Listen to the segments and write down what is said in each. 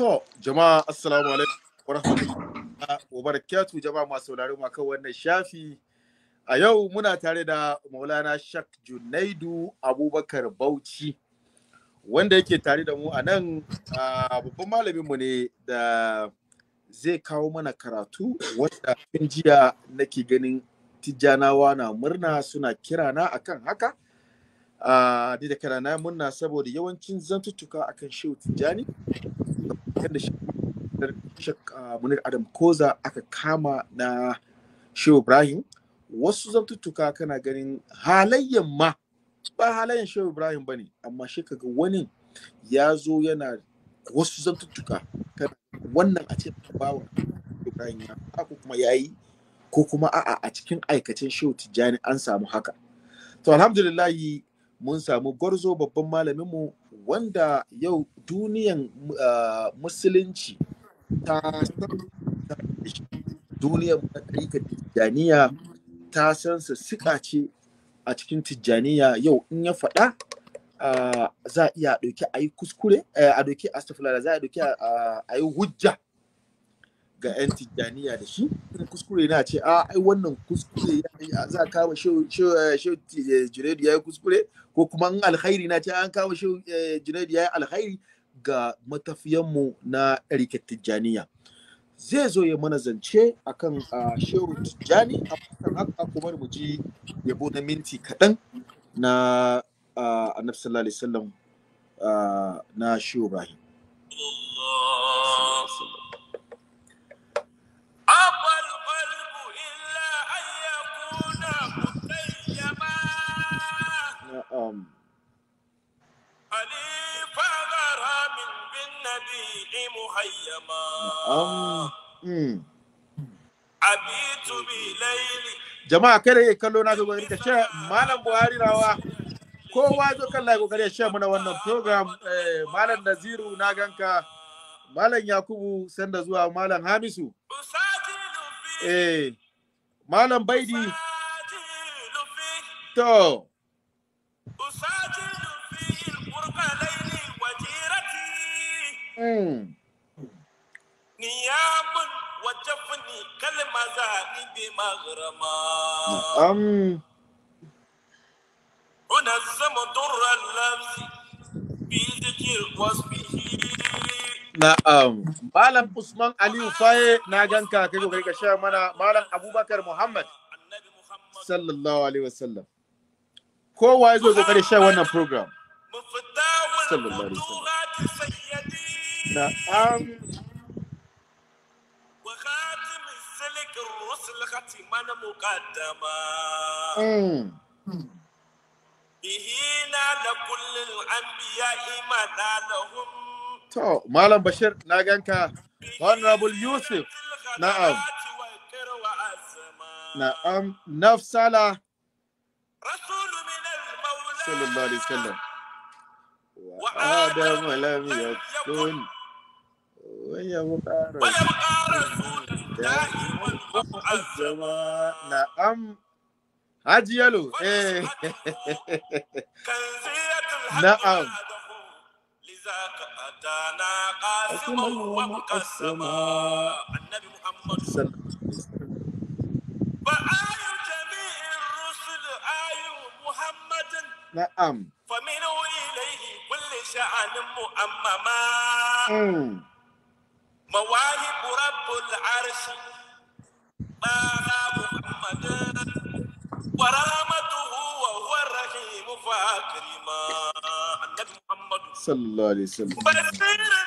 To, jama'a assalamu alaikum wa rahmatullahi wa barakatuh jama'a masu sauraro ma kan wannan shafi. A yau muna tare da Maulana Shak Junaidu Abubakar Bauchi wanda yake tare da mu a nan babban malamin mu ne da zai kawo mana karatu wanda tun jiya nake ganin tijjanawa na murna suna kirana akan haka. Uh, da kana na murna saboda yawancin zantuttuka akan shehu tijjani yadda ah, munir adam koza aka kama na shehu ibrahim wasu zantuttuka kana ganin halayyan ma ba halayyan shehu ibrahim ba ne amma shi kaga wani ya zo yana wasu zantuttuka wannan a cikin tabawa ibrahim ya ko kuma ya yi ko kuma a'a a cikin aikacin shehu tijjani an samu haka to alhamdulillahi mun samu gwarzo babban mu. wanda yau duniyan ah, musulunci ta duniyan tijjaniya ta san su suka ce a cikin tijjaniya yau in ya faɗa ah, za a iya ɗauki a yi kuskure eh, a ɗauki astagfirullah za a ɗauki ah, a yi hujja ga 'yan tijjaniya da shi kuskure na ce a ah, ai wannan kuskure za a kawo eh, shehu junaidu ya yi kuskure ko kuma an alkhairi na ce ah, an kawo shehu eh, ya yi alkhairi ga matafiyanmu na ɗarikin tijjaniya zai zo ya mana zance akan ah, shehu tijjani a kan haka kuma mu ji yabo na minti kaɗan na annabi sallallahu alaihi wasallam na shehu ibrahim um, um, hmm. jama'a kada ya kallo na gaba ka ce malam buhari rawa kowa zo kan lai kokari ya ce mana wannan program eh, malam naziru na ganka malam yakubu sanda zuwa malam hamisu eh malam baidi to أساجد في القربلين وجيرتي hmm. نيام وجفني كالمزاد بمغرما أم أنزم در اللفظ بذكر biyu. Na'am. Malam Usman Aliyu Faye na ganka kai kokari ka share mana Malam Abubakar Muhammad sallallahu alaihi wasallam. kowa ya zo kokari share wannan program sallallahu alaihi wasallam na'am ختمنا مقدما به نال كل الأنبياء honorable Yusuf na'am na'am nafsala rasulun صلى الله عليه وسلم وآدم لم يكن ويبقى رسول نعم حاج يلو إيه. نعم لذاك أتانا قاسما النبي محمد صلى الله عليه وسلم Na'am. Famin laihi kulle sha'anin mu'ammama. Hmm. Mawahi rabbul arshi. Bara Muhammadin. wa huwa rahimu fa Annabi Muhammadu. Sallallahu alaihi wasallam.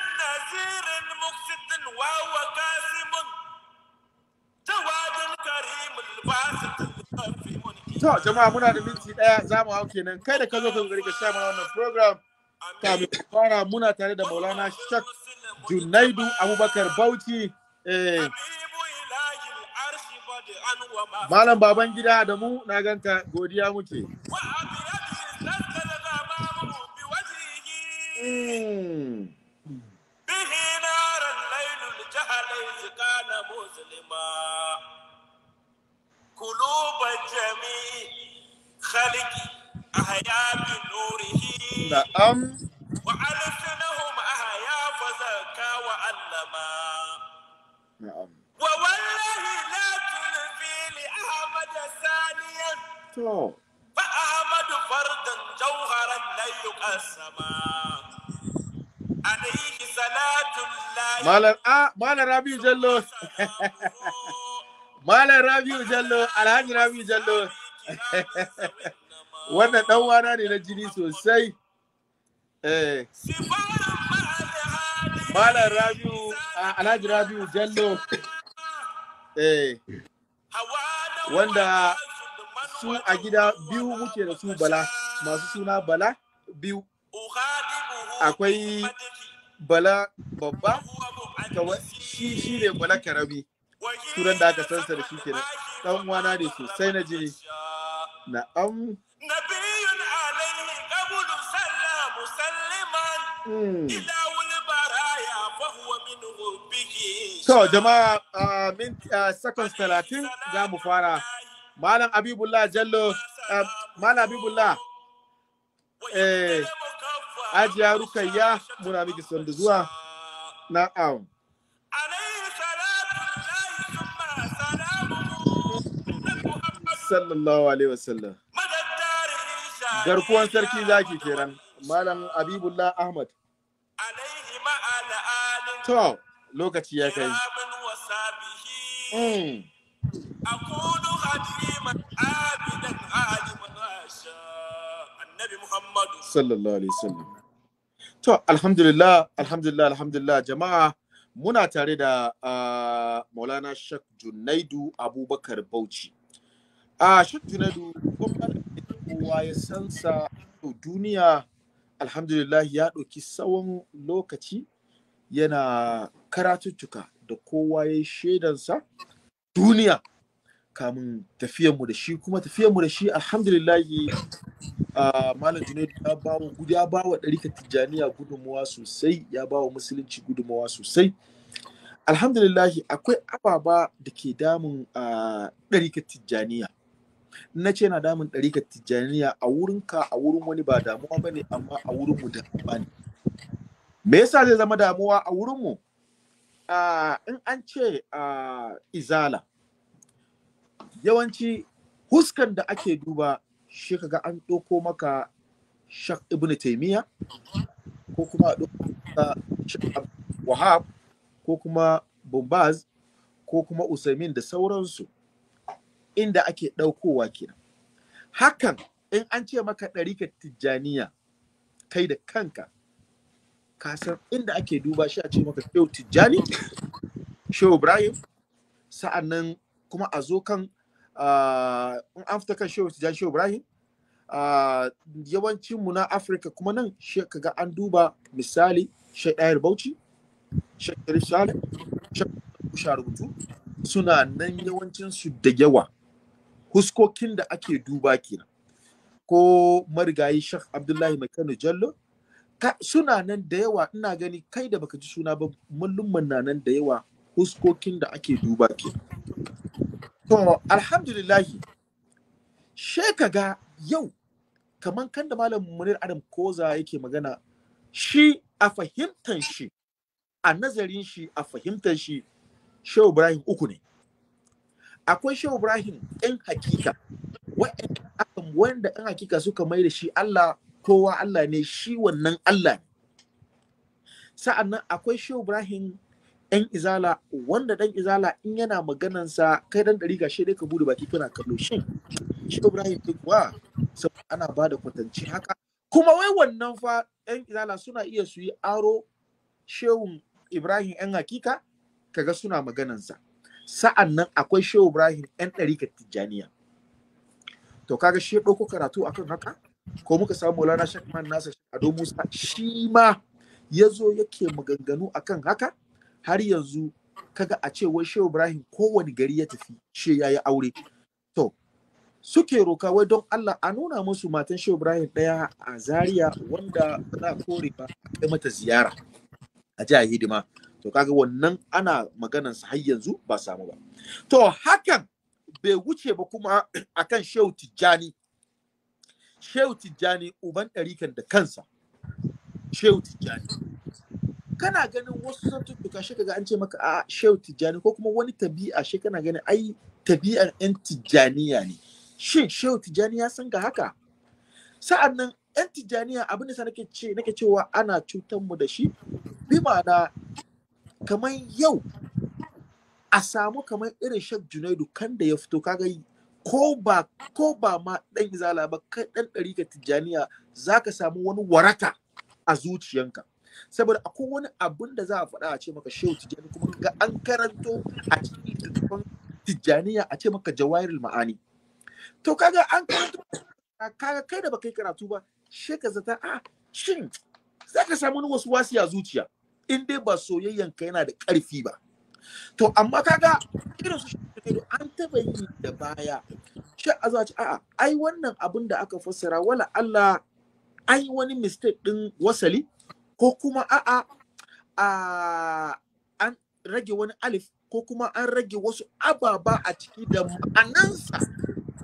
To, jama'a muna da minti ɗaya za mu hau kenan. Kai da ka zo ka gari ka sha mana wannan program. Kamin fara muna tare da Maulana Shak Junaidu Abubakar Bauchi. Eh, Malam baban gida da mu na ganta godiya muke. Mm. الخلق أحيا بنوره نعم وألسنهم أحيا فزكى وعلما نعم ووالله لا تلفي لأحمد ثانيا فأحمد فردا جوهرا لا يقسما عليه صلاة الله مالا آه مالا ربي جلو مالا ربي جلو الحاج ربي جلو wannan dan wana ne na jini sosai eh malam rabiu alhaji rabiu jallo eh wanda su a gida biyu muke da su bala masu suna bala biyu akwai bala babba shi shi ne bala karami turan da aka sansa da shi kenan dan uwana ne sosai na je am nabiyun alaihi qabulu sallam musliman hmm. ila wal baraya fa huwa min rubbihi to jama'a min seconds 30 za mu fara malam abibullah jallo malam abibullah eh ajiya rukayya muna miki son da zuwa na'am sallallahu alaihi wasallam garkuwan sarki zaki kiran malam abibullah ahmad to lokaci ya kai أكون حكيما عابدا عالما annabi Muhammadu sallallahu alaihi wasallam to alhamdulillah alhamdulillah alhamdulillah jama'a muna tare da uh, Maulana Sheikh Junaidu Abubakar Bauchi a shek kowa ya san duniya alhamdulillah ya ɗauki tsawon lokaci yana karatuttuka da kowa ya yi shaidansa duniya kamun tafiyanmu da shi kuma tafiyanmu da shi alhamdulillah, malam junaidu ya ba wa ya ba wa ɗarika tijjaniya gudunmawa sosai ya ba wa musulunci gudunmawa sosai Alhamdulillah, akwai ababa da ke damun uh, ɗarika tijjaniya na ce na damun ɗarika tijjaniya a wurinka a wurin wani ba damuwa ba ne amma a wurinmu damuwa ne me yasa zai zama damuwa a wurinmu in an ce izala yawanci huskan da ake duba shi kaga an ɗauko maka shak ibn taimiya ko kuma a maka wahab ko kuma bombaz ko kuma usaimin da sauransu inda ake ɗaukowa kenan hakan in an ce maka ɗarika tijjaniya kai da kanka ka inda ake duba shi a ce maka shehu tijjani shehu ibrahim nan kuma a zo kan ah, in an fita kan shehu tijjani shehu ibrahim ah, yawancin na afirka kuma nan kaga an duba misali shaidayar bauchi shaidayar shaidayar rubutu suna nan yawancinsu da yawa huskokin da ake duba kenan ko marigayi Sheikh Abdullahi Makano Jallo suna nan da yawa ina gani kai da baka ji suna ba mallumman na nan da yawa huskokin da ake duba ke to alhamdulillahi she kaga yau kaman kan da malam munir adam koza yake magana shi a fahimtar shi a nazarin shi a fahimtar shi shehu ibrahim uku ne akwai shehu ibrahim ɗan hakika wanda 'yan hakika suka mai da shi allah kowa allah ne shi wannan allah ne sa'an nan akwai shehu ibrahim ɗan izala wanda ɗan izala in yana maganansa kai ɗan ɗari gashi dai ka bude baki tana kallo shin shehu ibrahim ɗin wa saboda ana ba da kwatanci haka kuma wai wannan fa ɗan izala suna iya su yi aro shehun ibrahim ɗan hakika kaga suna maganansa. sa sa'an nan akwai shehu ibrahim ɗari ɗarikar tijjaniya to kaga shi ɗauko karatu akan haka ko muka samu maulana shek man nasa ado musa shi ma ya zo yake maganganu akan haka har yanzu kaga a ce wai shehu ibrahim kowane gari ya tafi she ya yi aure to suke roka wai don allah a nuna musu matan shehu ibrahim ɗaya a zaria wanda ba za a kore ba a kai mata ziyara a ji hidima to kaga wannan ana maganan sa har yanzu ba samu ba to hakan bai wuce ba kuma akan Shehu Tijjani Shehu Tijjani uban ɗarikan da kansa Shehu Tijjani kana ganin wasu zantuttuka shi kaga an ce maka a Shehu Tijjani ko kuma wani tabi'a shi kana ganin ai tabi'ar 'yan Tijjaniya ne shin Shehu Tijjani ya san ga haka sa'an nan 'yan Tijjaniya abin da nake ce nake cewa ana cutar mu da shi bi ma'ana kamar yau a samu kamar irin shak Junaidu kan da ya fito kaga ko ba ko ba ma ɗan izala ba kai dan ga tijjaniya zaka samu wani warata a zuciyanka saboda akwai wani abun da za a faɗa a ce maka shehu tijjani kuma ga an karanto a cikin littattafan tijjaniya a ce maka jawairul ma'ani to kaga an karanto kaga kai da baka yi karatu ba she zata a ah, shin zaka samu wani wasu wasi a zuciya in dai ba soyayyan ka yana da ƙarfi ba to amma kaga irin su an taba yi da baya shi a zuwa ci a'a ai wannan abin da aka fassara wala Allah ai wani mistake din wasali ko kuma a'a a an rage wani alif ko kuma an rage wasu ababa a ciki da ma'anansa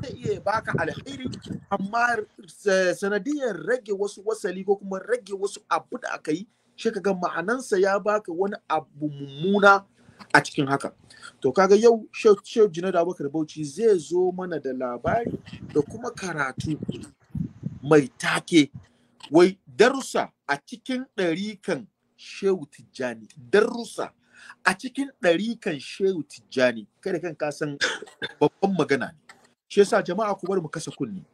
zai iya baka alheri amma eh, sanadiyar rage wasu wasali ko kuma rage wasu abu da aka yi shi kaga ma'anansa ya baka wani abu mummuna a cikin haka to kaga yau shehu jinar da abubakar bauchi zai zo mana da labari da kuma karatu mai take wai darussa a cikin ɗarikan shehu tijjani darussa a cikin ɗarikan shehu tijjani kada kan kasan babban magana ne shi yasa jama'a ku bari mu kasa kunni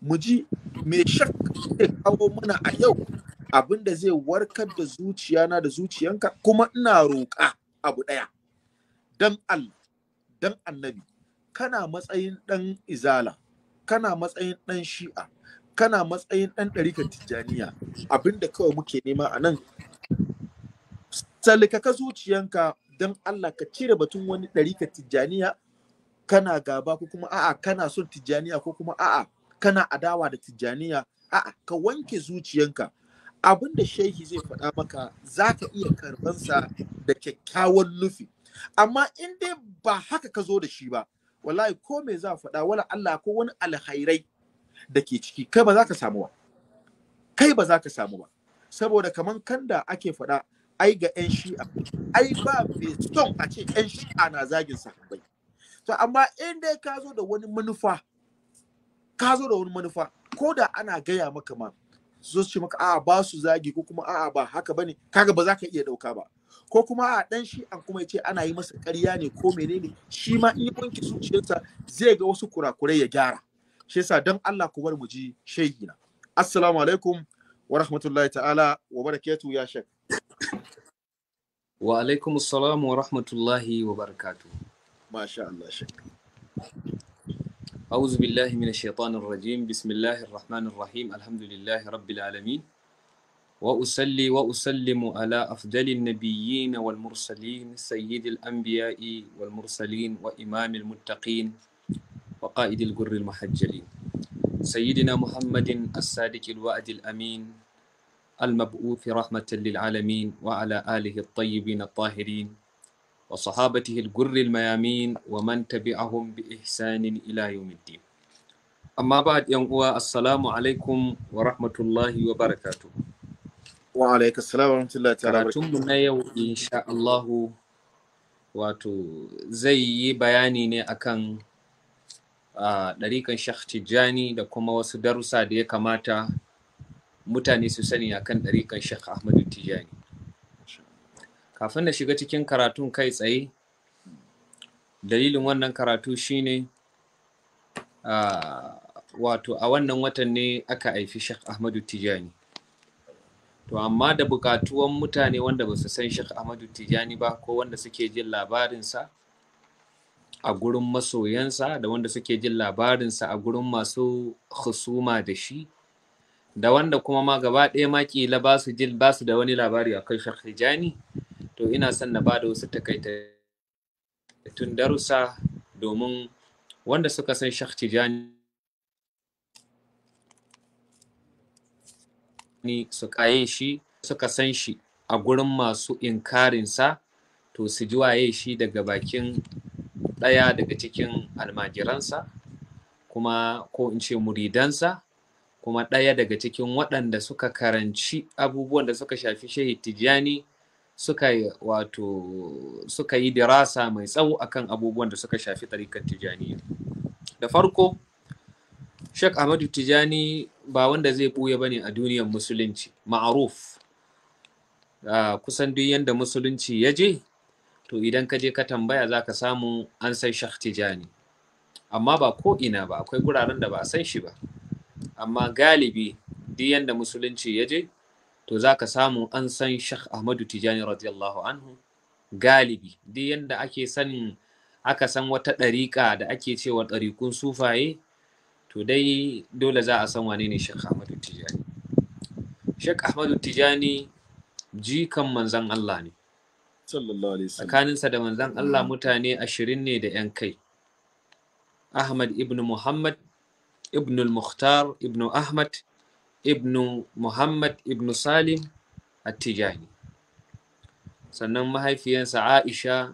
mu ji me shak zai kawo mana a yau abin da zai warkar da zuciyana da zuciyanka kuma ina roƙa abu ɗaya dan Allah dan annabi kana matsayin ɗan izala kana matsayin ɗan shi'a kana matsayin ɗan ɗarikar tijjaniya abin da kawai muke nema a nan ka zuciyanka don Allah ka cire batun wani ɗarikar tijjaniya kana gaba ko kuma a'a kana son tijjaniya ko kuma a'a kana adawa da tijjaniya a'a ka wanke zuciyanka abin da shehi zai faɗa maka za ka iya karbansa da kyakkyawan nufi amma in dai ba haka ka zo da shi ba wallahi ko me za faɗa wala Allah ko wani alhairai da ke ciki kai ba za ka samu ba kai ba za ka samu ba saboda kaman kanda ake faɗa ai ga 'yan shi'a ai ba mai son a ce 'yan shi'a na zagin sahabbai to amma in dai ka zo da wani manufa ka zo da wani manufa ko da ana gaya maka ma zo ce maka a'a ba su zagi ko kuma a'a ba haka bane kaga ba za ka iya dauka ba ko kuma a dan shi an kuma yace ana yi masa ƙarya ne ko menene shi ma in ya zuciyarsa zai ga wasu kurakurai ya gyara shi yasa dan Allah ku bar mu ji shegina assalamu alaikum wa rahmatullahi ta'ala wa barakatu ya shek wa alaikum assalam wa rahmatullahi wa barakatu. masha Allah shek أعوذ بالله من الشيطان الرجيم بسم الله الرحمن الرحيم الحمد لله رب العالمين وأصلي وأسلم على أفضل النبيين والمرسلين سيد الأنبياء والمرسلين وإمام المتقين وقائد الجر المحجلين سيدنا محمد الصادق الوعد الأمين المبعوث رحمة للعالمين وعلى آله الطيبين الطاهرين وصحابته الجر الميامين ومن تبعهم بإحسان إلى يوم الدين أما بعد ينقوى السلام عليكم ورحمة الله وبركاته وعليك السلام ورحمة الله تعالى وبركاته يو إن شاء الله واتو زي بياني ne akan ɗarikan Sheikh Tijjani da kuma wasu darussa da ya kamata mutane su sani akan ɗarikan Sheikh Ahmadu Tijjani. kafin na shiga cikin karatun kai tsaye dalilin wannan karatu shine uh, wato a wannan watan ne aka haifi Sheikh Ahmadu Tijani to amma da bukatuwan mutane wanda ba su san Sheikh Ahmadu Tijani ba ko wanda suke jin labarinsa a gurin masoyansa da wanda suke jin labarinsa a gurin masu husuma da shi da wanda kuma ma gaba ɗaya ma kila ba su jil ba su da wani labari akan shakhrijani to ina son na bada wasu tun darusa domin wanda suka san shakhrijani ni su kaye shi suka san shi a gurin masu inkarin sa to su ji waye shi daga bakin ɗaya daga cikin almajiransa kuma ko in ce muridansa kuma ɗaya daga cikin waɗanda suka karanci abubuwan da suka shafi shehi tijjani suka wato suka yi dirasa mai tsawo akan abubuwan da suka shafi ɗarikar Tijani. da farko Sheikh Ahmadu Tijani ba wanda zai ɓuya ba ne a duniyar musulunci ma'aruf a kusan duk yadda musulunci ya je to idan ka je ka tambaya za ka samu an san Sheikh Tijani amma ba ko'ina ba akwai guraren da ba a san shi ba amma galibi duk yadda musulunci ya je to za ka samu an san Sheikh Ahmadu Tijani radiyallahu anhu galibi duk yanda ake sanin aka san wata ɗariƙa da ake cewa ɗariƙun sufaye to dai dole za a san wane ne Sheikh Ahmadu Tijani Sheikh Ahmadu Tijani jikan manzan Allah ne tsakaninsa da manzan Allah mutane ashirin ne da 'yan kai Ahmad ibn Muhammad ibn al-mukhtar ibn ahmad ibn muhammad ibn salim at sannan mahaifiyarsa aisha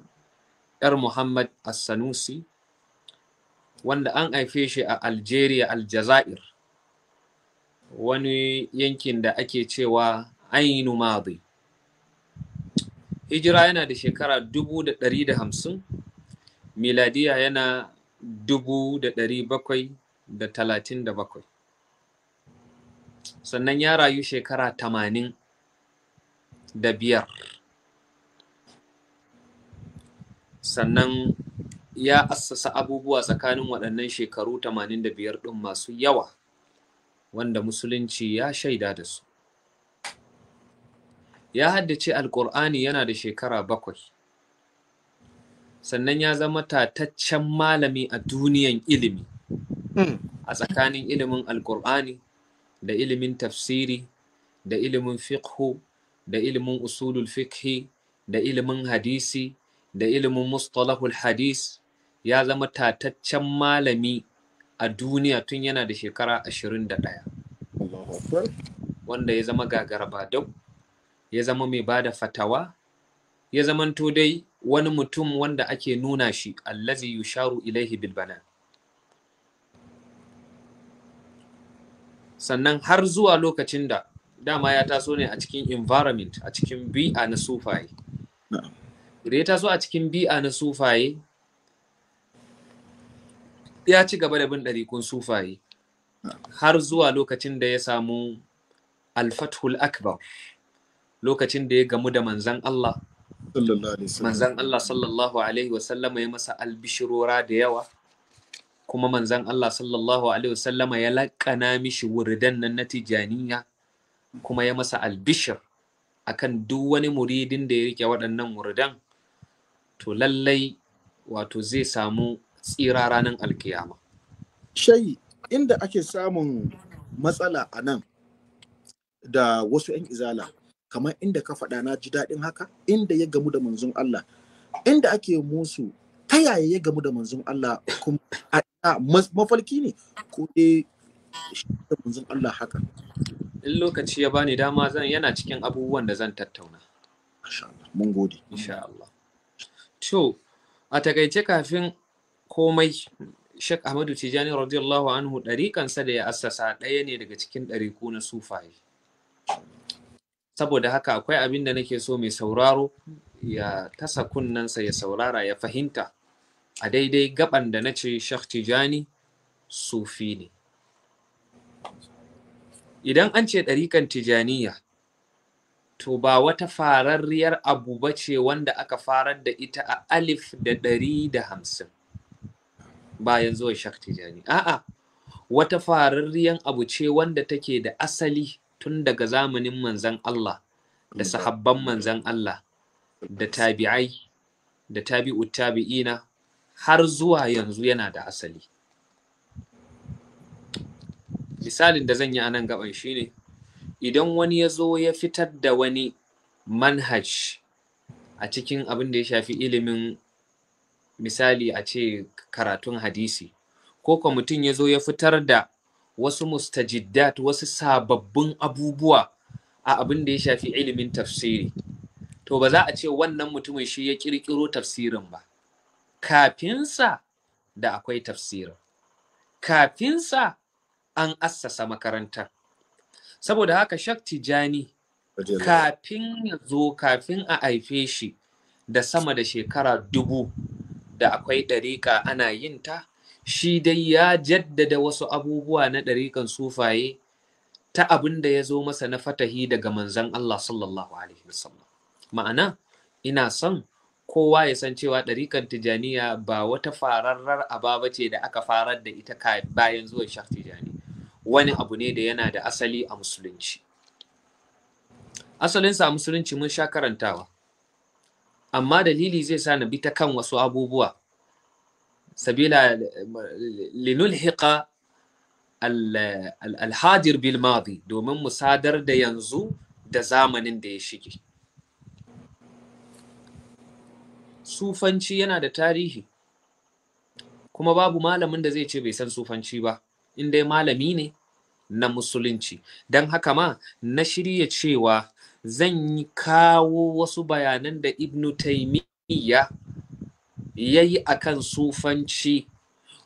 yar muhammad as-sanusi wanda an haife shi a algeria aljazair wani yankin da ake cewa ainu madi hijira yana da shekara 150 miladiya yana 700 da talatin da bakwai sannan ya rayu shekara tamanin da biyar sannan ya assasa abubuwa tsakanin waɗannan shekaru tamanin da biyar ɗin masu yawa wanda musulunci ya shaida da su ya haddace alƙur'ani yana da shekara bakwai sannan ya zama tataccen malami a duniyan ilimi Hmm. a tsakanin ilimin alkur'ani da ilimin tafsiri da ilimin fiqhu da ilimin usulul fiqhi da ilimin hadisi da ilimin mustalahul hadis ya zama tataccen malami a duniya tun yana da shekara da ɗaya. wanda ya zama gagara dau ya zama mai ba da fatawa ya zamanto dai wani mutum wanda ake nuna shi allazi yusharu ilaihi bilbanan sannan har zuwa lokacin da dama ya taso ne a cikin environment a cikin bi'a na sufaye da ya taso a cikin bi'a na sufaye ya ci gaba da bin ɗarikun sufaye har zuwa lokacin da ya samu alfathul akbar lokacin da ya gamu da manzan Allah manzan Allah sallallahu alaihi wasallama ya masa albishirora da yawa kuma manzan Allah sallallahu alaihi wasallama ya laƙana mishi wuridan nan na tijaniya kuma ya masa albishir akan duk wani muridin da ya rike waɗannan wuridan to lallai wato zai samu tsira ranar alkiyama shai inda ake samun matsala a nan da wasu 'yan izala kamar inda ka faɗa na ji daɗin haka inda ya gamu da manzon Allah inda ake musu ta yaya ya gamu da manzon Allah kuma a Ah, mafarki ne ko dai Allah haka in lokaci ya bani dama zan yana cikin abubuwan da zan tattauna mun gode insha Allah to a takaice kafin komai Sheikh Ahmadu Tijani radiyallahu anhu ɗariƙansa da ya assasa ɗaya ne daga cikin ɗariku na sufaye. Saboda haka akwai abin da nake so mai sauraro ya tasa kunnensa ya saurara ya fahimta a daidai gaban da na ce Sheikh Tijani sufi ne idan an ce ɗarikan Tijaniya to ba wata fararriyar abu ba ce wanda aka farar da ita a alif da ɗari da hamsin bayan zuwa Sheikh Tijani a'a wata fararriyar abu ce wanda take da asali tun daga zamanin manzan Allah da sahabban manzan Allah da tabi'ai da tabi'u tabi'ina har zuwa yanzu yana da asali misalin da zan yi a nan gaban ne. idan wani ya zo ya fitar da wani manhaj a cikin abin da ya shafi ilimin misali a ce karatun hadisi ko kuma mutum ya zo ya fitar da wasu mustajiddat wasu sababbin abubuwa a abin da ya shafi ilimin tafsiri to ba za a ce wannan mutumin shi ya ƙirƙiro tafsirin ba kafinsa da akwai tafsirin kafinsa an assasa makaranta saboda haka shak tijani kafin ya zo kafin a haife shi da sama da shekara dubu da akwai ɗariƙa ana yin ta shi dai ya jaddada wasu abubuwa na ɗariƙan sufaye ta abin da ya zo masa na fatahi daga manzan Allah sallallahu alaihi wasallam ma'ana ina son kowa ya san cewa ɗarikar tijaniya ba wata fararrar aba ba ce da aka farar da ita bayan zuwa shak tijani wani abu ne da yana da asali a musulunci asalinsa a musulunci mun sha karantawa amma dalili zai sa na bi ta kan wasu abubuwa sabila al-hadir bil madi domin mu sadar da yanzu da zamanin da ya shige sufanci yana da tarihi kuma babu malamin da zai ce bai san sufanci ba in dai malami ne na musulunci don haka ma na shirya cewa zan yi kawo wasu bayanan da ibnu taimiyya ya yi a kan sufanci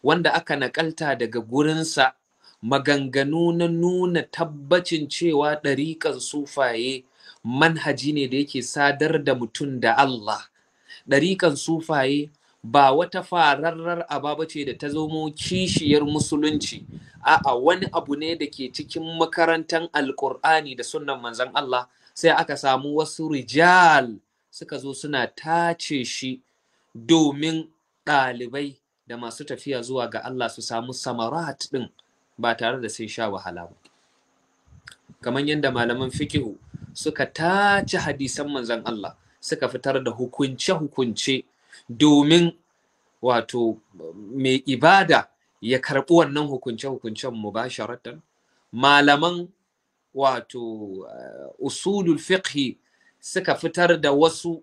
wanda aka nakalta daga gurinsa maganganu na nuna tabbacin cewa ɗariƙan sufaye manhaji ne da yake sadar da mutum da Allah Ɗarikan sufaye ba wata fararrar aba ce da ta zomo kishiyar musulunci a'a wani abu ne da ke cikin makarantar Alƙur'ani da sunan manzon Allah sai aka samu wasu rijal suka zo suna tace shi domin ɗalibai da masu tafiya zuwa ga Allah su samu samarat ɗin ba tare da sai sha wahala ba kamar yadda malaman fikihu suka tace hadisan manzon Allah suka fitar da hukunce-hukunce domin wato mai ibada ya karɓi wannan hukunce-hukuncen mubasharatan malaman wato eh, usulul fiqhi suka fitar da wasu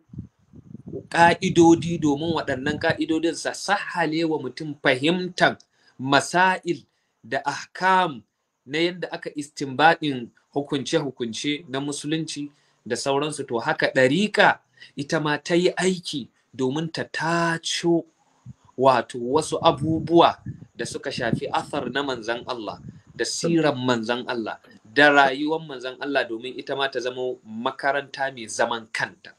ƙa'idodi domin waɗannan ƙa'idodin sa sahale wa mutum fahimtar masail da ahkam na yadda aka istimbaɗin hukunce-hukunce na musulunci da sauransu to haka ɗariƙa ita ma ta yi aiki domin ta taco wato wasu abubuwa da suka shafi athar na manzan Allah da siran manzan Allah da rayuwar manzan Allah domin ita ma ta zama makaranta mai zaman kanta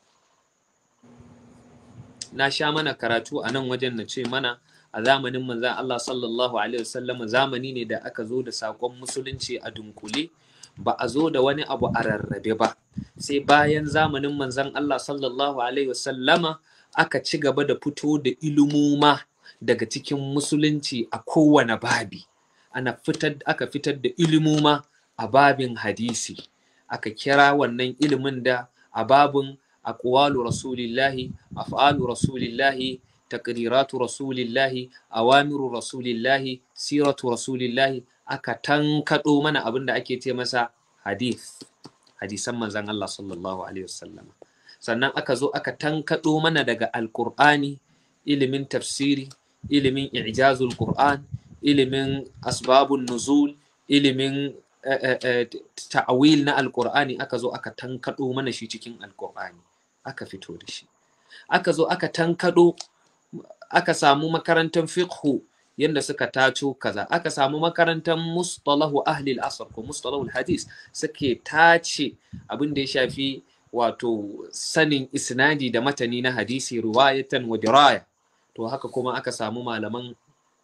na sha mana karatu a nan wajen na ce mana a zamanin manzan Allah sallallahu alaihi wasallam zamani ne da aka zo da saƙon musulunci a dunkule ba a zo da wani abu a rarrabe ba sai bayan zamanin manzan Allah sallallahu alaihi wasallama aka ci gaba da fito da ilmuma daga cikin musulunci a kowane babi ana fitar aka fitar da ilimuma a babin hadisi aka kira wannan ilimin da a babin aqwalu rasulillahi af'alu rasulillahi taqriratu rasulillahi awamiru rasulillahi siratu rasulillahi aka tankaɗo mana abin da ake ce masa hadith hadisan manzan Allah sallallahu alaihi wasallama sannan aka zo aka tankaɗo mana daga alkur'ani ilimin tafsiri ilimin i'jazul qur'an ilimin asbabun nuzul ilimin eh, eh, eh, ta'awil na alkur'ani aka zo aka tankaɗo mana shi cikin alkur'ani aka fito da shi aka zo aka tankaɗo aka samu makarantar fiqhu yanda suka taco kaza aka samu makarantar mustalahu ahli al-asr ko mustalahu al-hadis suke tace abin da ya shafi wato sanin isnadi da matani na hadisi riwayatan wa diraya to haka kuma aka samu malaman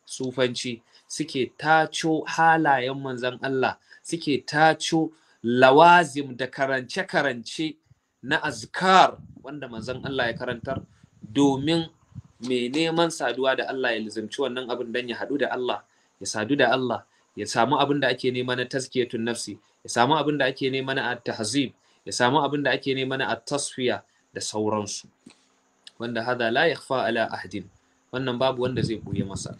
sufanci suke taco halayen manzon Allah suke taco lawazim da karance-karance na azkar wanda manzon Allah ya karantar domin mai neman saduwa da Allah ya lizimci wannan abin dan ya haɗu da Allah ya sadu da Allah ya samu abin da ake nema na tazkiyatun nafsi ya samu abin da ake nema na tahzib ya samu abin da ake nema na tasfiya da sauransu wanda hada la yakhfa ala ahdin wannan babu wanda zai buye masa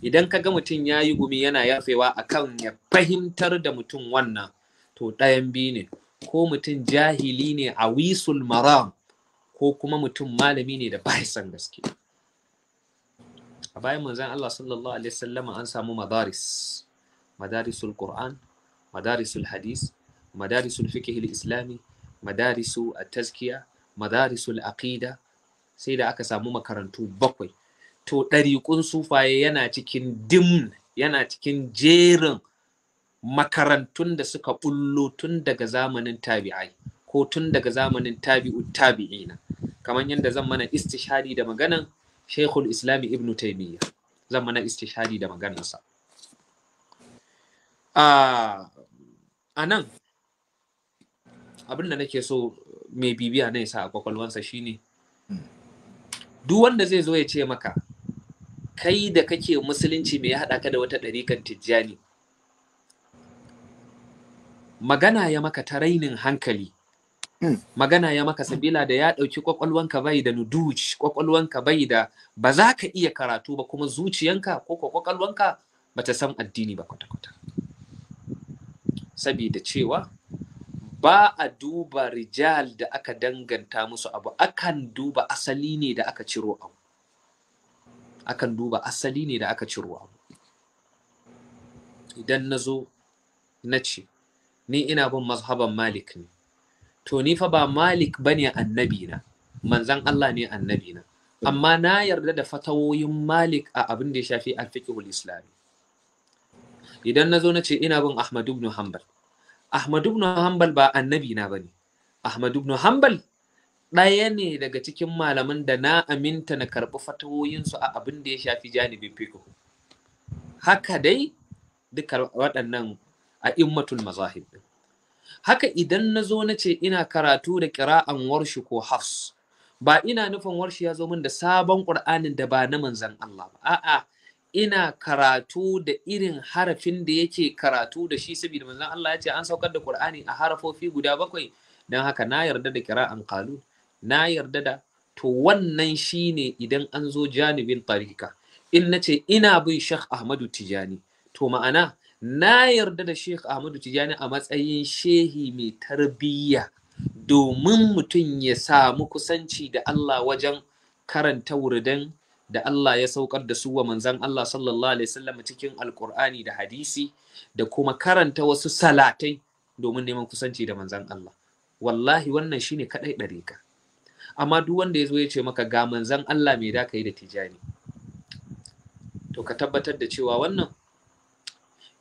idan ka ga mutum ya yi gumi yana yafewa akan ya fahimtar da mutum wannan to ɗayan biyu ne ko mutum jahili ne a wisul maram ko kuma mutum malami ne da bai san gaske a bayan manzan Allah sallallahu alaihi wasallama an samu madaris madarisul Qur'an madarisul hadis madarisul fiqh islami madarisu a taskiya madarisul aqida sai da aka samu makarantu bakwai to ɗari ɗariƙun sufaye yana cikin dim yana cikin jerin makarantun da suka bullo tun daga zamanin tabi'ai ko tun daga zamanin tabi'u tabi'ina kamar yadda zan mana istishari da maganan Sheikhul islami Ibn Taymiyyah zan mana istishadi da maganarsa a nan abin da nake so mai bibiya na yasa a kwakwalwansa shine duk wanda zai zo ya ce maka kai da kake musulunci mai haɗa ka da wata ɗarikan tijjani magana ya maka ta rainin hankali Hmm. magana ya maka sabila da ya ɗauki kwakwalwanka bai da nuduj kwakwalwanka bai da ba za ka iya karatu ba kuma zuciyanka ko kwakwalwanka ba ta san addini ba kwata-kwata sabida cewa ba a duba rijal da aka danganta musu abu akan duba asali ne da aka ciro abu akan duba asali ne da aka ciro abu idan nazo zo na ce ni ina bin mazhaban malik ne to ni fa ba Malik bane annabi na manzan Allah ne annabi na amma na yarda da fatawoyin Malik a abin da ya shafi alfiqhul islami idan na zo na ce ina bin Ahmad ibn Hanbal Ahmad ibn Hanbal ba annabi na bane Ahmad ibn Hanbal ɗaya ne daga cikin malaman da na aminta na karɓi fatawoyinsu a abin da ya shafi janibin fiko haka dai duka waɗannan a immatul mazahib haka idan na zo na ce ina karatu da kira'an warshi ko hafs ba ina nufin warshi ya zo min da sabon ƙur'anin da ba na manzan Allah ba a'a ina karatu da irin harafin da yake karatu da shi saboda manzan Allah ya ce an saukar da ƙur'ani a harafofi guda bakwai don haka na yarda da kira'an qalu na yarda da to wannan shine idan an zo janibin tarika in nace ina bin Sheikh Ahmadu Tijani to ma'ana na yarda da Sheikh Ahmadu Tijani a matsayin shehi mai tarbiyya domin mutum ya samu kusanci da Allah wajen karanta wuridan da Allah ya saukar da su wa manzan Allah sallallahu alaihi wasallam cikin alkur'ani da hadisi da kuma karanta wasu salatai domin neman kusanci da manzan Allah wallahi wannan shine kadai ka. amma duk wanda ya zo ya ce maka ga manzan Allah me da yi da tijani to ka tabbatar da cewa wannan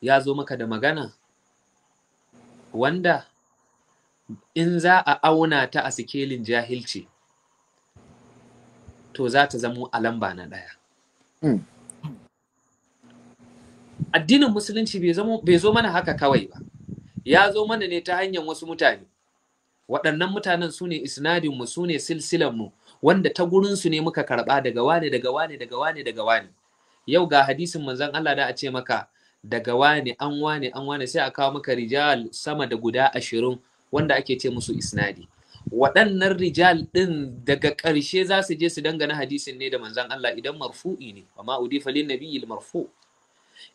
ya zo maka da magana wanda in za a auna ta a sikelin jahilci to za ta zamo a lamba na ɗaya. Hmm. Addinin Musulunci bai zo mana haka kawai ba, ya zo mana ne ta hanyar wasu mutane. Waɗannan mutanen su ne isnadinmu su ne silsilanmu wanda ta gurinsu ne muka karɓa daga wane daga wane daga wane daga wane. Yau ga hadisin manzon Allah da a ce maka daga wane an wane an wane sai a kawo maka rijal sama da guda ashirin wanda ake ce musu isnadi waɗannan rijal ɗin daga ƙarshe za su je su dangana hadisin ne da manzan Allah idan marfu'i ne wa ma udifa lin nabiyil marfu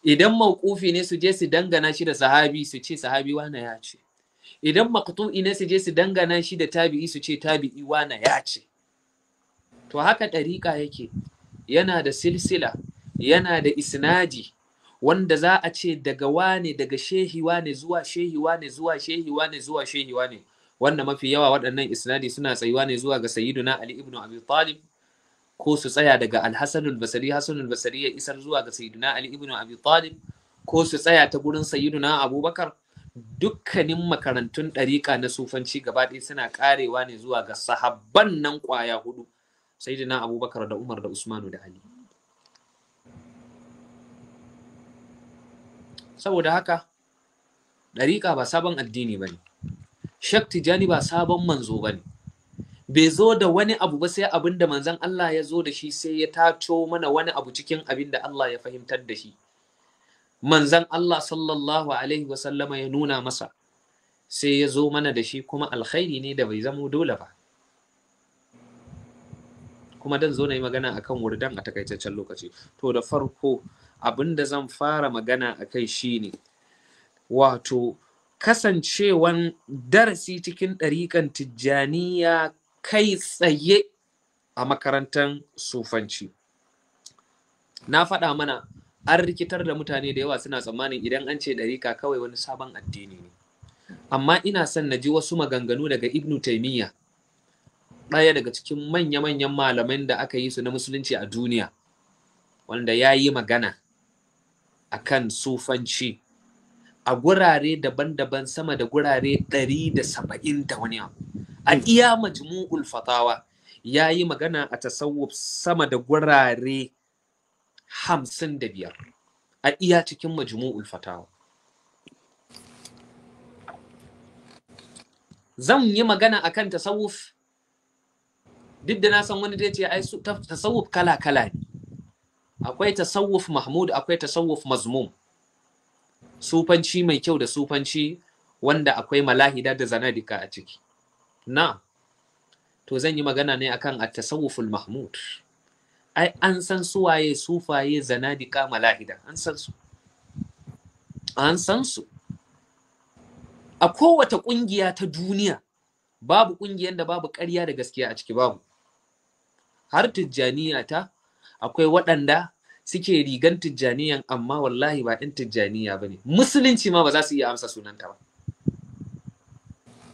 idan mauqufi ne su je su dangana shi da sahabi su ce sahabi wana ya ce idan maqtu'i ne su je su dangana shi da tabi'i su ce tabi'i wana ya ce to haka ɗariƙa yake yana da silsila yana da isnadi wanda za a ce daga wane daga shehi wane zuwa shehi wane zuwa shehi wane zuwa shehi wane wanda mafi yawa waɗannan isnadi suna tsayuwa ne zuwa ga sayyiduna Ali ibn Abi Talib ko su tsaya daga Al-Hasan al-Basri Hasan al-Basri ya isar zuwa ga sayyiduna Ali ibn Abi Talib ko su tsaya ta gurin sayyiduna Abubakar dukkanin makarantun ɗariƙa na sufanci gaba ɗaya suna ƙarewa ne zuwa ga sahabban nan ƙwaya hudu sayyidina Abubakar da Umar da Usmanu da Ali saboda haka dariƙa ba sabon addini ba ne shak tijani ba sabon manzo ba ne bai zo da wani abu ba sai abin da manzan Allah ya zo da shi sai ya taco mana wani abu cikin abin da Allah ya fahimtar da shi manzan Allah sallallahu alaihi wasallama ya nuna masa sai ya zo mana da shi kuma alkhairi ne da bai zamo dole ba kuma dan zo na yi magana akan wurdan a takaitaccen lokaci to da farko abin da zan fara magana a kai shi ne, wato kasancewan darasi cikin ɗariƙan tijjaniya kai tsaye a makarantar sufanci na faɗa mana an rikitar da mutane da yawa suna tsammanin idan an ce ɗariƙa kawai wani sabon addini ne amma ina son na ji wasu maganganu daga ibnu taimiyya ɗaya daga cikin manya-manyan malaman da aka yi su na musulunci a duniya wanda ya yi magana akan sufanci a gurare daban-daban sama da gurare ɗari da saba'in da wani abu a hmm. iya majmu'ul fatawa ya yi magana a tasawuf sama da gurare hamsin da biyar a iya cikin majmu'ul fatawa zan yi magana a kan tasawuf duk da na san wani zai ce ai tasawuf kala-kala ne akwai tasawuf mahmud akwai tasawuf mazmum sufanci mai kyau da sufanci wanda akwai malahida da zanadika a ciki na to zan yi magana ne akan a tasawuful mahmud ai an san suwaye sufaye zanadika malahida an san su an san su a kowace ƙungiya ta duniya babu ƙungiyar da babu ƙarya da gaskiya a ciki babu har tijjaniya ta akwai waɗanda suke rigan tijjaniyan amma wallahi ba ɗin tijjaniya ba ne musulunci ma ba za su iya amsa sunanta ba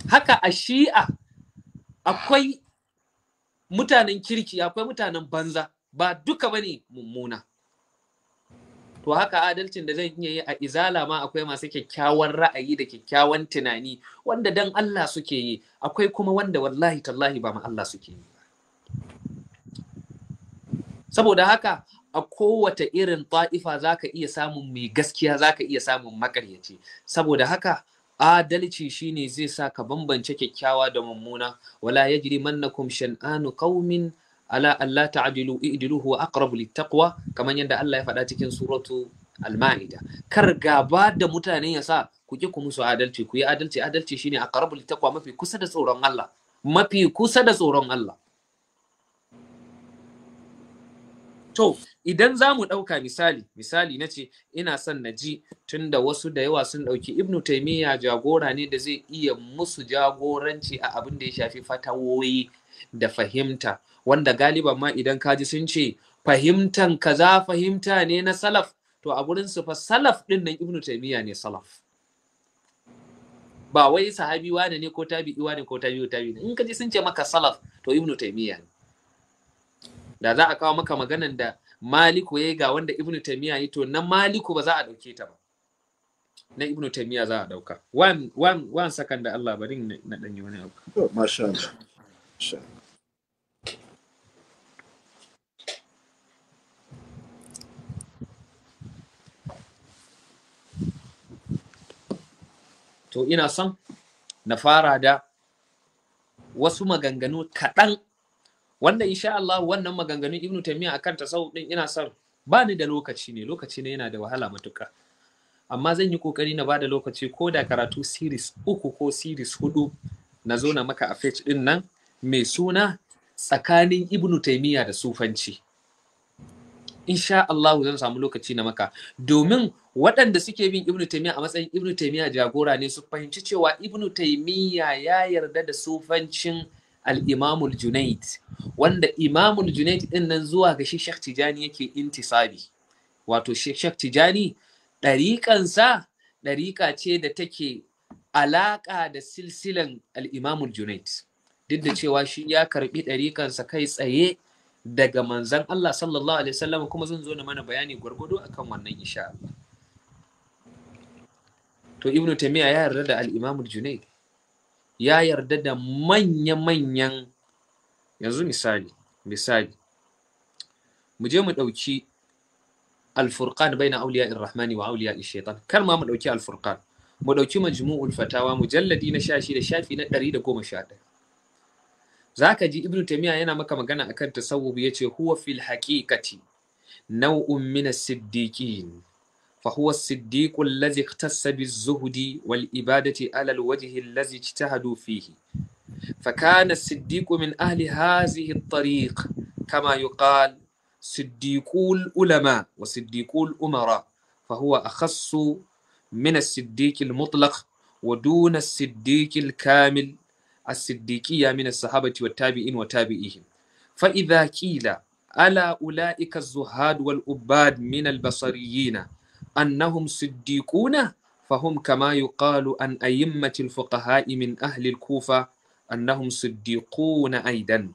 haka a shi'a akwai mutanen kirki akwai mutanen banza ba duka ba ne mummuna to haka adalcin da zan iya yi a izala ma akwai masu kyakkyawan ra'ayi da kyakkyawan tunani wanda dan Allah suke yi akwai kuma wanda wallahi tallahi ba ma Allah suke yi saboda haka a kowace irin ta'ifa za ka iya samun mai gaskiya za ka iya samun makaryaci saboda haka adalci shine zai sa ka bambance kyakkyawa da mummuna wala yajri mannakum shan'anu qaumin ala alla ta'dilu i'dilu huwa aqrabu littaqwa kamar yadda Allah ya faɗa cikin suratu al-ma'ida kar gaba da mutane ya sa ku ki ku musu adalci ku yi adalci adalci shine aqrabu littaqwa mafi kusa da tsoron Allah mafi kusa da tsoron Allah to idan za mu ɗauka misali misali na ce ina son na ji tun da wasu da yawa sun ɗauki ibnu taimiyya jagora ne da zai iya musu jagoranci a abin da ya shafi fatawoyi da fahimta wanda galiban ma idan kaji sun ce fahimtan kaza fahimta ne na salaf to a gurin su fa salaf din nan ibnu taimiyya ne salaf ba wai sahabi wane ne ko tabi'i wane ko tabi'u tabi'i in kaji sun ce maka salaf to ibnu taimiyya ne da za a kawo maka maganan da maliku yi eh, ga wanda Ibn taymiya yi to na maliku ba za a ɗauke ta ba na Ibn taymiya za a ɗauka. Wan, sakan da Allah bari na ɗan yi wani abu masha Allah to ina son na fara da wasu maganganu kaɗan wanda insha Allah wannan maganganun Ibn Taymiyyah akan tasawuf din ina son ba ni da lokaci ne lokaci ne yana da wahala matuka amma zan yi kokari na bada lokaci ko da karatu series uku ko series hudu na zo na maka a page din nan mai suna tsakanin Ibn Taymiyyah da sufanci insha Allah zan samu lokaci na maka domin waɗanda suke bin Ibn Taymiyyah a matsayin Ibn Taymiyyah jagora ne su fahimci cewa Ibn Taymiyyah ya yarda da sufancin al-imamul junaid wanda imamul junaid din nan zuwa ga shi shek tijani yake intisabi wato shek tijani ɗariƙansa ɗariƙa ce da take alaƙa da silsilan al'imamul junaid duk da cewa shi ya karɓi ɗariƙansa kai tsaye daga manzan Allah sallallahu alaihi wasallam kuma zan zo na mana bayani gwargwado akan wannan isha to ibnu tamiya ya yarda da al'imamul junaid ya yarda da manya-manyan yanzu misali misali mu je mu ɗauki alfurkan bai na auliya irrahmani wa auliya shaitan kar ma mu ɗauki alfurkan, mu ɗauki majmu'ul fatawa mujalladi na sha shida shafi na ɗari da goma sha ɗaya za ka ji ibnu taimiyya yana maka magana akan tasawuf ya ce huwa fil haqiqati nau'un min as-siddiqin فهو الصديق الذي اختص بالزهد والإبادة على الوجه الذي اجتهدوا فيه فكان الصديق من أهل هذه الطريق كما يقال صديقو العلماء وصديقو الأمراء فهو أخص من الصديق المطلق ودون الصديق الكامل الصديقية من الصحابة والتابعين وتابعيهم فإذا قيل ألا أولئك الزهاد والأباد من البصريين annahum siddiquna fahum kama yuqalu an ayyimmatil fuqaha'i min ahli al-kufa annahum siddiquna aidan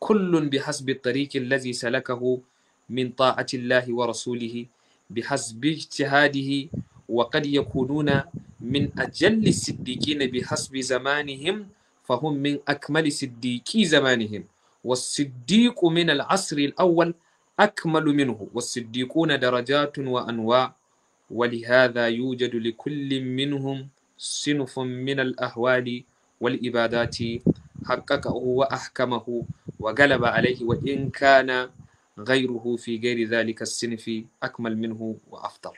kullun bihasbi at-tariqi allazi salakahu min ta'ati Allahi wa rasulihi bihasbi ijtihadihi wa qad yakununa min ajalli siddiqina bihasbi zamanihim fahum min akmali siddiqi zamanihim والصديق من العصر الأول أكمل منه والصديقون wa anwa. ولهذا يوجد لكل منهم صنف من الأهوال والإبادات حققه وأحكمه وغلب عليه وإن كان غيره في غير ذلك الصنف أكمل منه وأفضل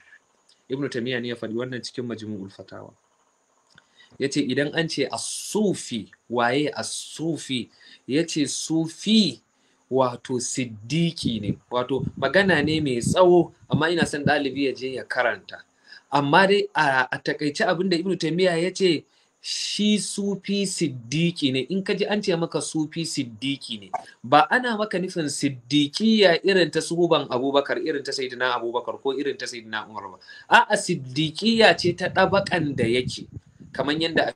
ابن تيمية ne ya faɗi wannan cikin majmu'ul fatawa yace idan an ce as-sufi waye as-sufi yace sufi wato siddiki ne wato magana ne mai tsawo amma ina son ɗalibi ya je ya karanta amma dai a takaice abinda ibnu taimiyya ya ce shi sufi siddiki ne in ka ji an ce maka sufi siddiki ne ba ana maka nufin siddikiya irin ta suhuban abubakar irin ta saidina abubakar ko irin ta saidina umar ba a'a siddikiya ce ta ɗabakan da yake kamar yadda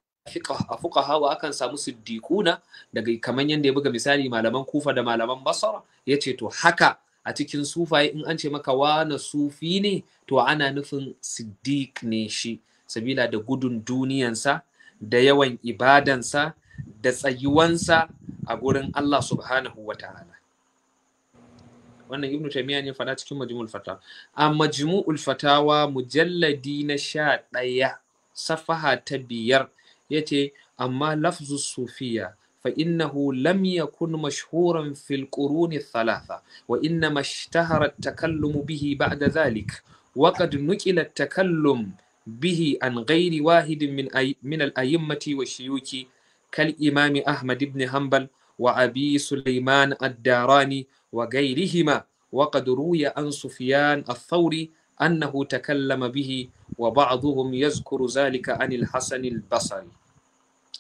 a hawa akan samu siddiquna daga kamar yadda ya buga misali malaman kufa da malaman ya ce to haka a cikin sufaye in an ce maka wana sufi ne to ana nufin siddiq ne shi sabila da gudun duniyansa da yawan ibadansa da tsayuwansa a gurin Allah subhanahu wa ta'ala wannan ibnu taymiya ne fada cikin majmu'ul fatawa a majmu'ul fatawa mujalladi na sha ɗaya safaha ta biyar yace amma lafzu sufiya fa innahu lam yakun mashhuran fil quruni thalatha wa innama ishtahara takallumu bihi ba'da dhalik wa qad nuqila takallum bihi an ghairi wahidin min min al-a'immati wa shuyuki kal imami ahmad ibn hanbal wa abi sulaiman ad-darani wa ghairihima وقد روي عن سفيان الثوري أنه تكلم به wa ba'dhum yazkuru zalika anil hasan basari basri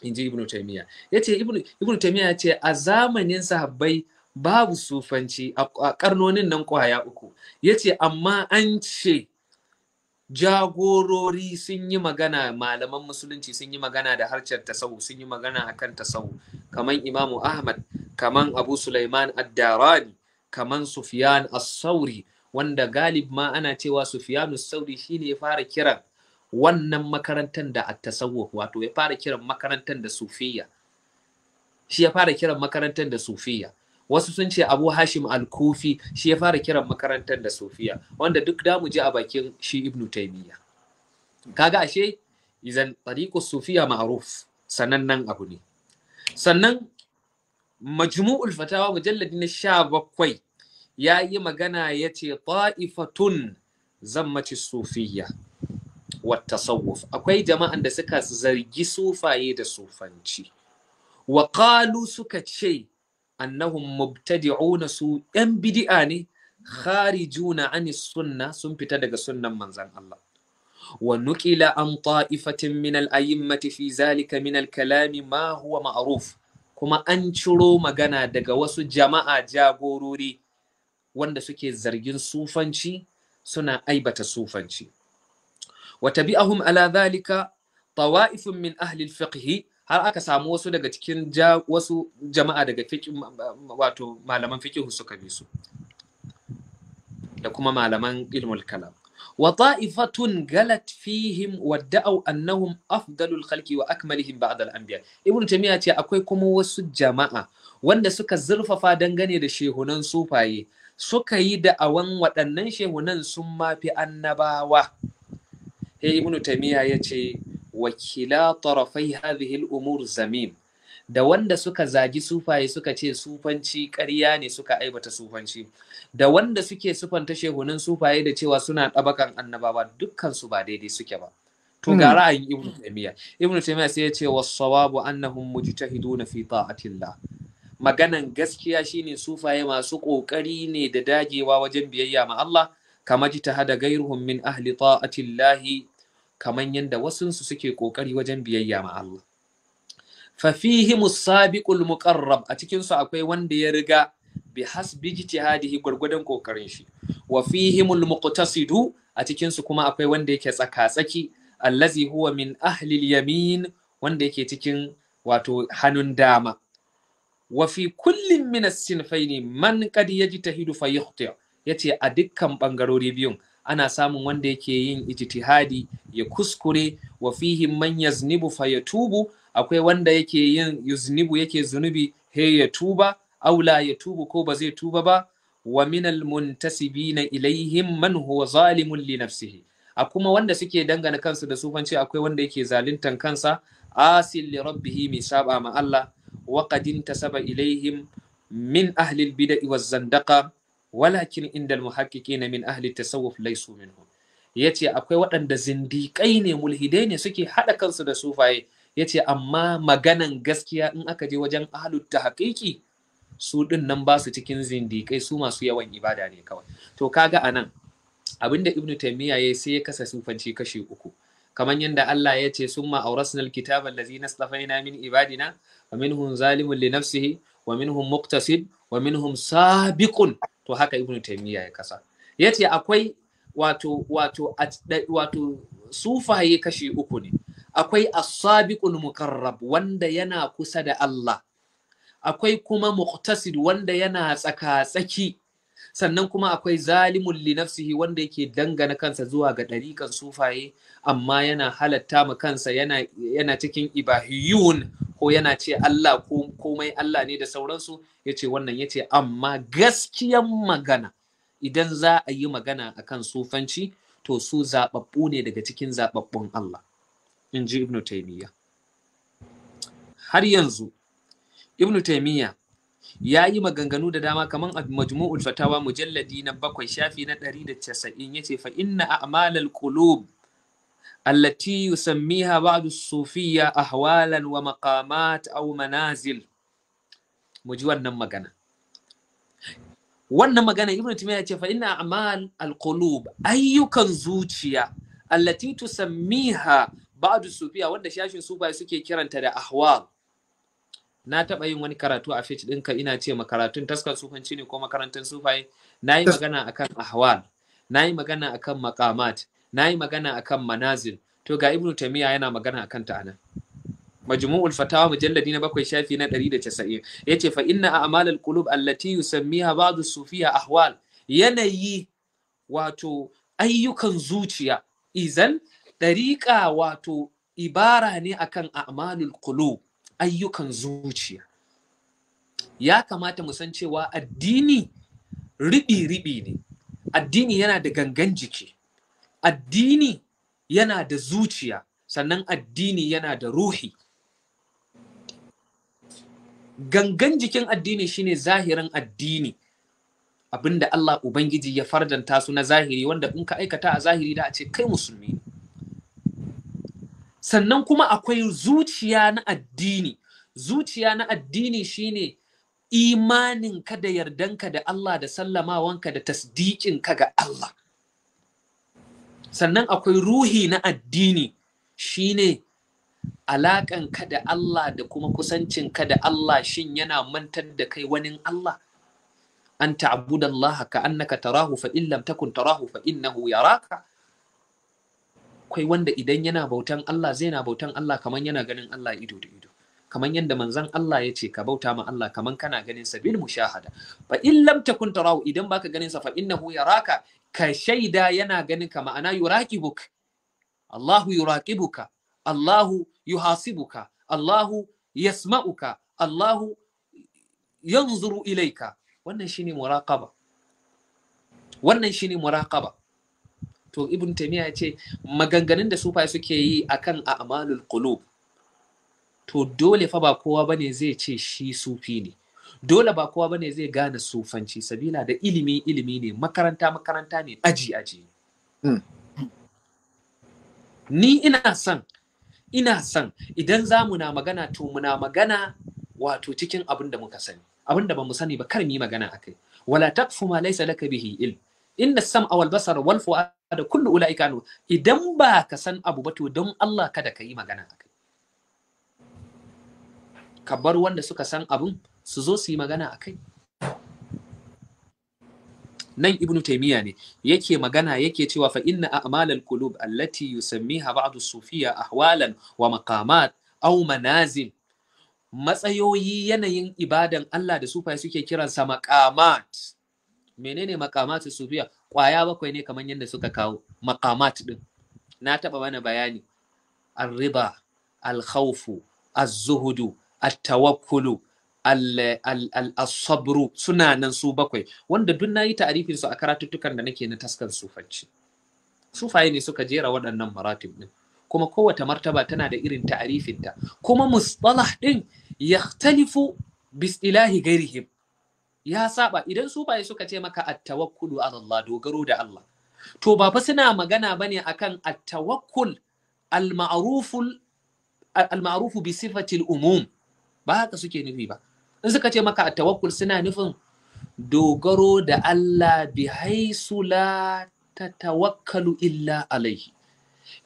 inji ibnu taymiya yace ibnu ibnu taymiya yace a zamanin sahabbai babu sufanci a karnonin nan kwaya uku yace amma an ce jagorori sun yi magana malaman musulunci sun yi magana da harshen tasawu sun yi magana akan tasawu kaman imamu ahmad kaman abu sulaiman ad-darani kaman sufyan as-sauri wanda galib ma ana cewa sufiyanu Sauri shine ya fara kiran wannan makarantar da a tasawuf wato ya fara kiran makarantar da sufiya shi ya fara kiran makarantar da sufiya wasu sun ce Abu Hashim al-Kufi shi ya fara kiran makarantar da sufiya wanda duk da mu ji a bakin shi ibnu taimiyya kaga ashe idan tariqu sufiya ma'ruf sanannen abu ne sannan majmu'ul fatawa mujalladi na sha bakwai ya yi magana ya ce ta'ifatun zammaci sufiyya wata sauwuf akwai jama'an da suka zargi sufaye da sufanci wa kalu suka ce annahun mubtadi'una su yan bidi'a ne kharijuna an sunna sun fita daga sunnan manzan Allah wa nukila an ta'ifatin min al matafi, fi zalika min al-kalami ma huwa ma'ruf kuma an ciro magana daga wasu jama'a jagorori wanda suke zargin sufanci suna aibata sufanci wa tabi'ahum ala zalika tawa'ifun min ahli al-fiqh har aka samu wasu daga cikin wasu jama'a daga fiqh wato malaman fiqh suka bi su da kuma malaman ilmul kalam wa ta'ifatun galat fihim wadda'u annahum afdalul khalqi wa akmalihim ba'da al-anbiya ibnu tamiya ce akwai kuma wasu jama'a wanda suka zurfafa dangane da shehunan sufaye suka yi da da'awan waɗannan shehunan sun mafi annabawa sai Ibn tamiya ya ce wakila tarafai hadhihi umur zamim da wanda suka zagi sufaye suka ce sufanci karya ne suka aibata sufanci da wanda suke sufanta shehunan sufaye da cewa suna ɗabakan annabawa dukkan su ba daidai suke ba to ga hmm. ra'ayin Ibn taymiya Ibn taymiya sai ya ce was sawabu annahum mujtahiduna fi ta'atillah maganan gaskiya shine sufaye masu ƙoƙari ne da dagewa wajen biyayya ma Allah kama ji ta hada gairuhum min ahli lahi kaman yadda wasunsu suke ƙoƙari wajen biyayya ma Allah fa fihi musabiqul muqarrab a cikinsu akwai wanda ya riga bi hasbi hadihi gwargwadon ƙoƙarin shi wa fihimul muqtasidu a cikinsu kuma akwai wanda yake tsaka-tsaki allazi huwa min ahli yamin wanda yake cikin wato hannun dama wa fi kullin min as-sinfaini man qad yajtahidu fa ya yace a dukkan bangarori biyun ana samun wanda yake yin ijtihadi ya kuskure wa fihi man yaznibu fa yatubu akwai wanda yake yin yuznibu yake zunubi he ya tuba aula ya tubu ko ba zai tuba ba wa al muntasibina ilaihim man huwa zalimun li nafsihi a kuma wanda suke dangana kansu da sufanci akwai wanda yake zaluntan kansa asil li rabbihi mai saba ma Allah wa qad intasaba ilaihim min ahli al-bid'i waz walakin inda al na min ahli at-tasawuf laysu minhum yace akwai waɗanda zindiƙai ne mulhidai ne suke haɗa kansu da sufaye yace amma maganan gaskiya in aka je wajen ahlut tahqiqi su ɗin nan ba cikin zindiƙai su masu yawan ibada ne kawai to kaga anan abinda ibnu ya yayi sai ya kasa sufanci kashi uku kamar yadda Allah ya ce sun ma summa awrasnal kitaba allazi nastafaina min ibadina wa zalimin zalimun li nafsihi wa minhum muqtasid wa minhum sabiqun to haka ibnu taymiya ya kasa yace akwai wato wato wato sufaye kashi uku ne akwai as-sabiqul mukarrab wanda yana kusa da Allah akwai kuma muqtasid wanda yana tsaka tsaki sannan kuma akwai zalimun Linafsihi wanda yake dangana kansa zuwa ga ɗarikan sufaye amma yana halatta ma kansa yana yana cikin ibahiyun ko yana ce Allah ko komai Allah ne da sauransu yace wannan yace amma gaskiyan magana idan za a yi magana a kan sufanci to su zaɓaɓɓu ne daga cikin zaɓaɓɓun Allah in ji Ibn Taymiyyah har yanzu Ibn Taymiyyah ya yi maganganu da dama kamar a majmu'ul fatawa mujalladi na bakwai shafi na ɗari da casa'in ya ce fa a amalar kulub allati yusammiha ba'du sufiya ahwalan wa maqamat aw manazil mu ji wannan magana wannan magana ibnu timiya ya ce fa inna a'mal al-qulub ayyukan zuciya allati tusammiha ba'du sufiya wanda shashin sufaye suke kiranta da ahwal na taɓa yin wani karatu a fit dinka ina ce makaratun taskar sufanci ne ko makarantar sufai na yi magana akan ahwal na yi magana akan makamat na yi magana akan manazil to ga ibnu tamiya yana magana akan ta anan majmu'ul fatawa mujalladi na bakwai shafi na 190 yace fa inna a'malal qulub allati yusammiha ba'du sufiya ahwal yanayi wato ayyukan zuciya izan Ɗarika wato ibara ne akan a'malul qulub ayyukan zuciya ya kamata mu san cewa addini riɓi-riɓi ne addini yana da gangan jiki addini yana da zuciya sannan addini yana da ruhi gangan jikin addini shine zahirin addini abinda Allah Ubangiji ya fardanta su na zahiri wanda in ka aikata a zahiri da a ce kai musulmi ne sannan kuma akwai zuciya na addini zuciya na addini shine imaninka da yardanka da Allah da sallamawanka da tasdikinka ga Allah sannan akwai ruhi na addini shine alaƙanka da Allah da kuma kusancinka da Allah shin yana mantar da kai wani Allah an ta'budallaha ka annaka tarahu fa in lam takun tarahu fa innahu yaraka akwai wanda idan yana bautan Allah zai na bautan Allah kaman yana ganin Allah ido da ido kaman yadda manzon Allah ya ce ka bauta ma Allah kaman kana ganin sa bil mushahada fa in lam takun tarahu idan baka ganin sa fa innahu yaraka ka shaida yana ganin ka ma'ana yuraqibuk Allahu yuraqibuka Allahu yuhasibuka Allahu yasma'uka Allahu yanzuru ilaika wannan shine muraqaba wannan shine muraqaba to ibn taymiya ya ce maganganun da sufa suke yi akan a amalul qulub to dole fa ba kowa bane zai ce shi sufi ne dole ba kowa bane zai gane sufanci sabila da ilimi ilimi ne makaranta makaranta ne aji aji hmm. ni ina san ina son idan za mu na magana to muna magana wato cikin abin da muka sani abin da ba mu sani ba kar mu magana akai wala takfu ma laysa laka bihi ilm inna sam'a wal basara wal fu'ada da kullu ula'ika idan ba ka san abu ba to don Allah kada ka yi magana akai ka bar wanda suka san abun su zo su yi magana akai nan ibnu taymiya ne yake magana yake cewa fa inna a'malal qulub allati yusammiha ba'du sufiya ahwalan wa maqamat aw manazil matsayoyi yanayin ibadan Allah da sufaye suke kiransa maqamat menene makamatu sufiya kwaya bakwai ne kamar yadda suka kawo makamat din na taba mana bayani arriba alkhawfu az-zuhudu at-tawakkulu al-sabru suna nan su bakwai wanda duk nayi ta'arifin su a karatuttukan da nake na taskar sufanci sufaye ne suka jera waɗannan maratib din kuma kowace martaba tana da irin ta'arifinta kuma mustalah din yahtalifu bis ilahi gairihim ya saba idan sufaye suka ce maka at ala Allah dogaro da Allah to ba fa suna magana bane akan at-tawakkul al-ma'ruful al-ma'rufu bi sifatil umum ba haka suke nufi ba in suka ce maka at-tawakkul suna nufin dogaro da Allah bi haisu la tatawakkalu illa alaihi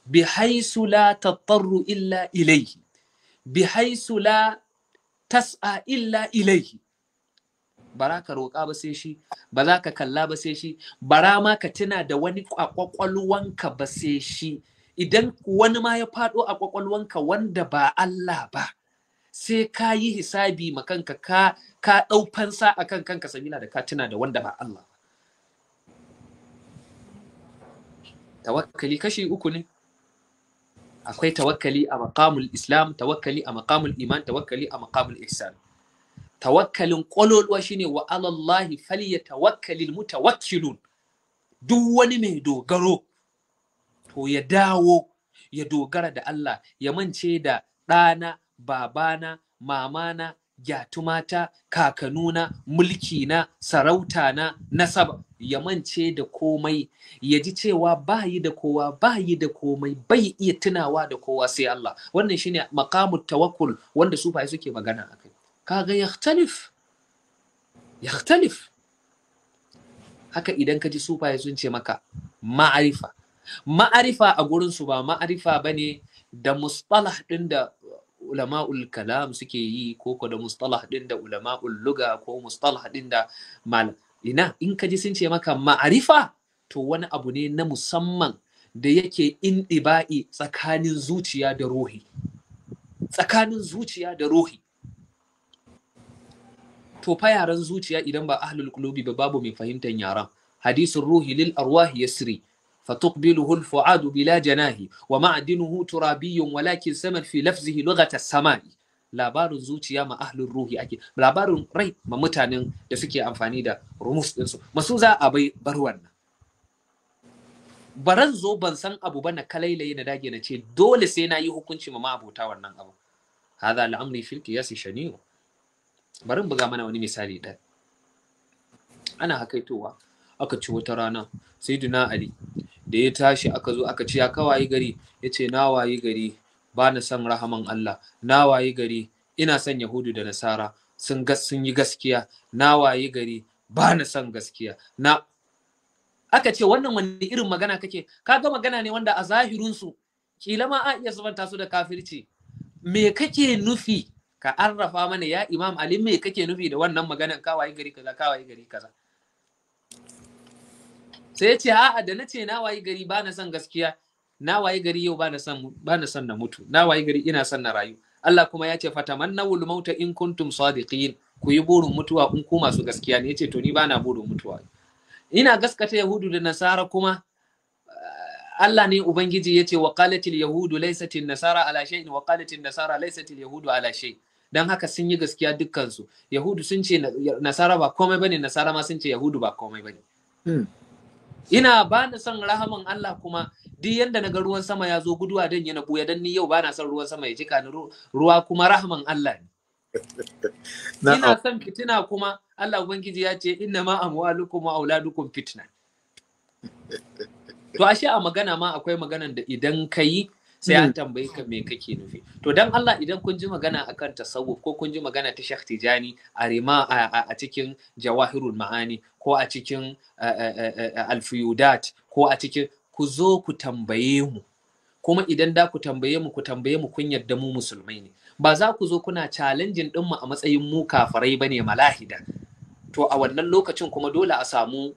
bi haisu la tattaru illa ilaihi bi haisu la tas'a illa ilaihi bara ka roƙa ba sai shi ba za ka kalla ba sai shi bara ma ka tuna da wani kwakwalwanka ba sai shi idan wani ma ya faɗo a kwakwalwanka wanda ba Allah ba sai ka yi hisabi ma kanka ka ka ɗau fansa a kan kanka sabila da ka tuna da wanda ba Allah ba tawakkali kashi uku ne akwai tawakkali a maqamul islam tawakkali a maqamul iman tawakkali a maqamul ihsan tawakkalin ƙwaloluwa shine wa alallahi tawakkalin mutawakkilun duk wani mai dogaro to ya dawo ya dogara da Allah ya mance da ɗana babana mamana gyatumata kakanuna mulkina sarautana nasaba ya mance da komai ya ji cewa ba yi da kowa ba yi da komai bai iya tunawa da kowa sai Allah wannan shine maqamut tawakkul wanda su sufaye suke magana akai kaga yakhtalif yakhtalif haka idan ka ji sufaye sun ce maka ma'arifa ma'arifa a gurinsu ba ma'arifa bane da mustalah ɗin da ulama'ul kalam suke yi ko ko da mustalah ɗin da ulama'ul luga ko mustalah ɗin da mal ina in ka ji sun ce maka ma'arifa to wani abu ne na musamman da yake indiba'i tsakanin zuciya da ruhi tsakanin zuciya da ruhi to fa yaran zuciya idan ba ahlul qulubi ba babu mai fahimtar yaran hadisin ruhi lil arwahi yasri فتقبله الفعاد بلا جناه ومعدنه ترابي ولكن سمت في لفظه لغة السماء labarin zuciya ma ahlul ruhi ake labarin rai ma mutanen da suke amfani da rumus su, masu za a bai bar wannan baran zo ban san abu ba na kalailaye na dage na ce dole sai na yi hukunci ma abota wannan abu hadha al'amri fil qiyasi shani'u bari in buga mana wani misali ɗaya ana hakaitowa aka ci wata rana sai duna ali da ya tashi aka zo aka ci ya kawai gari ya ce na wayi gari ba na son rahaman Allah na wayi gari ina son yahudu da nasara sun sun yi gaskiya na wayi gari ba na son gaskiya na aka ce wannan wani irin magana kake kaga magana ne wanda a zahirinsu kila ma a iya zubanta su da kafirci me kake nufi ka arrafa mana ya imam ali me kake nufi da wannan maganan kawai gari kaza kawai gari kaza sai ya ce a'a da nace na wayi gari ba na son gaskiya na wayi gari yau ba na son ba na san na mutu na wayi gari ina san na rayu Allah kuma ya ce fatamannawul mauta in kuntum sadiqin ku yi burin mutuwa in ku masu gaskiya ne yace to ni ba na burin mutuwa ina gaskata yahudu da nasara kuma Allah ne ubangiji ya ce wa ƙalatil yahudu laysat nasara ala shay'in wa ƙalatil nasara laisatil yahudu ala shay dan haka sun yi gaskiya dukkansu yahudu sun ce nasara ba komai bane nasara ma sun ce yahudu ba komai bane hmm. ina ba na son rahaman Allah kuma duk yanda ga ruwan sama ya zo guduwa dan yana buya dan ni yau ba na son ruwan sama ya jika ni ruwa kuma rahaman Allah ne ina son fitina kuma Allah ubangiji ya ce inna ma amwalukum wa auladukum fitna to ashe a magana ma akwai maganan da idan ka yi sai an hmm. tambaye ka me kake nufi to dan Allah idan kun ji magana akan tasawuf ko kun ji magana ta Sheikh Tijani a rima a cikin Jawahirul Ma'ani ko a cikin al eh, eh, eh, Al-Fuyudat ko a cikin ku zo ku tambaye mu kuma idan da ku tambaye mu ku tambaye mu kun yarda mu musulmai ne ba za ku zo kuna challenging din mu a matsayin mu kafarai bane malahida to a wannan lokacin kuma dole a samu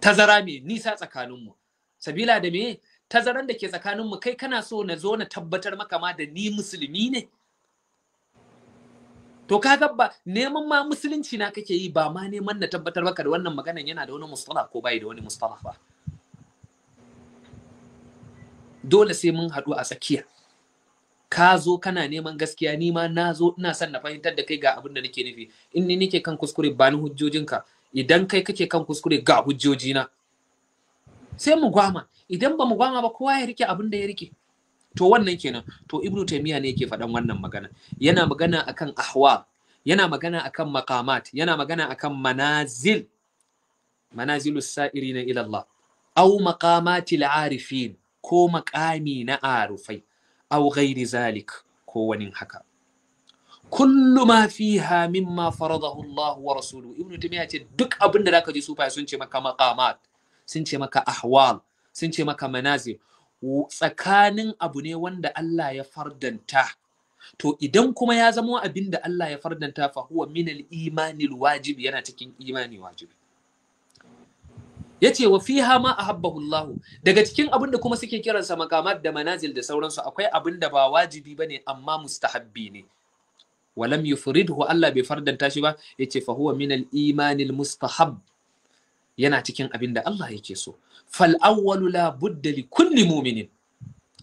tazara mai nisa tsakaninmu sabila da me tazaran da ke tsakaninmu kai kana so na zo na tabbatar maka ma da ni musulmi ne to ka ba neman ma musulunci na kake yi ba ma neman na tabbatar maka da wannan maganan yana da wani mustala ko bai da wani mustala ba dole sai mun haɗu a tsakiya ka zo kana neman gaskiya ni ma na zo ina son na fahimtar da kai ga abin da nake nufi in ni nake kan kuskure ba ni hujjojinka idan kai kake kan kuskure ga hujjoji na sai mu gwama idan ba mu gwama ba kowa ya rike abin da ya rike to wannan kenan to ibnu taymiya ne yake faɗan wannan magana yana magana akan ahwa yana magana akan maqamat yana magana akan manazil manazilus sa'irina ila Allah aw maqamatil arifin ko maqami na arufai aw ghairi zalik ko wani haka kullu ma fiha mimma faradahu Allah wa rasuluhu ibnu taymiya ce duk abin da zaka ji sufaye sun ce maka maqamat sun ce maka ahwal sun ce maka manazir tsakanin abu ne wanda Allah ya fardanta to idan kuma ya zama abin da Allah ya fardanta fa huwa min al-imani al-wajib yana cikin imani wajibi yace wa fiha ma ahabbahu Allah daga cikin abin da kuma suke kiransa maqamat da manazil da sauransu akwai abin da ba wajibi bane amma mustahabbi ne walam yufridhu Allah bai fardanta shi ba yace fa huwa min yana cikin abin da Allah yake so fal awwalu la budda li kulli mu'minin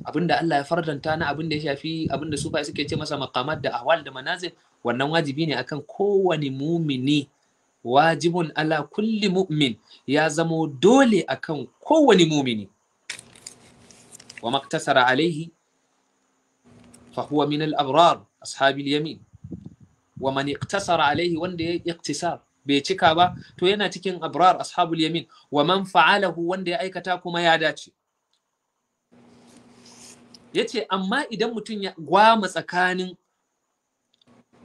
abinda Allah ya fardanta na abinda ya shafi abinda da suke ce masa maqamat da ahwal da manazil wannan wajibi ne akan kowane mumini wajibun ala kulli mu'min ya zamo dole akan kowane mumini wa maktasara alaihi fa huwa min al-abrar ashabil yamin wa man iqtasara Alayhi, wanda ya iqtisar bai cika ba to yana cikin abrar ashabul yamin wa man fa'alahu wanda ya aikata kuma ya dace yace amma idan mutum ya gwama tsakanin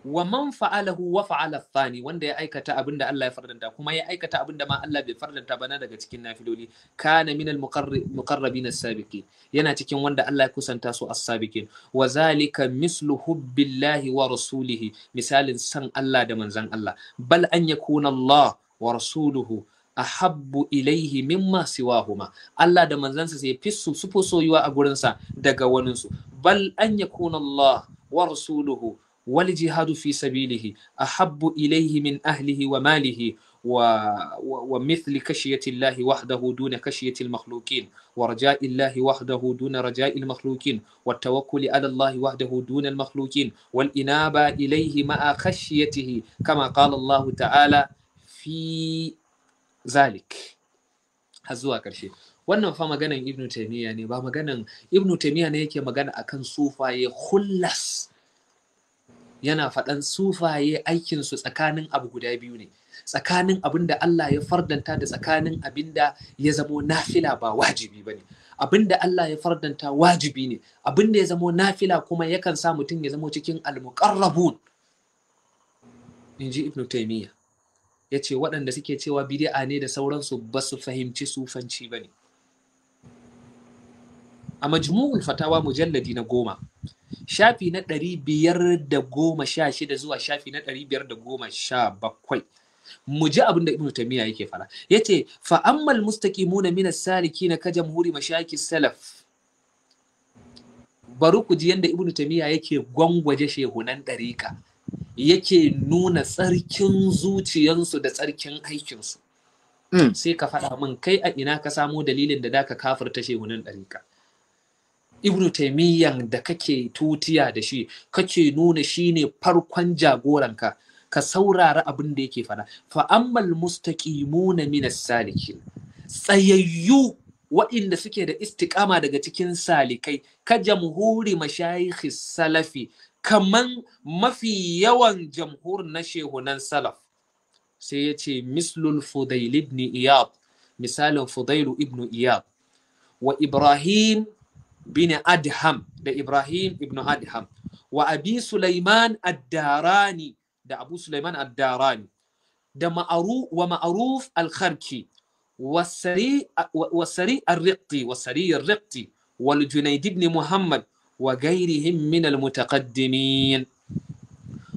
wa man fa'alahu wa fa'ala thani wanda ya aikata abin da Allah ya fardanta kuma ya aikata abin da ma Allah bai fardanta ba na daga cikin nafiloli kana minal muqarrabin as-sabiqin yana cikin wanda Allah ya kusanta su as-sabiqin wa zalika mislu hubbillahi wa rasulihi misalin san Allah da manzan Allah bal an yakuna Allah wa rasuluhu ahabbu ilaihi mimma siwahuma Allah da manzansa sai fisu su soyuwa a gurinsa daga waninsu bal an yakuna Allah wa rasuluhu wal jihadu fi sabilihi ahabbu ilayhi min ahlihi wa malihi ومثل كشية الله وحده دون كشية المخلوقين ورجاء الله وحده دون رجاء المخلوقين والتوكل على الله وحده دون المخلوقين والإنابة إليه مع خشيته كما قال الله تعالى في ذلك هزوا كرشي wannan fa maganan ibnu taymiya ne ba maganan ibnu taymiya ne yake magana akan sufaye khullas yana faɗan sufaye aikinsu tsakanin abu guda biyu ne tsakanin abin da Allah ya fardanta da tsakanin abin da ya zamo nafila ba wajibi ba ne abin da Allah ya fardanta wajibi ne abin da ya zamo nafila kuma yakan sa mutum ya zamo cikin almuqarrabun in ji ibnu taimiyya ya ce waɗanda suke cewa bidi'a ne da sauransu ba su fahimci sufanci ba ne a majmu'ul fatawa mujalladi na goma shafi na ɗari biyar da goma sha shida zuwa shafi na ɗari biyar da goma sha bakwai mu ji abin da ibnu tamiya yake fara yace fa ammal mustaqimuna min as-salikina ka jamhuri mashaki salaf bari ku ji yanda ibnu tamiya yake gwangwaje shehunan ɗarika yake nuna tsarkin zuciyansu da tsarkin aikinsu hmm. sai ka faɗa min kai a ina ka samo dalilin da zaka kafirta shehunan ɗarika ibnu taimiyyan da kake tutiya da shi kake nuna shi ne farkon jagoranka ka saurara abin da yake fada fa'ammal mustaqimuna minas salikin tsayayyu waɗanda suke da istiƙama daga cikin salikai ka jamhuri mashayikh salafi kaman mafi yawan jamhur na shehunan salaf sai ya ce mislul fudail ibn Iyab, misalin fudailu ibn Iyab wa ibrahim bin Adham da Ibrahim ibn Adham wa Abi Sulaiman da Abu Sulaiman Ad-Darani da ma'aru wa ma'ruf Al-Kharki wa Sari Ar-Riqti wa Sari Ar-Riqti wal Junayd ibn Muhammad wa ghairihim min al-mutaqaddimin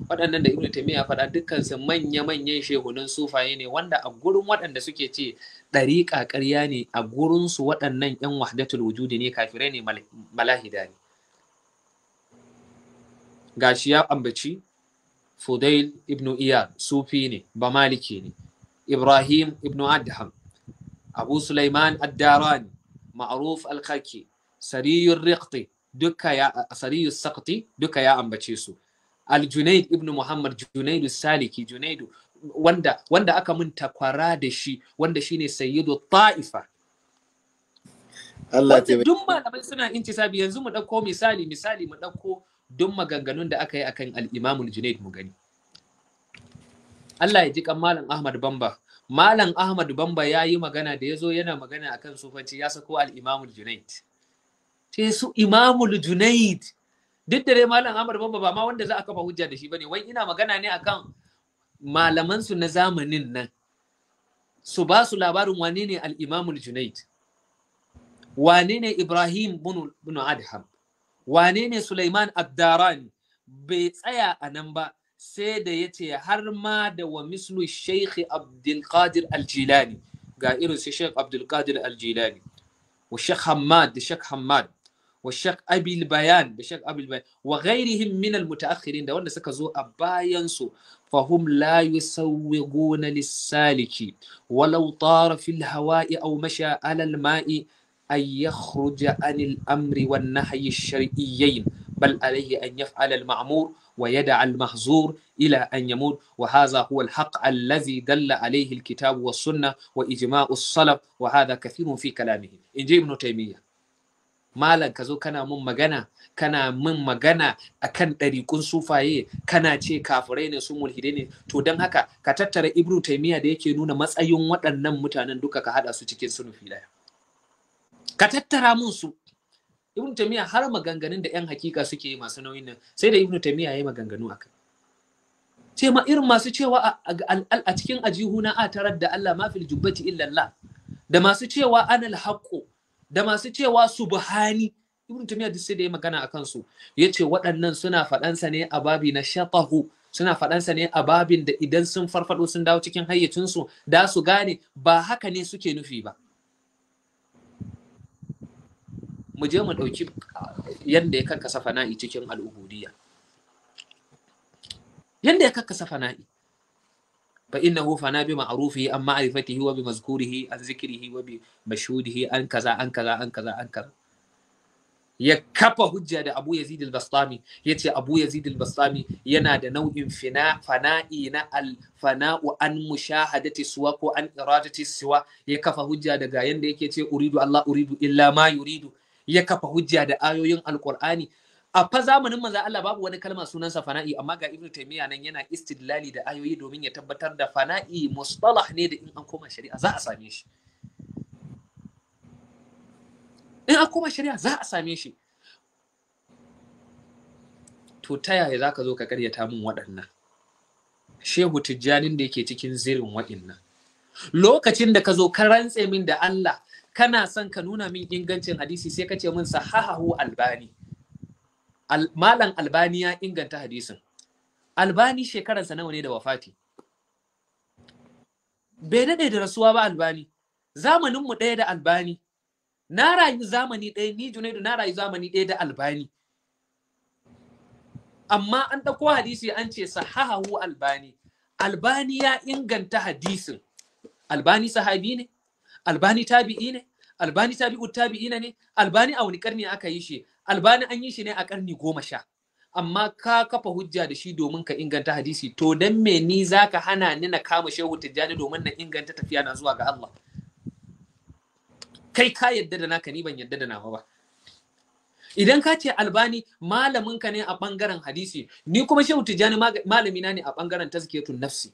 waɗannan da ibnu taymiya faɗa dukkan su manya manyan shehunan sufaye ne wanda a gurin waɗanda suke ce ɗariƙa ƙarya ne a gurin su waɗannan yan wahdatul wujudi ne kafirai ne malahida ne gashi ya ambaci Fudail Ibnu Iyad sufi ne ba maliki ne Ibrahim Ibnu Adham Abu Sulaiman addaran Ma'ruf Al-Khaki Sariyur Riqti duka ya Sariyus Saqti duka ya ambace su al-junaid ibn muhammad junaidu saliki junaidu wanda wanda aka mun takwara da shi wanda shine sayyidu ta'ifa Allah ta malamai suna inci sabi yanzu mu dauko misali misali mu dauko duk maganganun da aka yi akan al-imam junaid mu gani Allah ya ji kan malam Ahmad Bamba malam Ahmad Bamba ya yi magana da ya zo yana magana akan sufanci ya sako al-imam junaid sai su imam junaid duk da dai malam Ahmad Bamba ba ma wanda za a kafa hujja da shi bane wai ina magana ne akan malaman su na zamanin nan su ba su labarin wane ne al-Imam al wane ne Ibrahim bin Adham wane ne Sulaiman Abdarani bai tsaya a nan ba sai da ya ce har ma da wa mislu Sheikh Abdul Qadir al-Jilani ga irin su Sheikh Abdul Qadir al-Jilani wa Sheikh Hamad da Sheikh Hamad والشيخ أبي البيان بشيخ أبي البيان وغيرهم من المتأخرين ده وانا سكزو أباينسو فهم لا يسوغون للسالك ولو طار في الهواء أو مشى على الماء أن يخرج عن الأمر والنهي الشرعيين بل عليه أن يفعل المعمور ويدع المحظور إلى أن يموت وهذا هو الحق الذي دل عليه الكتاب والسنة وإجماع الصلب وهذا كثير في كلامه إن ابن تيمية malam ka zo kana mun magana kana min magana akan ɗariƙun sufaye kana ce kafirai ne su mulhide ne to don haka ka tattara ibnu taimiya da yake nuna matsayin waɗannan mutanen duka ka haɗa su cikin nufi ɗaya ka tattara mun su ibnu taimiya har maganganun da yan hakika suke yi masu nauyin nan sai da ibnu taimiya ya yi maganganu akan ce ma irin masu cewa a cikin ajihu na a tarar da Allah ma fil jubbati illallah da masu cewa anal haqqo da masu cewa subhani ibn tumiya duk sai da ya magana a kansu ya ce waɗannan suna faɗansa ne a babi na shatahu suna faɗansa ne a babin da idan sun farfaɗo sun dawo cikin hayyacinsu da su gane ba haka ne suke nufi ba mu je mu ɗauki yadda ya kakkasa fana'i cikin al'ubudiyya yadda ya kakkasa fana'i fa na fana bi ma'rufihi an ma'rifatihi wa bi an zikrihi wa bi mashhudihi an kaza an kaza an kaza an kaza ya kafa hujja da Abu Yazid al-Bastami yace Abu Yazid al-Bastami yana da nau'in fina fana'i na al-fana'u an mushahadati suwa ko an iradati suwa ya kafa hujja daga yanda yake ce uridu Allah uridu illa ma yuridu ya kafa hujja da ayoyin alqur'ani a fa zamanin Maza Allah babu wani kalma sunansa fana'i amma ga Ibn Taymiyyah nan yana istidlali da ayoyi domin ya tabbatar da fana'i mustalah ne da in an koma shari'a za a same shi in an koma shari'a za a same shi to ta yaya zaka zo ka karyata min waɗannan shehu tijjanin da yake cikin zirin waɗannan lokacin da ka zo ka rantse min da Allah kana son ka nuna min ingancin hadisi sai ka ce min sahahu albani malam albani ya inganta hadisin albani shekaransa nawa ne da wafati bai daɗe da rasuwa ba albani zamaninmu ɗaya da albani na rayu zamani ɗaya ni junaidu na rayu zamani ɗaya da albani amma an ɗauko hadisi an ce sahahahu albani albani ya inganta hadisin albani sahabi ne albani tabi'i ne albani tabi'u tabi'ina ne albani a wani ƙarni aka yi shi albani an yi shi ne a karni goma sha amma ka kafa hujja da shi domin ka inganta hadisi to dan me ni zaka hana ni na kama shehu tijjani domin na inganta tafiya na zuwa ga Allah kai ka yadda da naka ni ban yadda da nawa ba idan ka ce albani malamin ka ne a bangaren hadisi ni kuma shehu tijjani malami na ne a ɓangaren tazkiyatun nafsi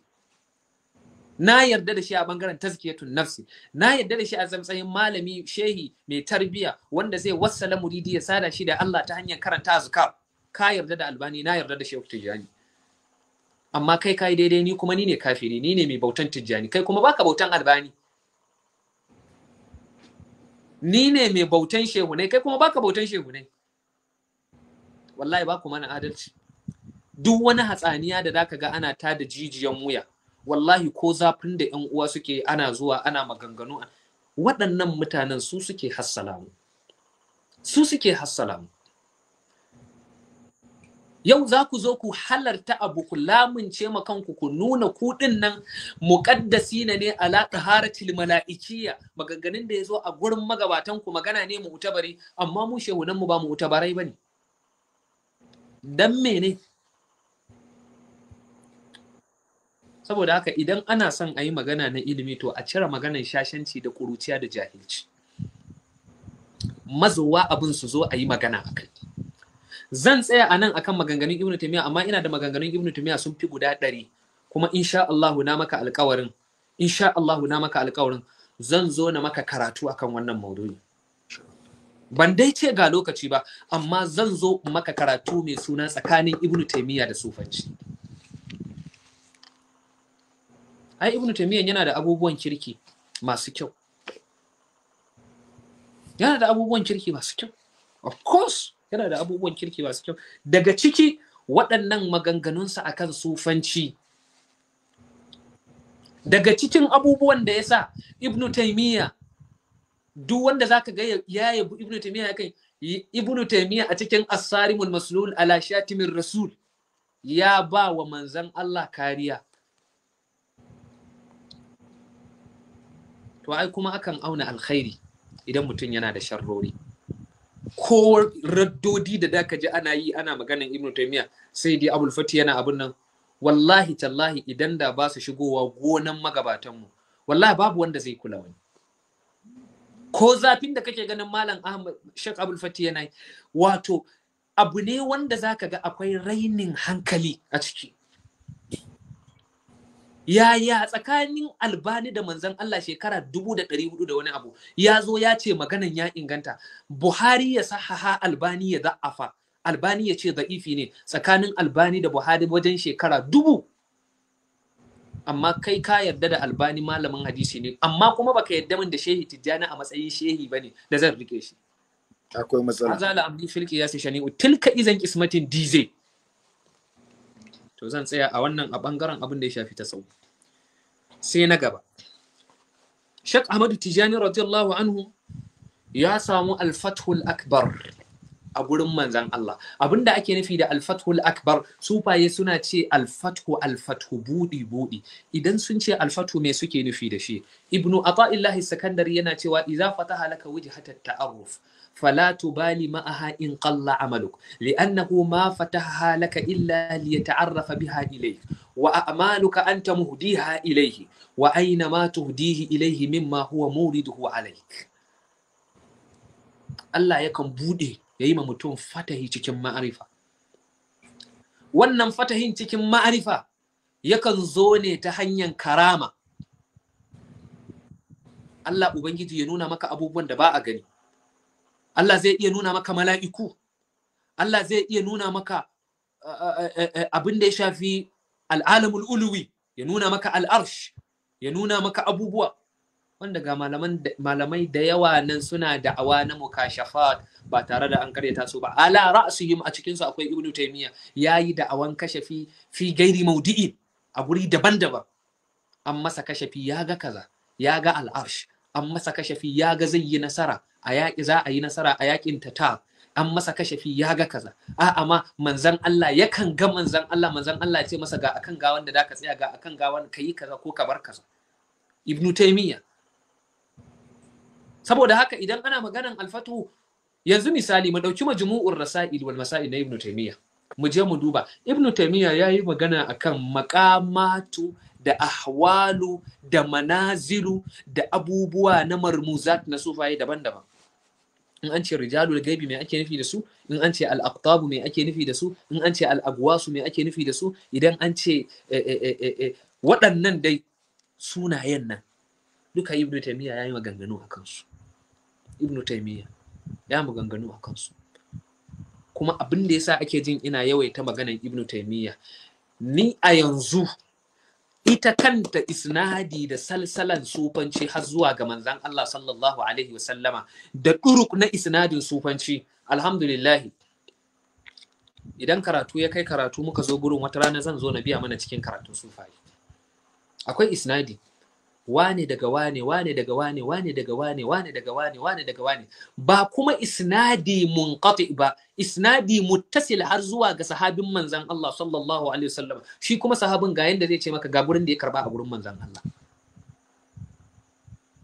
na yarda da shi a bangaren tazkiyatun nafsi na yarda da shi a zamtsayin malami shehi mai tarbiya wanda zai wassala muridi ya sada shi da Allah ta hanyar karanta azkar ka yarda da albani na yarda da shehu tijjani amma kai kai daidai ni kuma ni ne kafiri ni ne mai bautan tijjani kai kuma baka bautan albani ni ne mai bautan shehu ne kai kuma baka bautan shehu ne wallahi ba ku mana adalci duk wani hatsaniya da zaka ga ana tada jijiyan wuya wallahi ko zafin da yan uwa suke ana zuwa ana maganganu waɗannan mutanen su suke hassalamu. su suke hassalamu. yau za ku zo ku halarta abu ku lamunce ma kanku ku nuna kuɗin nan muƙaddasi na ne ala taharatil mala'ikiya maganganun da ya zo a gurin magabatan ku magana ne mu utabari amma mu shehunan mu ba mu utabarai bane dan mene saboda haka idan ana son a yi magana na ilimi to a cire maganar shashanci da kuruciya da jahilci mazowa abin su zo a yi magana a kai zan tsaya a nan akan maganganun ibnu taymiya amma ina da maganganun ibnu taymiya sun fi guda ɗari kuma insha Allah na maka alƙawarin insha Allah na maka alƙawarin zan zo na maka karatu akan wannan maudu'i ban dai ce ga lokaci ba amma zan zo maka karatu mai suna tsakanin ibnu taymiya da sufanci ai ibnu taymiyyah yana da abubuwan kirki masu kyau yana da abubuwan kirki masu kyau of course yana da abubuwan kirki masu kyau daga ciki waɗannan maganganunsa akan sufanci daga cikin abubuwan da ya sa ibnu taimiyya duk wanda za ka ga ya yabi ibnu taimiyya ya kai ibnu taimiyya a cikin asarimul maslul ala shatimin rasul ya ba wa manzan Allah kariya to ai kuma akan auna alkhairi idan mutum yana da sharrori ko raddodi da daka ji ana yi ana maganan ibn taymiya sai dai abul fati yana abun nan wallahi tallahi idan da ba su shigowa gonan magabatanmu wallahi babu wanda zai kula wani ko zafin da kake ganin malam ahmad shek abul fati yana wato abu ne wanda zaka ga akwai rainin hankali a ciki yaya tsakanin albani da manzan Allah shekara dubu da ɗari hudu da wani abu ya zo ya ce maganan ya inganta buhari ya sahaha albani ya za'afa albani ya ce za'ifi ne tsakanin albani da buhari wajen shekara dubu amma kai ka yarda da albani malamin hadisi ne amma kuma baka yarda min da shehi tijjani a matsayin shehi ba ne. da zan rike shi akwai matsala azala filki ya tilka izan kismatin dj to zan tsaya a wannan a bangaren abin da ya shafi ta tasawu sai na gaba Sheikh Ahmadu Tijani radiyallahu anhu ya samu alfathul Akbar a gurin manzan Allah da ake nufi da alfathul akbar sufaye suna ce alfathu alfathu budi budi idan sun ce alfathu me suke nufi da shi ibnu ata'illahi sakandari yana cewa idza fataha laka wajhat at-ta'arruf فلا تبالي معها إن قل عملك لأنه ما فتحها لك إلا ليتعرف بها إليك وأعمالك أنت مهديها إليه وأينما تهديه إليه مما هو مورده عليك الله يكن yi ma متون فتحي cikin ma'arifa wannan fatahin cikin ma'arifa yakan zo ne ta hanyar karama Allah Ubangiji ya nuna maka abubuwan da ba a gani Allah zai iya nuna maka mala'iku Allah zai iya nuna maka eh, eh, eh, abin da ya shafi al'alamul uluwi ya nuna maka al'arsh ya nuna maka abubuwa wanda ga malamai da yawa nan suna da'awa na mukashafat ba tare da an karyata su ba ala ra'sihim a cikin su akwai ibnu taymiya yayi da'awan kashafi fi gairi maudi'i a guri daban-daban an masa kashafi ya ga kaza ya ga al'arsh an masa kashafi ya ga zai yi nasara a yaƙi za a yi nasara a yaƙin ta ta an masa kashafi ya ga kaza a amma manzan Allah yakan ga manzan Allah manzan Allah ce masa ga akan ga wanda da ka tsaya ga akan ga wanda ka yi kaza ko ka bar kaza ibnu taymiya saboda haka idan ana maganan alfatu yanzu misali mu dauki majmu'ur rasail wal masail na ibnu taymiya mu je mu duba ibnu taymiya yayi magana akan maqamatu da ahwalu da manazilu da abubuwa na marmuzat na sufaye daban-daban in an ce rijalul gaibi me ake nufi da su in an ce al mai me ake nufi da su in an ce al mai me ake nufi da su idan an ce eh, eh, eh, waɗannan dai sunayen nan duka ibnu taymiya ya yi maganganu a kansu ibnu taymiya ya maganganu a kansu kuma abin da yasa ake jin ina yawaita maganan ibnu taymiya ni a yanzu ita kanta isnadi da salsalan sufanci har zuwa ga manzan Allah sallallahu alaihi wasallama da ɗuruk na isnadin sufanci alhamdulillahi idan karatu ya kai karatu muka zo gurin wata rana zan zo na biya mana cikin karatun sufaye akwai isnadi wane daga wane wane daga wane wane daga wane wane daga wane wane daga wane ba kuma isnadi munqati ba isnadi muttasil har zuwa ga sahabin manzon Allah sallallahu alaihi wasallam shi kuma sahabin ga yanda zai ce maka ga gurin da ya karba a gurin manzon Allah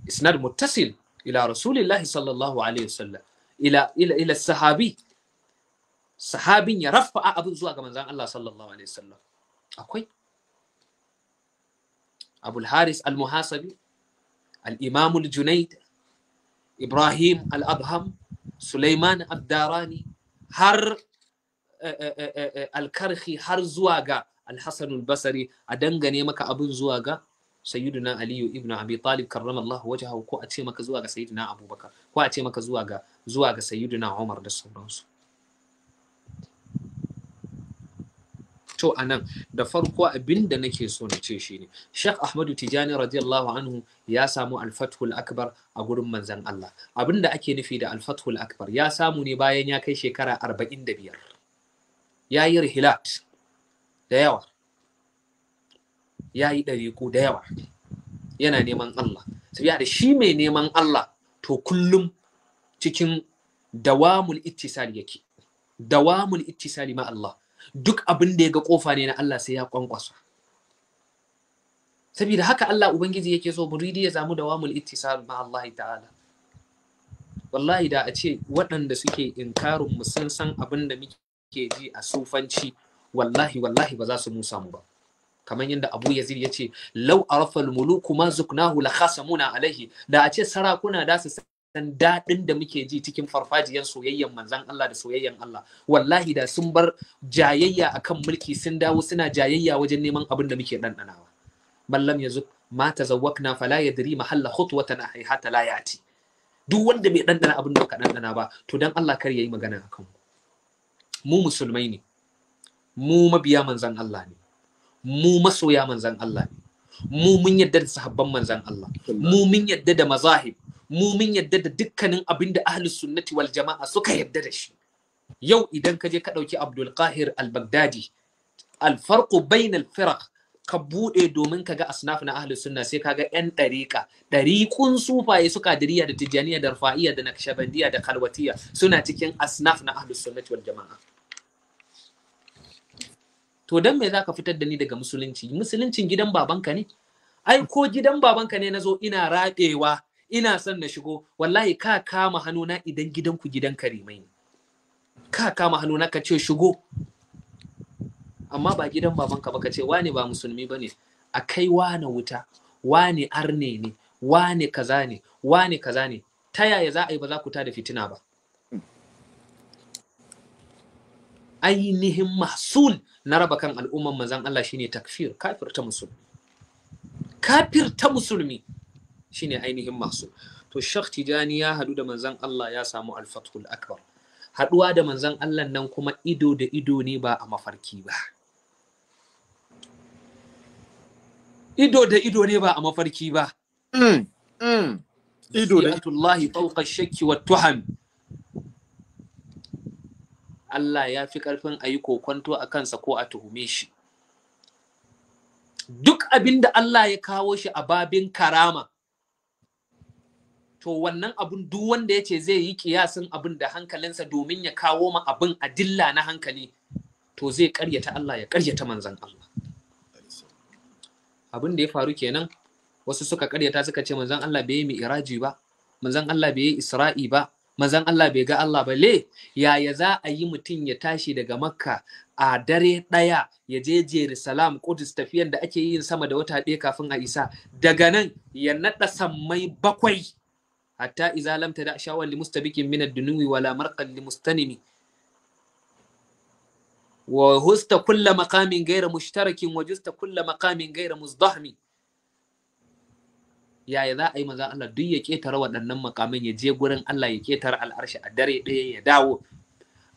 isnad muttasil ila rasulillahi sallallahu alaihi wasallam ila ila ila sahabi sahabin ya rafa'a abin zuwa ga manzon Allah sallallahu alaihi wasallam akwai Abulharis al-muhasabi al imamul junaid ibrahim al-abham suleiman abdarani har eh, eh, eh, alkarhi har zuwa ga Alhassanul hasan basri a dangane maka abin zuwa ga sayyiduna aliyu ibnu abi talib karramallahu wajhahu ko a ce maka zuwa ga sayyiduna abubakar ko a ce maka zuwa ga zuwa ga sayyiduna umar da sauransu to a nan da farko abin da nake so na ce shi ne shek ahmadu tijani radiyallahu anhu ya samu alfathul akbar a gurin manzan allah abin da ake nufi da alfathul akbar ya samu ne bayan ya kai shekara arba'in da biyar ya yi rihilat da yawa ya yi ɗariku da yawa yana neman allah sabiya da shi mai neman allah to kullum cikin dawamul ittisali yake dawamul ittisali ma allah duk abin da ya ga kofa ne na Allah sai ya kwankwasa saboda haka Allah ubangiji yake so muridi ya samu dawamul ittisal ma Allah ta'ala wallahi da a ce waɗanda suke inkarin mu sun san abin da muke ji a sufanci wallahi wallahi ba za su mu samu ba kamar yadda Abu Yazid ya ce law arafal muluku ma zuknahu la khasamuna alaihi da a ce sarakuna da su Dan daɗin da muke ji cikin farfajiyar soyayyan manzan Allah da soyayyan Allah wallahi da sun bar jayayya akan mulki sun dawo suna jayayya wajen neman abin da muke ɗanɗanawa mallam yanzu ma tazawwakna fala yadri mahalla khutwatan hayhata la yati duk wanda bai ɗanɗana abin da ka ɗanɗana ba to dan Allah kar yayi magana akan mu mu musulmai ne mu mabiya manzan Allah ne mu masoya manzan Allah ne mu mun yadda da sahabban manzan Allah mu mun yadda da mazahib mu mun yadda da dukkanin abin da ahlus sunnati wal jama'a suka yadda da shi yau idan ka je ka ɗauki abdul qahir al baghdadi al farqu bainal firaq ka bude domin ka ga asnaf na ahlus sunna sai ka ga yan dariqa ɗariƙun sufaye suka diriya da tijaniya da rafa'iyya da nakshabandiya da kalwatiya suna cikin asnaf na ahlus sunnati wal jama'a to dan me zaka fitar da ni daga musulunci musuluncin gidan babanka ne ai ko gidan babanka ne nazo ina raɗewa ina son na shigo wallahi ka kama hannuna idan gidanku gidan karimai ne ka kama hannuna ka ce shigo amma ba gidan babanka ba ka ce wane ba musulmi ba ne a kai wane wuta wane arne ne wane kaza ne wane kaza ne ta yaya za a yi ba za ku da fitina ba ainihin mahsul na raba kan al'umman manzan Allah shine takfir kafir ta musulmi kafir ta musulmi shine ainihin masu to shakh tijani ya hadu da manzon Allah ya samu al-fathul akbar haduwa da manzon Allah nan kuma ido da ido ne ba a mafarki ba ido da ido ne ba a mafarki ba mm, mm. ido da Allahi fawqa shakki wa tuham Allah ya fi karfin yi kokonto a kansa ko a tuhume shi duk abin da Allah ya kawo shi a babin karama to wannan abun duk wanda ya ce zai yi kiyasin abin da hankalinsa domin ya kawo ma abin adilla na hankali to zai karyata Allah ya ƙaryata manzan Allah abin da ya faru kenan wasu suka karyata suka ce manzan Allah bai yi iraji ba manzan Allah bai yi isra'i ba manzan Allah bai ga Allah ba le yaya za a yi mutum ya tashi daga makka a dare ɗaya ya je Jerusalem Kudus tafiyan da ake yin sama da wata ɗaya kafin a isa daga nan ya naɗa sammai bakwai hatta idza da tada shawal limustabikin min ad-dunuwi wala marqan limustanimi wa husta kulla maqamin ghayra mushtarakin wa justa kulla maqamin ghayra muzdahmi yaya za a yi maza Allah duk ya ketara waɗannan makamin ya je gurin Allah ya ketara al'arshi a dare ɗaya ya dawo